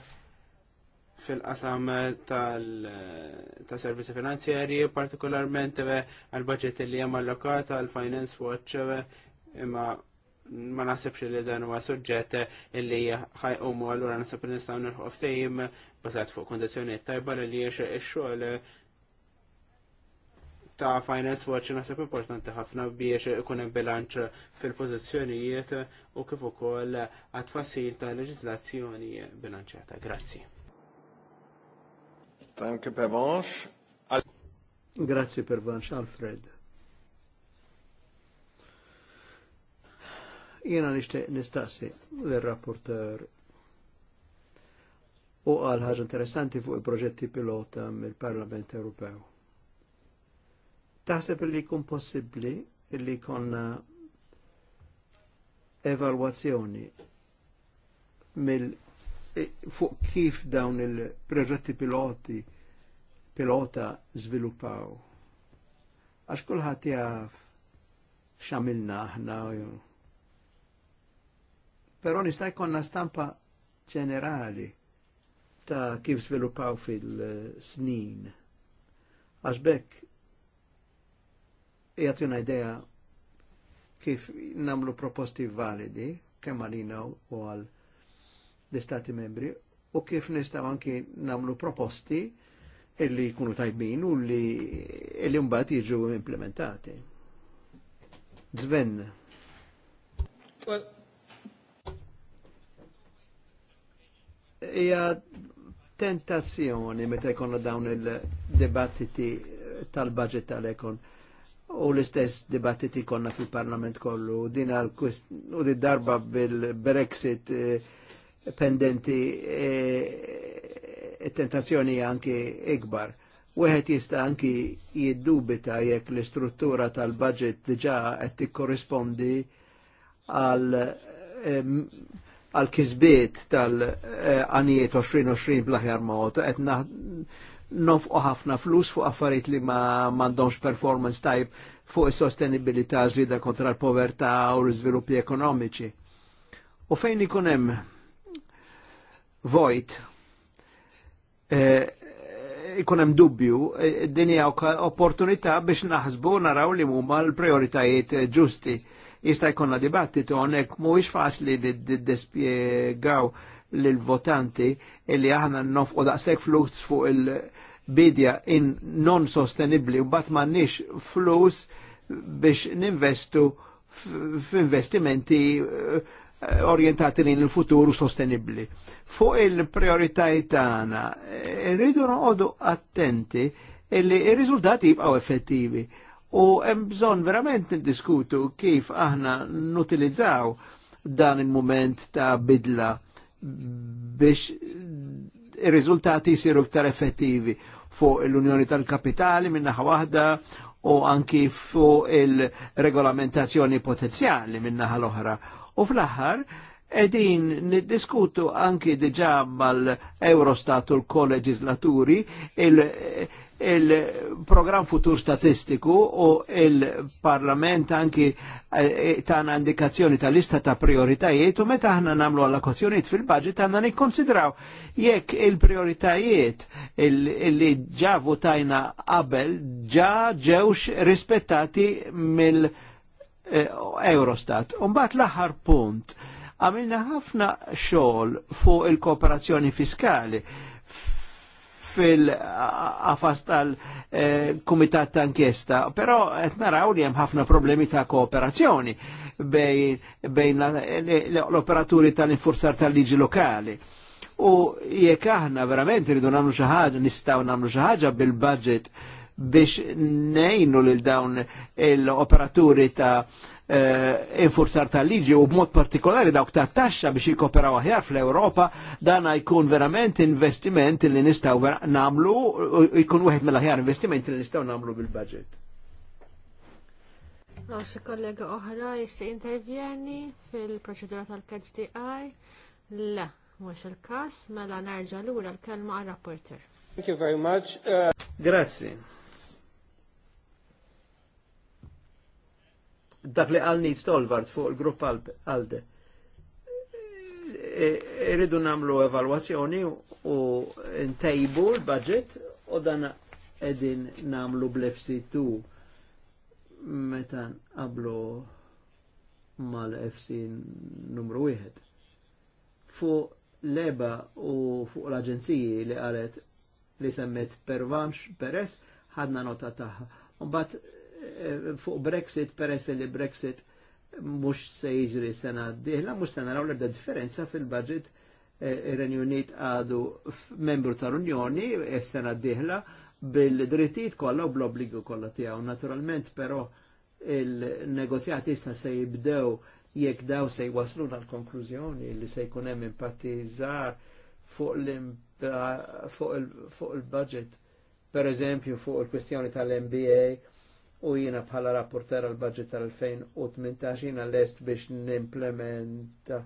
fil-qasam eh, ta' servizi finanzjeri, partikolarment eh, għal-budget li jem allokat għal-Finance Watch, imma ma nasibx li dan huwa suġġett illi ħajqumu allura nasib nistgħu nirħu ftehim fuq kondizzjonijiet tajba li jiex ix-xogħol ta' Finance Watch naħseb importanti ħafna biex ikun hemm bilanċ fil-pożizzjonijiet u kif ukoll għat-tfassil ta' leġiżlazzjoni bilanċjata. Grazzi. Thank you, Pervanche. Grazzi Pervanche Alfred. Jiena nixtieq nistaqsi l-rapporteur u għal ħaġa interessanti fuq il-proġetti pilota mill-Parlament Ewropew Taħseb li kun possibli li konna evalwazzjoni mill e, fuq kif dawn il-proġetti piloti pilota zviluppaw. Għax kullħat jaf x'għamilna aħna. Però nistaj konna stampa ġenerali ta' kif zviluppaw fil-snin. Għax bekk jgħatuna idea kif namlu proposti validi kemm għalina u għal l-istati membri u kif nistaw anki namlu proposti illi jkunu tajbin u li illi mbagħad jiġu implementati. Zven. Well. Ija tentazzjoni meta jkollna dawn il-debattiti tal-budget tal-ekon. tal budget tal ekon tal u l-istess dibattiti konna fil-parlament kollu u din u di darba bil-Brexit eh, pendenti eh, tentazzjoni anki ikbar. Wieħed jista' anki jiddubita jekk l-istruttura tal-budget diġà qed tikkorrispondi għal eh, għal kisbiet tal-għanijiet eh, 2020 bl-aħjar mod nofqo ħafna flus fuq affarijiet li ma m'għandhomx performance type fuq is-sostenibilità żrida kontra l-povertà u l-iżviluppi ekonomiċi. U fejn ikun hemm vojt, ikun hemm dubju, din hija opportunità biex naħsbu naraw li huma l prijoritajiet ġusti. Jista' jkollna dibattitu hawnhekk mhuwiex faċli li ddispjegaw l-votanti illi aħna u daqseg flus fuq il-bidja in non sostenibli u bat mannix flus biex ninvestu f'investimenti eh, orientati lin il-futuru sostenibli. Fuq il-prioritajiet tagħna, irridu eh, noqogħdu attenti illi ir-riżultati jibqgħu effettivi. U hemm bżonn verament niddiskutu kif aħna nutilizzaw dan il-moment ta' bidla biex ir-riżultati jisiru iktar effettivi fuq l-Unjoni tal-Kapitali minna waħda u anki fuq il-regolamentazzjoni potenzjali minna l-oħra. U fl-aħħar, edin niddiskutu anki diġa mal-Eurostat u l-Kolleġislaturi il- il-program futur statistiku u il-parlament anki eh, eh, tana indikazzjoni tal-lista ta' prioritajiet u meta aħna namlu allokazzjoniet fil-budget għanna nikkonsidraw jekk il-prioritajiet li ġa votajna qabel ġa ġewx rispettati mill- eh, Eurostat. Umbat l-aħħar punt, għamilna ħafna xogħol fuq il-kooperazzjoni fiskali fil-qafas tal-Kumitat ta' inkjesta, però qed naraw li hemm ħafna problemi ta' kooperazzjoni bejn l-operaturi tal-infurzar tal-liġi lokali. U jekk aħna verament iridu nagħmlu xi ħaġa, nistgħu nagħmlu xi ħaġa bil-budget biex nejnu lil dawn l-operaturi ta' Eh, infurzar tal-liġi u b'mod partikolari dawk ta' taxxa biex jikoperaw aħjar fl-Ewropa dana jkun verament investiment li nistgħu namlu jkun wieħed mill-aħjar investiment li nistgħu namlu bil-budget. Għaxi kollega oħra jista intervjeni fil-proċedura tal-KHDI? Le, mhux il każ mela nerġa' lura l-kelma għal rapporter. Thank you very much. Uh, Grazie. dak li għalni stolvart fuq il-grupp għalde. E, Irridu namlu evalwazzjoni u ntejbu l-budget u dan edin namlu bl fct 2 meta qablu mal-FC numru 1. Fuq leba u fuq l-aġenziji li għalet li semmet per vanx peres ħadna nota taħħa. Un bat fuq Brexit peress li Brexit mux se jiġri sena diħla, mux sena raw l-ebda differenza fil-budget eh, Renju Unit għadu membru tal-Unjoni eh, sena diħla bil-drittijiet kollha u bl-obbligu kollha tiegħu. Naturalment però il-negozjati issa se jibdew jekk daw se jwaslu għal konklużjoni li se jkun hemm impatti fuq il-budget. Per eżempju fuq il-kwestjoni tal-MBA u jiena bħala rapporter għal budget tal-2018 l lest biex nimplementa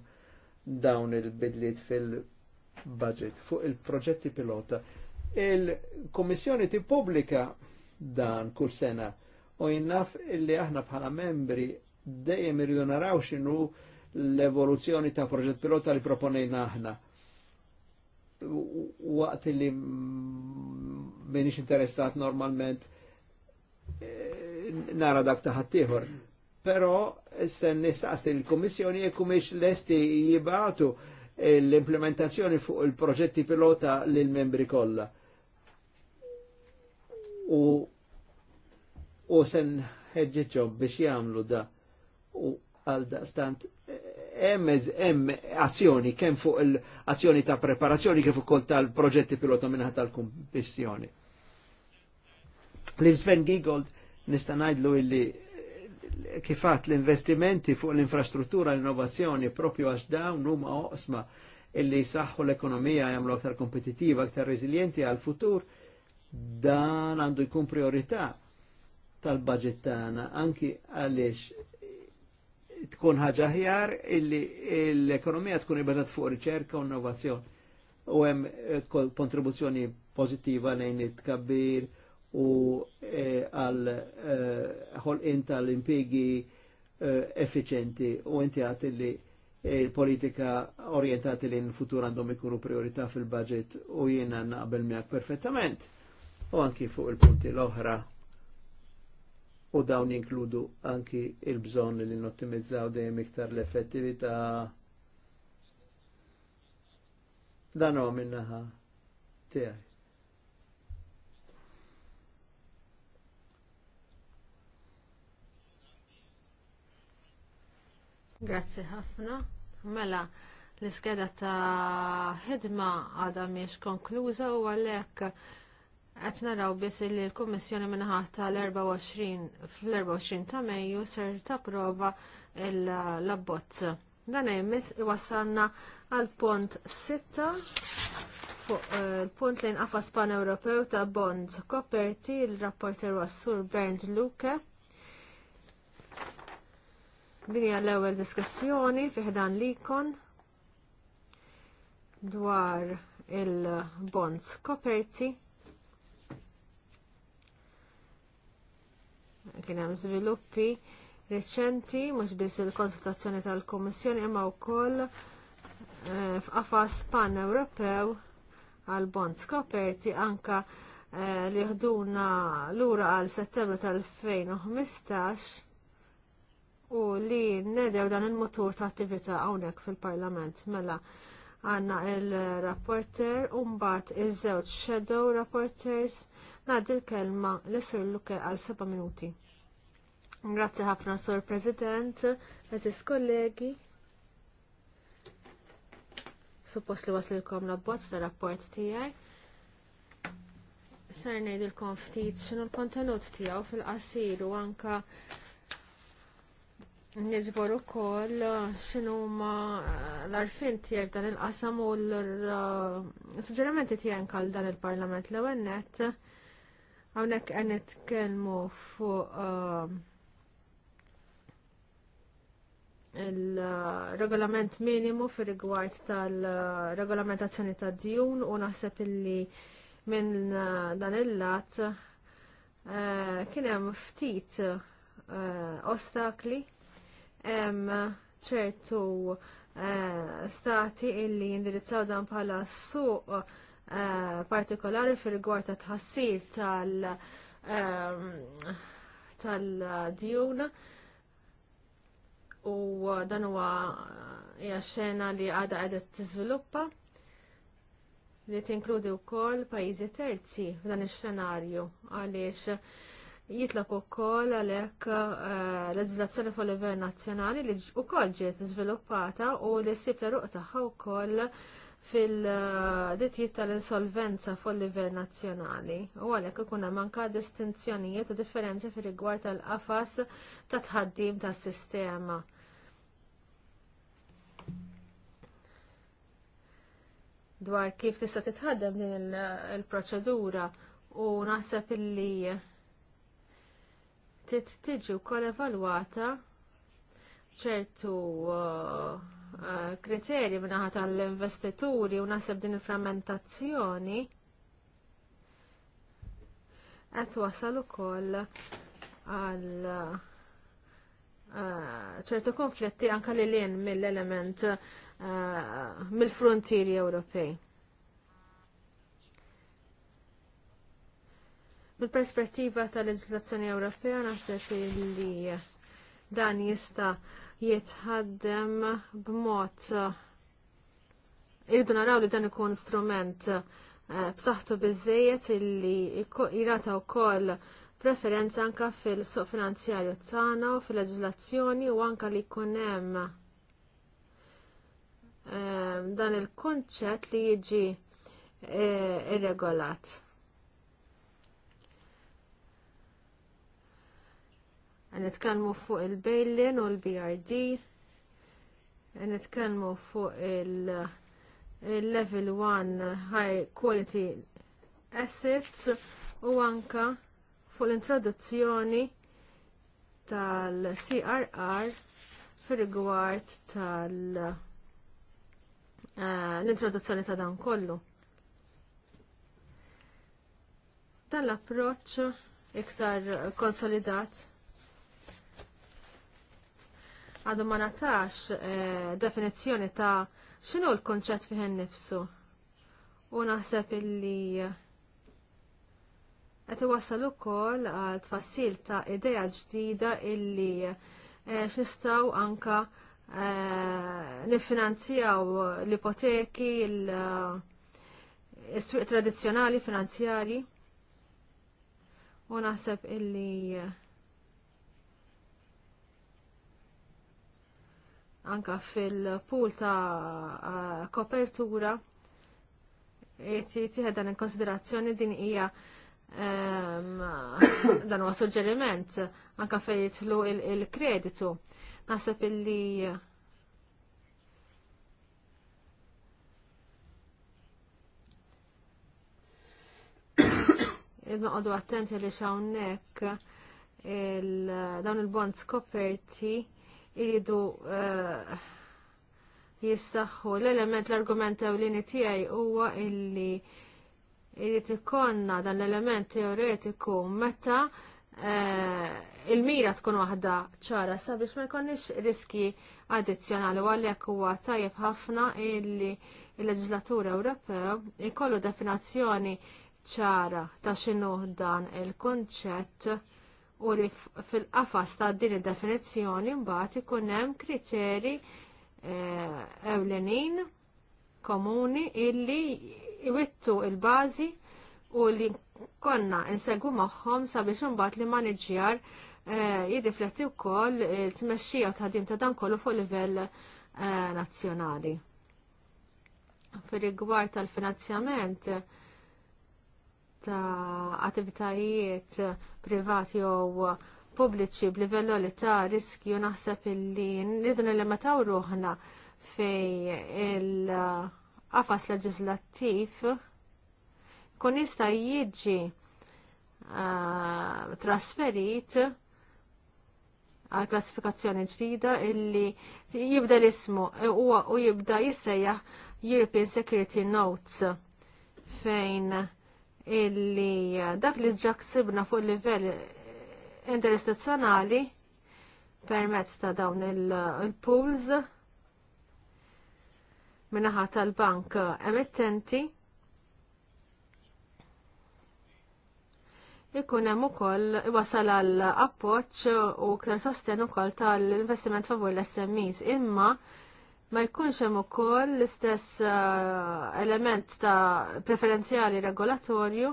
dawn il-bidliet fil-budget fuq il-proġetti pilota. il ti pubblika dan kull sena u jinnaf illi aħna bħala membri dejjem irridu naraw x'inhu l-evoluzzjoni ta' proġett pilota li proponejna aħna. Waqt li minix interessat normalment nara dak taħattieħor. Però se nistaqsi l-Kummissjoni jekk l lesti jibatu l-implementazzjoni fuq il-proġetti pilota l membri kollha. U u sen ħeġġeġġhom biex jagħmlu da u għal daqstant hemm azzjoni kemm fuq l-azzjoni ta' preparazzjoni kif ukoll tal-proġetti pilota minna tal-kumpissjoni l Sven Giegold nista' ngħidlu illi eh, kifat l-investimenti fuq l-infrastruttura l-innovazzjoni propju għax dawn huma oqsma illi saħħu l-ekonomija jagħmlu aktar kompetittiva, aktar reżiljenti għal futur dan għandu jkun priorità tal-budget tagħna anki għaliex tkun ħaġa ħjar illi l-ekonomija tkun ibbażat fuq riċerka u innovazzjoni u hemm eh, kontribuzzjoni pożittiva lejn it-tkabbir u eh, għal eh, ħolqin tal-impigi eh, effiċenti u inti għati li il-politika orientati li n-futur għandhom ikunu priorità fil-budget u jiena naqbel miak perfettament u anki fuq il-punti l-oħra u dawn inkludu anki il-bżon li n-ottimizzaw dejjem iktar l-effettività dan huwa minnaħa tijaj. Grazzi ħafna. Mela, l-iskeda ta' ħidma għadha miex konkluża u għalhekk qed naraw biss li l-Kummissjoni minħat l 24 fl-24 ta' Mejju ser tapprova l-abbozz. Dan jemmis wasalna għal punt 6 fuq il-punt eh, li nqafas pan-Ewropew ta' bonds koperti l-rapporter wassur Bernd Luke Din hija l-ewwel diskussjoni fi ħdan likon dwar il-bonds koperti. Kien hemm żviluppi reċenti mhux biss il-konsultazzjoni tal-Kummissjoni imma wkoll eh, f'qafas pan-Ewropew għal bonds koperti anka eh, li ħduna lura għal settembru tal-2015 u li nedew dan il-motur ta' attività hawnhekk fil-Parlament mela għanna il-rapporter umbat iż-żewġ shadow rapporters ngħaddi l-kelma li sur Luke għal seba' minuti. Grazzi ħafna Sur President, għaziz kollegi. Suppost li waslilkom l-abbozz ta' rapport tiegħi. Ser ngħidilkom ftit xinu l-kontenut tiegħu fil-qasir u anka nizbor ukoll uh, x'inhuma uh, l-arfin tijek dan il-qasam u l-suġġerimenti uh, tijen għal dan il-Parlament l ewwel għawnek hawnhekk qed nitkellmu fuq il-regolament minimu fir rigward tal-regolamentazzjoni tad djun u naħseb illi minn dan il-lat kien hemm ftit ostakli hemm ċertu eh, stati illi jindirizzaw dan bħala suq eh, partikolari fil-rigward ta' tħassir tal- ehm, djuna u dan huwa hija xena li għadha t tiżviluppa li tinkludi wkoll pajjiżi terzi f'dan ix-xenarju għaliex Jitlob ukoll għalhekk eh, leġiżlazzjoni fuq livell nazzjonali li wkoll ġiet żviluppata u li ssib l-ruq tagħha wkoll fil-ditjiet tal-insolvenza fuq livell nazzjonali. U għalhekk ikun hemm anke distinzjonijiet u differenzi fir-rigward tal-qafas ta' tħaddim tas-sistema. dwar kif tista' titħaddem din il-proċedura u naħseb illi trid tiġi wkoll evalwata ċertu uh, uh, kriterji minnaħa tal-investituri u naħseb din il-frammentazzjoni qed wasal ukoll għal uh, ċertu konfletti anke li lien mill-element mill-frontieri Ewropej. Bil-perspettiva tal-leġislazzjoni Ewropea naħseb li dan jista jitħaddem b'mod irridu naraw li dan ikun strument eh, b'saħħtu biżejjed illi jirata wkoll preferenza anka fil-suq finanzjarju tagħna u fil leġislazzjoni u anka li jkun hemm eh, dan il-konċett li jiġi eh, irregolat. Nitkellmu fuq il-bailin u l-BRD. Nitkellmu fuq il-level 1 high quality assets u anka fuq l-introduzzjoni tal-CRR fir-rigward tal-introduzzjoni eh, ta' dan kollu. Dan l approċċ iktar konsolidat għadu ma natax eh, definizjoni ta' xinu l konċet fiħen nifsu. U naħseb illi għet wasal ukoll għal tfassil ta' ideja ġdida illi xistaw eh, x'nistgħu anka eh, nifinanzjaw l-ipoteki, l-istriq tradizjonali finanzjari. U naħseb illi anka fil-pool ta' kopertura jtieħed dan il-konsiderazzjoni din hija [COUGHS] dan huwa suġġeriment anka fejn jitlu il-kreditu. Naħseb illi [COUGHS] id attenti li xawnek il dawn il-bonds koperti iridu eh, jissaħħu l-element l-argument ewlieni tiegħi huwa illi irid ikonna dan l-element teoretiku meta eh, il-mira tkun waħda ċara sabiex ma jkollniex riski addizzjonali u għalhekk huwa tajjeb ħafna illi il-leġislatur Ewropew ikollu definazzjoni ċara ta' x'inhu dan il-kunċett u li fil-qafas ta' din id-definizzjoni mbagħad ikun hemm kriterji eh, ewlenin komuni illi iwittu il-bażi u li konna insegwu magħhom sabiex imbagħad li maniġjar eh, jirrifletti wkoll it-tmexxija ta' din ta' dan kollu fuq livell eh, nazzjonali. Fir-rigward tal-finanzjament, ta' attivitajiet privati jew pubbliċi b'livello li ta' riskju naħseb illi nridu nilimitaw ruħna fej il-qafas leġislattiv kun jista' jiġi ah, trasferit għal klassifikazzjoni ġdida illi jibda l-ismu u jibda jissejjaħ European Security Notes fejn illi eh, dak li ġa ksibna fuq livell eh, interistituzzjonali permezz ta' dawn il-pools eh, minnaħa tal-bank emittenti ikun hemm ukoll wasal għal appoġġ u kter sosten ukoll tal-investiment favur l-SMEs imma ma jkunx hemm ukoll l-istess eh, element ta' preferenzjali regolatorju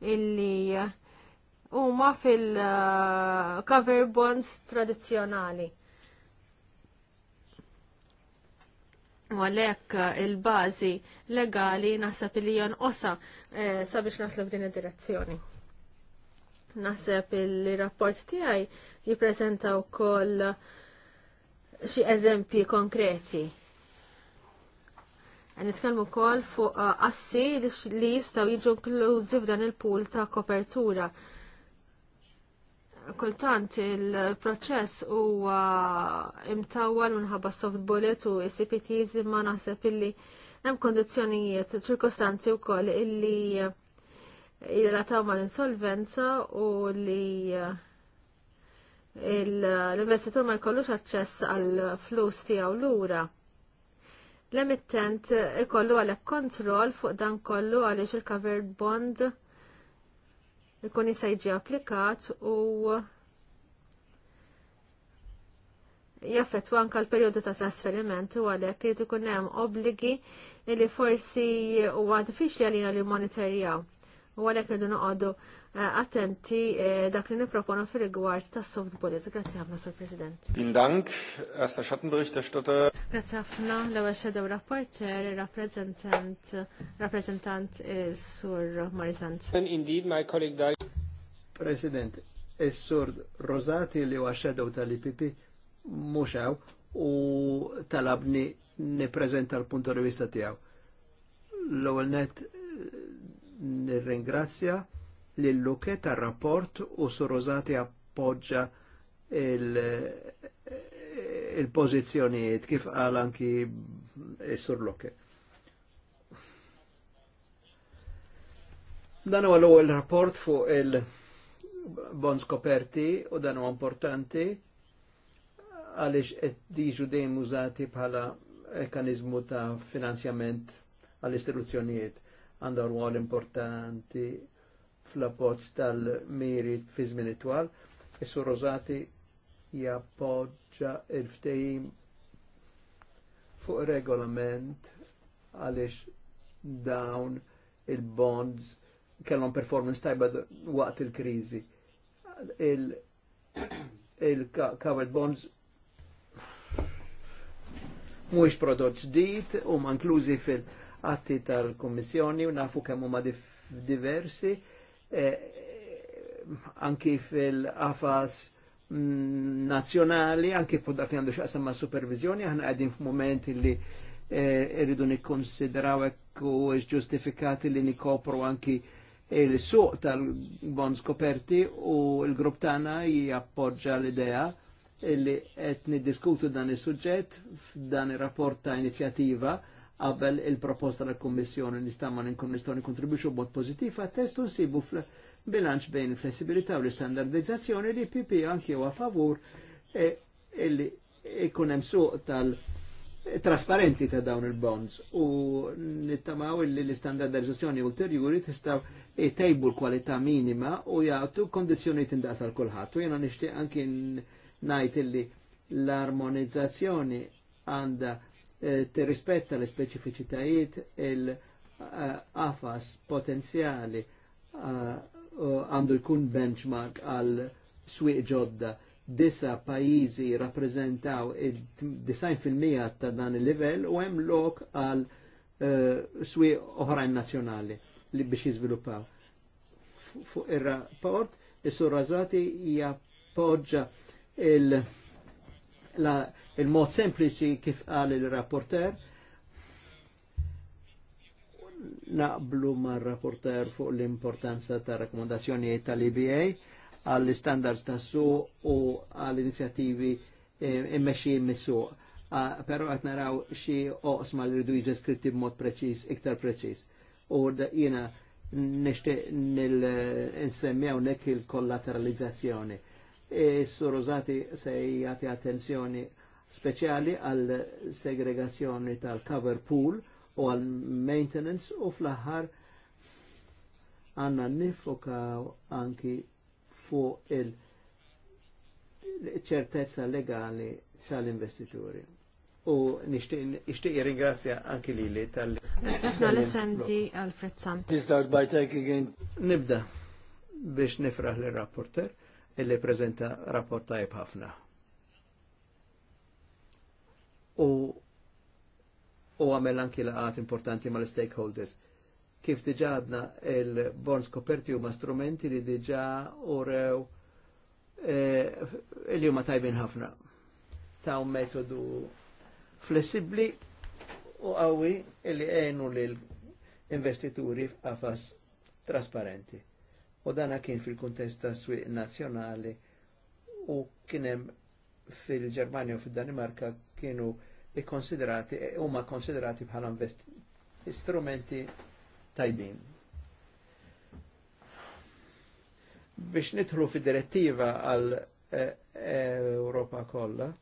illi huma fil-cover eh, bonds tradizzjonali. U għalhekk il-bażi legali naħseb li osa eh, sabiex naslu f'din id-direzzjoni. Naħseb il-rapport tiegħi jippreżenta wkoll uh, xi eżempji konkreti. Nitkellmu wkoll fuq uh, assi li jistgħu jiġu inklużi f'dan il-pool ta' kopertura. Kultant il-proċess huwa imtawwal minħabba soft bullet u CPTs imma naħseb illi hemm kondizzjonijiet, ċirkostanzi wkoll illi jilataw mal-insolvenza u li uh, l-investitur ma jkollux aċċess għall flus tiegħu lura. L-emittent ikollu għalhekk kontroll fuq dan kollu għaliex il-covered bond ikun jista' jiġi applikat u jaffettwa anke l-perjodu ta' trasferiment u għalhekk jrid ikun hemm obbligi li forsi huwa diffiċli għalina li monitorjaw. U għalhekk rridu noqogħdu Eh, attenti eh, dak li niproponu fil-rigward ta' soft bullets. Grazzi ħafna, Sur President. Vielen Dank, erster Schattenberichterstatter. Grazzi ħafna, l-ewel xedew rapporter, rappresentant, rappresentant eh, Sur Marizant. And indeed, my colleague died. President, Sur Rosati li huwa xedew tal-IPP muxaw u talabni niprezenta l-punto rivista tijaw. L-ewwel net nirringrazzja lill l-luke tar rapport u surrużati appoġġa il pożizzjonijiet il kif qal anki sur luke. Dan huwa l-ewwel rapport fuq il-bonds koperti u dan huwa importanti għaliex qed diġu dejjem użati bħala mekanizmu ta' finanzjament għall-istituzzjonijiet għandha rwol importanti fl-appoġġ tal-miri fi żmien itwal, issu Rosati jappoġġa il-ftehim fuq regolament għaliex dawn il-bonds kellhom performance tajba waqt il-kriżi. Il-covered il bonds mhuwiex prodott ġdid huma inklużi fil-atti tal-Kummissjoni u nafu kemm huma diversi Eh, anki fil-qafas mm, nazjonali, anki fuq dak li għandu xaqsam ma' supervizjoni, aħna għedin f'moment li eh, irridu nikkonsidraw u ġustifikati li nikopru anki il-suq tal-bonds koperti u l-grupp tagħna jappoġġa l-idea li qed niddiskutu dan is-suġġett f'dan ir-rapport ta' inizjattiva qabel il-proposta tal kommissjoni nistamma n nistgħu kontribuċu bot pozitif għattestu test u nsibu bilanċ bejn flessibilità u l standardizzazzjoni li PP anki huwa favur e, illi ikun hemm suq tal- trasparenti ta' dawn il-bonds u nittamaw li l-istandardizzazzjoni ulterjuri tista' tejbu l-kwalità minima u jgħatu kondizzjoni tindaqs għal U jiena nixtieq anki ngħid illi l-armonizzazzjoni għandha t-rispetta l-speċifiċitajiet il-qafas potenzjali uh, uh, għandu jkun benchmark għal swieq ġodda. Disa pajizi rappresentaw il-90% ta' dan il-level u hemm lok għal uh, swieq oħrajn nazzjonali li biex jiżviluppaw. Fuq ir-rapport, is-surrażati jappoġġa il- la, il-mod sempliċi kif għal il-rapporter naqblu ma' rapporter fuq l-importanza ta' rakkomandazzjonijiet tal-IBA għall-standards ta' su u għall-inizjattivi e, immexxi immissu. Pero għat naraw xi oqsma li rridu jiġu skritti b'mod preċis, iktar preċis. U jiena nixtieq nsemmi hawnhekk il-kollateralizzazzjoni. E Surrużati se jagħti attenzjoni speċjali għal segregazzjoni tal-cover pool u għal maintenance u fl-aħħar għanna nifokaw anki fuq il- ċertezza legali tal-investituri. U nishtiq ringrazzja anki li li tal- Ġafna l-essendi again. Nibda biex nifraħ l-rapporter illi prezenta rapport tajb ħafna u u għamel anki laqat importanti ma l stakeholders Kif diġa għadna il-bonds koperti u ma strumenti li diġa u rew e, li huma tajbin ħafna. Ta' un metodu flessibli u għawi li għenu li l-investituri f'qafas trasparenti. U dana kien fil-kontest ta' nazjonali u kienem fil-Ġermanja u fil-Danimarka kienu ikkonsiderati, huma konsiderati bħala strumenti tajbin. Biex nidħlu fid-direttiva għal eh, Europa kollha,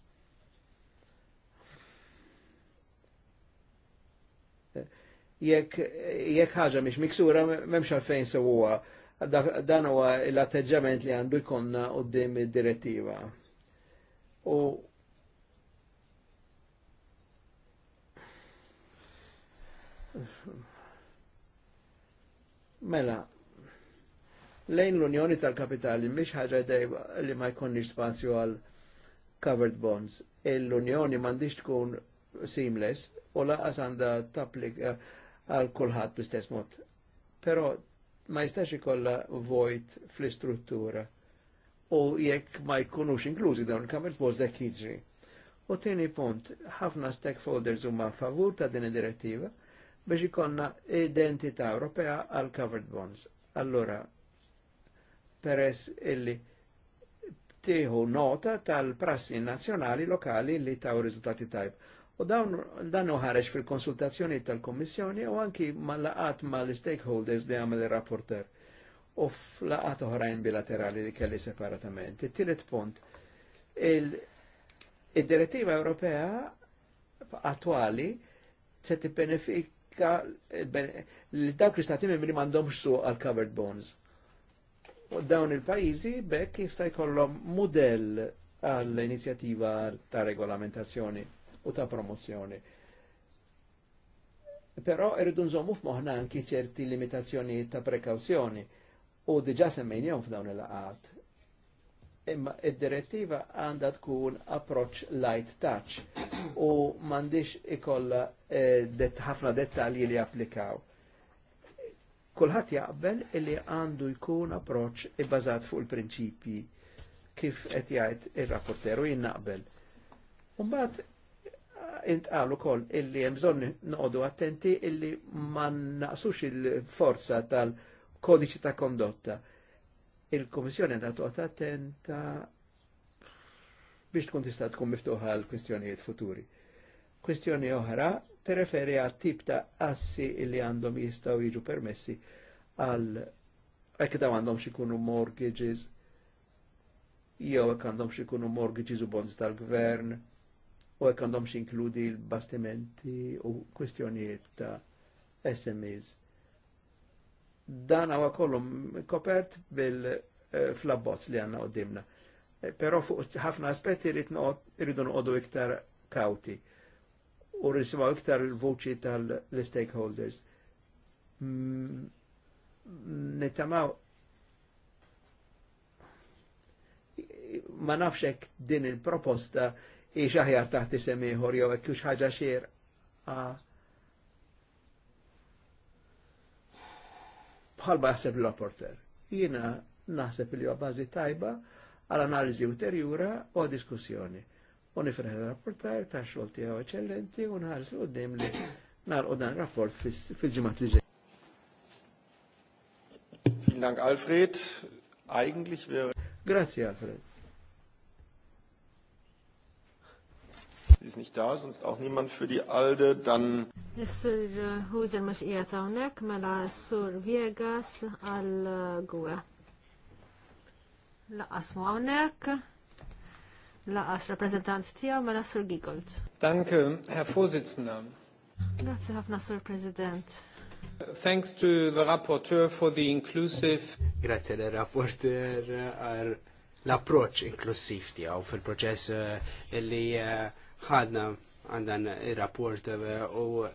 jekk jekk ħaġa mhix miksura m'hemmx għalfejn sewwa dan huwa l-atteġġament li għandu jkollna qudiem id-direttiva u Mela, lejn l-Unjoni tal-Kapitali mhix ħaġa dejba li ma jkunx spazju għal covered bonds. L-Unjoni m'għandix tkun seamless u laqas għandha tapplika għal kulħadd bl-istess mod. Però ma jistax ikollha vojt fl-istruttura u jekk ma jkunux inklużi dawn il-kamers bost dak jiġri. U tieni punt, ħafna stakeholders huma favur ta' din id-direttiva biex ikonna identità Ewropea għal covered bonds. Allora, peress illi tieħu nota tal-prassi nazzjonali lokali li taw riżultati tajb. U dawn dan ħareġ fil-konsultazzjoni tal-Kommissjoni u anki mal-laqat mal-stakeholders li għamel il-rapporter u f'laqat oħrajn bilaterali li kelli separatament. il tielet punt, il-direttiva Ewropea attuali se tippenefika li dawk l-istati membri m'għandhomx su għal covered bonds. U dawn il-pajjiżi bekk jista' jkollhom mudell għall inizjativa ta' regolamentazzjoni u ta' promozzjoni. Però irridu nżommu f'moħħna anki ċerti limitazzjoni ta' prekawzjoni u diġa semmejnijom f'dawn il-laqat. Imma id-direttiva għandha tkun approach light touch u m'għandix ikolla eh, ħafna eh, dettalji li applikaw. Kulħadd jaqbel illi għandu jkun approach ibbażat fuq il-prinċipji kif qed jgħid ir-rapporteru jinnaqbel. Umbagħad eh, intqalu kol illi hemm bżonn noqogħdu attenti illi ma naqsux il-forza tal- kodiċi ta' kondotta. Il-Komissjoni ta' toqta attenta biex tkun tista' tkun miftuħa għal kwistjonijiet futuri. Kwistjoni oħra tereferi għat tip ta' assi li għandhom jistgħu jiġu permessi għal hekk daw għandhom xi jkunu mortgages jew hekk għandhom jkunu mortgages u bonds tal-gvern u hekk għandhom xi inkludi l-bastimenti u kwistjonijiet ta' SMEs dan għawa kollu kopert bil eh, flabbots li għanna għoddimna. Eh, Pero fuq ħafna aspetti irridu noqodu iktar kauti u risimaw iktar il-voċi tal-stakeholders. Mm, nittamaw ma nafxek din il-proposta iex aħjar taħt isemiħor jew ekkux ħaġa xir bħalba jaħseb l-rapporter. Jiena naħseb li huwa bażi tajba għal analiżi ulterjura u diskussjoni. U nifreħ il-rapporter ta' xogħol tiegħu eċċellenti u nħares qudiem li narqu dan rapport fil-ġimgħat li ġej. Vielen Dank, Alfred. Eigentlich wäre. Grazie, Alfred Die ist nicht da, sonst auch niemand für die ALDE, dann... Is-sur Huzel mux ijat għonek, mela sur Viegas għal-Gwe. Laqas mu għonek, laqas rappresentant tijaw, mela sur Gigold. Danke, Herr Vorsitzender. Grazie ħafna, sur President. Thanks to the rapporteur for the inclusive. Grazie al rapporteur għal l-approċ inklusiv tiegħu fil-proċess eh, li eh, ħadna għandan il-rapport eh, u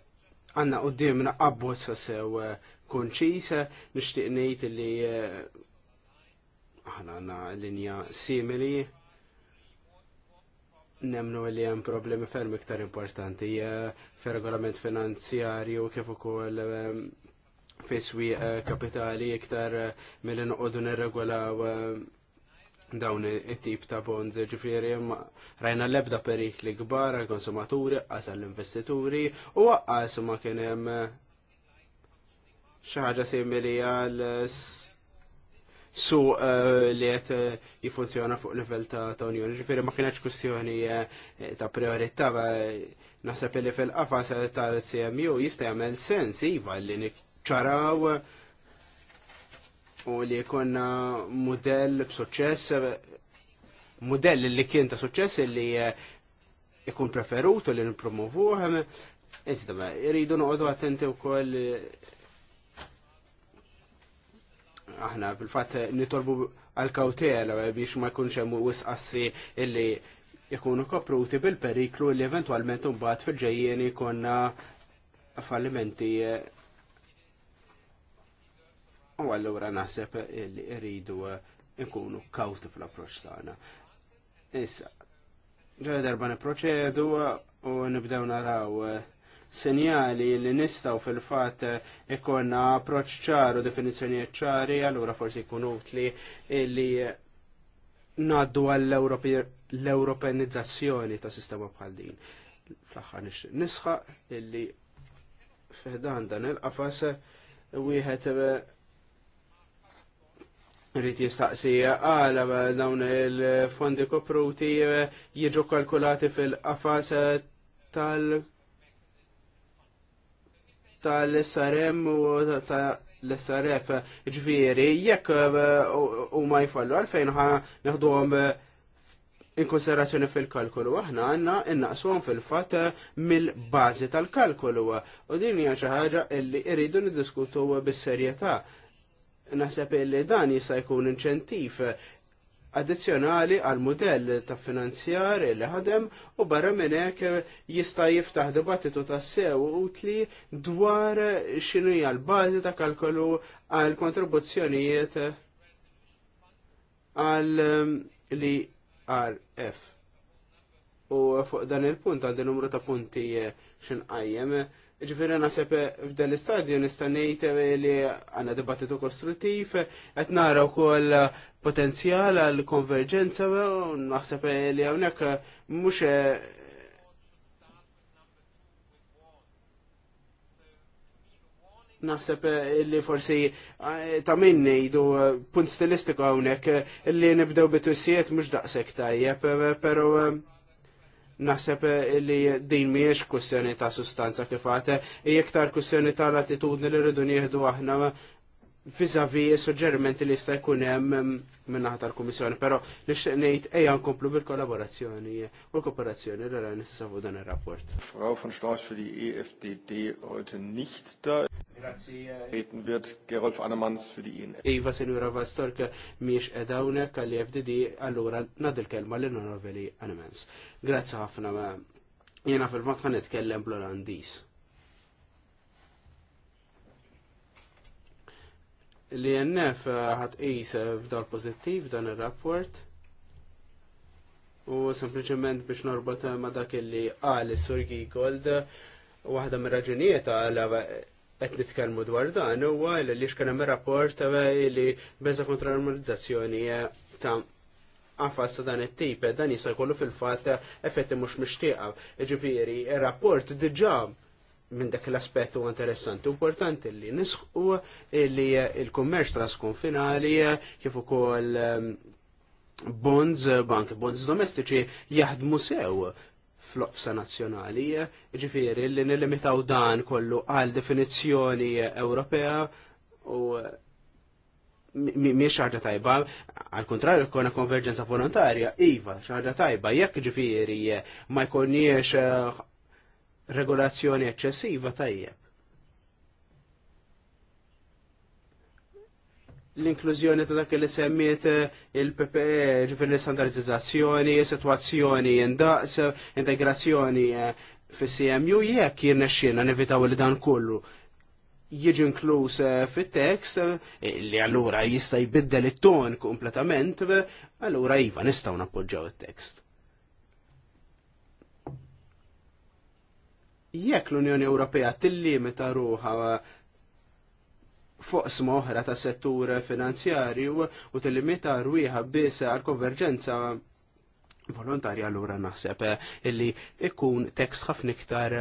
għanna u dimna abbot sew eh, konċisa, eh, nishtiq nejt li aħna għanna linja simili nemnu li hemm problemi ferm iktar importanti fer regolament finanzjarju kif ukoll fiswi kapitali iktar mill-inqodu nirregolaw dawn it-tip ta' bonds, ġifiri rajna lebda perikli kbar għal-konsumaturi, għasal għall investituri u għas ma kien hemm eh, xaħġa simili għal su eh, li għet eh, jifunzjona fuq level ta' unjoni. Ġifiri ma kienx kussjoni ta' priorità nasab li fil-qafas tal-CMU jista' jagħmel sens iva li nikċaraw u li jkonna uh, modell b'suċċess, modell li kien ta' suċċess li uh, ikun preferut u li nipromovuħ, Iżda ma, noqogħdu attenti wkoll uh, aħna fil-fatt nitolbu għal kawtela biex ma jkunx hemm wisqassi illi jkunu kopruti bil-periklu li eventwalment mbagħad fil-ġejjieni jkollna fallimenti U allura naħseb li rridu eh, nkunu kawtu fl-approċ tagħna. Issa, ġara darba niproċedu eh, u nibdew naraw eh, sinjali li nistaw fil-fat ikonna approċ ċaru, definizzjonijiet ċari, allura forsi jkun utli li naddu għall-europenizzazzjoni ta' sistema bħal din. Fl-axħar nisħaq illi fiħdan dan il-qafas wieħed Rrit jistaqsi għala dawn il-fondi kopruti eh, jiġu kalkulati fil-qafas eh, tal- tal-SRM u tal-SRF ġviri jekk eh, u ma jfallu għalfejn ħa għom inkonserazzjoni fil kalkulu Aħna għanna innaqsuhom fil-fatt mill-bażi tal kalkulu U din hija xi ħaġa li rridu niddiskutu bis-serjetà Naħseb li dan jista' jkun inċentiv addizzjonali għal modell ta' finanzjar li ħadem u barra minn hekk jista' jiftaħ dibattitu ta' sew utli dwar x'inhu hija l-bażi ta' kalkolu għal kontribuzzjonijiet għal li F. U fuq dan il-punt għandi numru ta' punti xinqajjem Ġifiri naħseb f'dan l-istadju nistannejt eh, li għanna dibattitu kostruttiv, għet nara u koll potenzjal għal konverġenza u naħseb eh, li għawnek eh, mux naħseb li forsi ta' minni jidu punt stilistiku għawnek li nibdew bitussijiet mux daqsek tajjeb, pero Naħseb eh, li din miex kussjoni ta' sustanza kif kifate, hija iktar kussjoni tal-attitudni li rridu nieħdu aħna vizavi suġġerimenti li jista' jkun hemm min-naħa tal-Kummissjoni, però nixtieq ngħid ejja nkomplu bil-kollaborazzjoni u l-kooperazzjoni li rajna sabu dan ir-rapport. Frau von Storch für die EFDD heute nicht da. Grazie. Eh. Reden wird Gerolf Annemanns für die INF. E iva Sinjura Vastorka miex edawne kalli FDD allura nad kelma l-Onorevoli Annemanns. Grazzi ħafna ma jena fil-mat ħanetkellem bl-Olandis. li NF eh, ħat qis eh, f'dar pozittiv dan ir-rapport u sempliċement biex norbot eh, ma' dak li għal il sur Gold waħda mir-raġunijiet għal qed nitkellmu dwar dan huwa li x'kien hemm rapport li beża kontra l-armonizzazzjoni ta' għafas dan it-tip, dan jista' jkollu fil-fatt effetti mhux mixtieqa. Ġifieri, ir-rapport diġà minn dak l-aspett u interessanti importanti li nisħu li il-kummerċ trasconfinali kif ukoll um, bonds, bank bonds domestiċi jaħdmu sew fl-oqsa nazzjonali, ġifiri li nilimitaw dan kollu għal definizzjoni Ewropea u miex ħaġa tajba, għal kontrarju kona konverġenza volontarja, iva, ħaġa tajba, jekk ġifiri ma jkunniex regolazzjoni eċċessiva tajjeb. l-inklużjoni ta' dak li semmiet eh, il-PPE, ġifir l-standardizzazzjoni, situazzjoni indaqs, integrazzjoni eh, fis cmu jekk jirnexxina nevitaw li dan kollu jiġi inkluż eh, fit-tekst li allura jista' jbiddel it-ton kompletament, allura iva nistgħu nappoġġaw it-tekst. jekk l-Unjoni Ewropea tillimita ruħa fuq smoħra ta' settur finanzjarju u tillimita rwieħa biss għal konverġenza volontarja allura naħseb illi ikun tekst ħafna iktar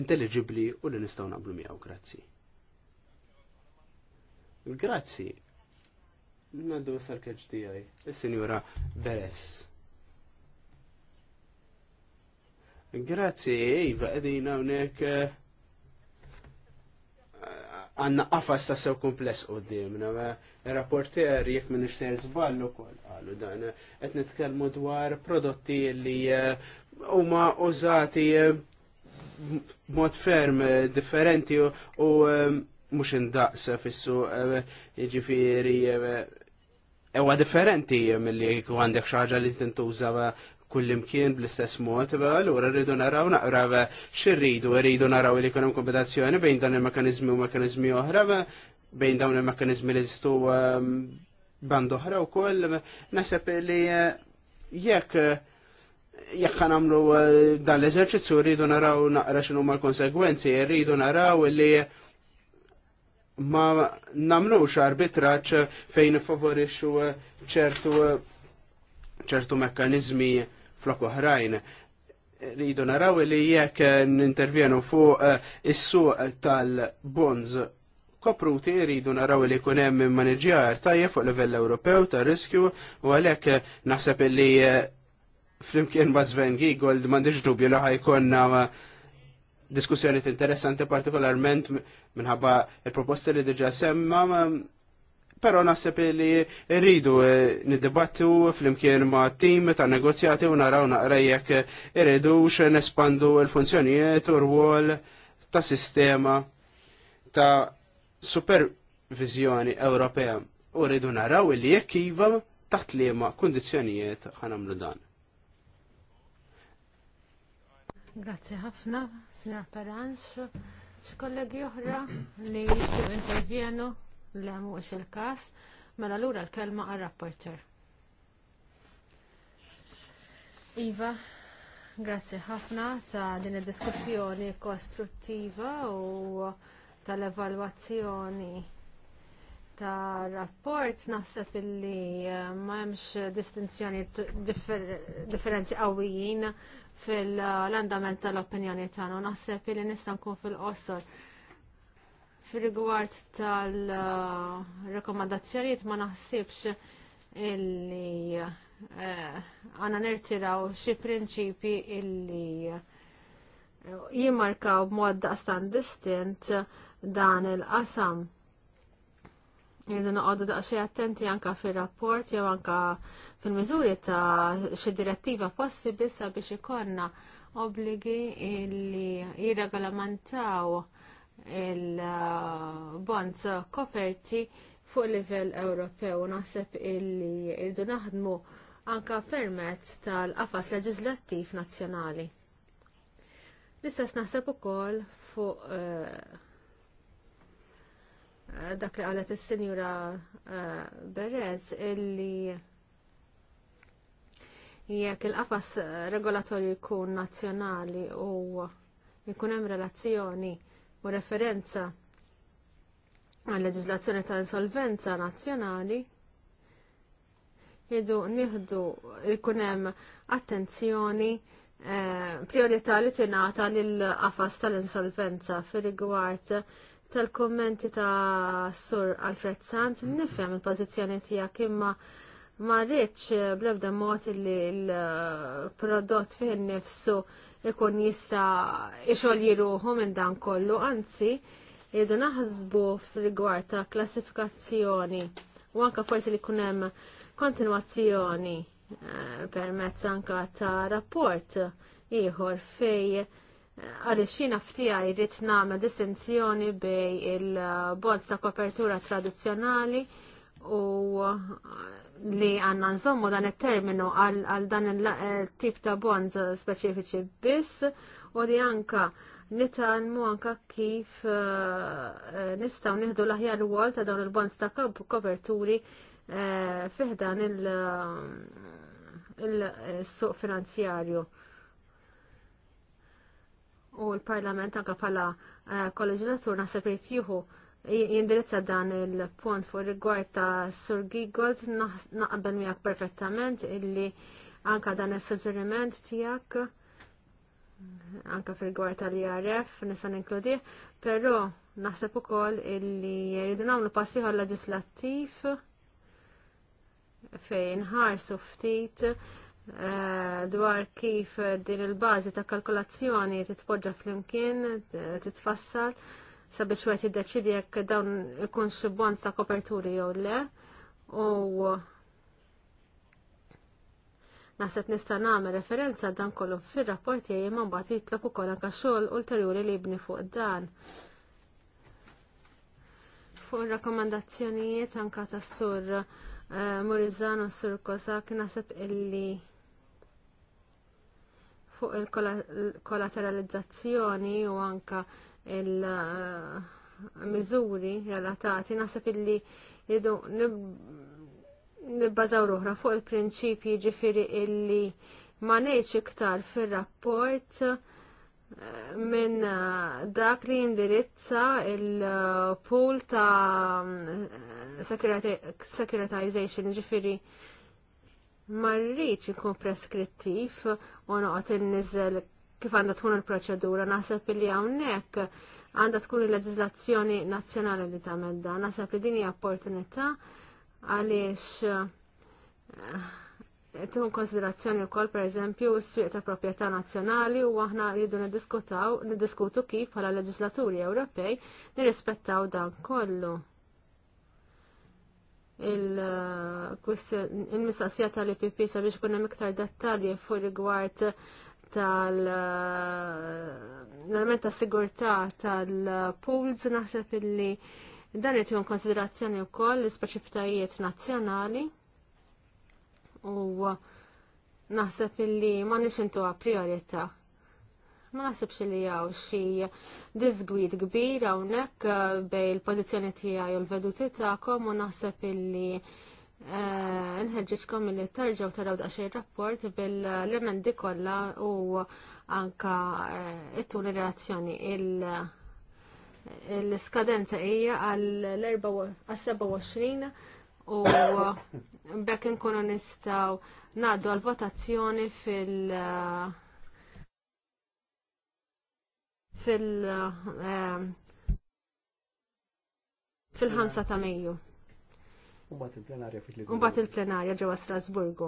intelligibli u li nistgħu naqblu miegħu grazzi. Grazzi. Naddu sal-keġ tiegħi, is-Sinjura Beres. Grazie, Eva, edina unek eh, għanna qafas ta' sew kumpless u dimna eh, Rapporter jek minn ixter zballu kol għalu dan. Et eh, nitkelmu dwar prodotti li huma użati mod ferm differenti u mux indaqs fissu ġifiri ewa differenti mill-li għandek xaġa li tintuża kullimkien bl-istess mod, allura rridu naraw naqra xirridu, rridu naraw li jkun hemm kombinazzjoni bejn dan il-mekanizmi u mekanizmi oħra, bejn dawn il-mekanizmi li jistu ehm, band oħra wkoll naħseb li eh, jekk eh, jekk għanamlu eh, dan l-eżerċizzju rridu naraw naqra x'inhu mal-konsegwenzi, rridu naraw li ma namlux arbitraċ fejn favorixxu ċertu ċertu mekkanizmi flok oħrajn. Rridu naraw li jekk nintervjenu fuq eh, is-suq tal-bonds kopruti rridu naraw li kun hemm maniġjar tajjeb fuq livell Ewropew ta' riskju u għalhekk eh, naħseb li eh, flimkien ma' Sven Giegold m'għandix dubju li ħajkonna diskussjoni interessanti partikolarment minħabba il-proposti li diġa semma Pero naħseb li rridu eh, niddibattu fl-imkien ma' tim ta' negozjati u naraw naqrajek xen nespandu l-funzjonijiet u rwol ta' sistema ta' supervizjoni Ewropea. U rridu naraw li jekk iva taħt liema kundizzjonijiet ħanamlu dan. Grazie ħafna, signor Peranx. kollegi oħra li jistu intervjenu? l-għamu għax il-każ, mela lura l-kelma għar-rapporter. Iva, grazie ħafna ta' din id-diskussjoni kostruttiva u tal-evalwazzjoni ta' rapport naħseb illi eh, ma hemmx distinzjoni differ differenzi qawwijin fil eh, landament tal-opinjoni tagħna. Naħseb illi nista' nkun fil-qosor Fil-rigward tal-rekomandazzjoniet ma naħsibx illi eh, għana nirtiraw xi prinċipi illi eh, jimmarkaw b'mod daqstan distint dan il-qasam. Irdu noqogħdu daqsxejn attenti anke fir-rapport jew anke fil-miżuri ta' xi direttiva possibbli sabiex ikonna obbligi illi jirregolamentaw il-bonds koperti fuq livell Ewropew naħseb illi irdu naħdmu anka permezz tal-qafas leġislattiv nazzjonali. L-istess naħseb ukoll fuq eh, dak li qalet is-Sinjura eh, Berez illi jekk il-qafas regolatorju jkun nazzjonali u jkun hemm relazzjoni u referenza għal leġislazzjoni ta' insolvenza nazzjonali jidu nieħdu jkun hemm attenzjoni eh, priorità li tingħata lil qafas tal-insolvenza fir-rigward tal-kommenti ta' Sur Alfred Sant nifhem il-pożizzjoni tiegħek imma ma rridx eh, blabda ebda mod li l-prodott fih nifsu ikun jista ixol jiruħu minn dan kollu, anzi, jridu naħsbu f'rigward ta' klassifikazzjoni u anka forsi li jkun hemm kontinwazzjoni eh, permezz anka ta' rapport ieħor fej eh, għaliex xina ftija jrid nagħmel distinzjoni bej il-bonds ta' kopertura tradizzjonali u eh, li għanna nżommu dan il-terminu għal dan il-tip eh, ta' bonds speċifiċi biss u li anka nitalmu anka kif eh, nistaw nieħdu l-aħjar wol ta' dawn il-bonds ta' koperturi fiħdan il-suq finanzjarju. U l-Parlament anka pala kolleġilatur naħseb li jieħu jindirizza dan il-punt fuq rigward ta' Sur Gigold naqbel miegħek perfettament illi anka dan is-suġġeriment tiegħek anka fil-gwar tal-IRF nista' ninkludih, però naħseb ukoll illi jridu nagħmlu passiħol leġislattiv fejn ħarsu ftit eh, dwar kif din il-bażi ta' kalkolazzjoni titpoġġa flimkien, titfassal sabiex wieħed jiddeċidi jekk dawn ikun xi bonds ta' koperturi jew le u Naħseb nista' nagħmel referenza dan kollu fir-rapport tiegħi imma mbagħad jitlob ukoll anke xogħol ulterjuri li jibni fuq dan. Fuq ir-rakkomandazzjonijiet anke tas sur eh, Murizano u sur Kosak naħseb illi fuq il kolateralizzazzjoni u anka il-miżuri relatati naħseb illi jidu nibbażaw ruħra fuq il-prinċipji ġifiri illi ma ngħidx iktar fir-rapport eh, minn eh, dak li indirizza il-pool ta' eh, securitization ġifiri marriċ ikun preskrittiv u noqgħod nizzel kif għandha tkun il-proċedura. Naħseb li hawnhekk għandha tkun il leġizlazzjoni nazzjonali li tagħmel da. Naħseb li din hija opportunità għaliex eh, tkun konsiderazzjoni wkoll pereżempju s-swieq ta' proprjetà nazzjonali u aħna rridu niddiskutaw niddiskutu kif bħala leġislaturi Ewropej nirrispettaw dan kollu il-mistaqsija tal-IPP sabiex kunna miktar dettalji fuq rigward tal eh, l-element ta' sigurtà tal-pools naħseb illi dan qed jkun konsiderazzjoni wkoll l-ispeċifitajiet nazzjonali u naħseb illi ma nix intuha priorità. Ma naħsibx li jaw xi disgwid kbir hawnhekk eh, bej il-pożizzjoni tiegħi u l-veduti tagħkom u naħseb illi Eh, nħedġiġkom li terġaw taraw daqxej rapport bil-lemendi kolla u anka eh, it-tul relazzjoni il-skadenza hija għal-24 u bekk nkunu nistaw naddu għal-votazzjoni fil- fil- eh, fil-ħamsa ta' Mejju. Umbat il-plenarja fit Umbat il-plenarja ġewwa Strasburgu.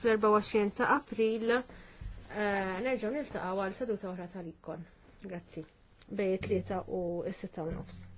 Fl-24 ta' April eh, nerġgħu niltaqgħu għal seduta oħra tal-ikon. Grazzi. li ta' u s-sitta u nofs.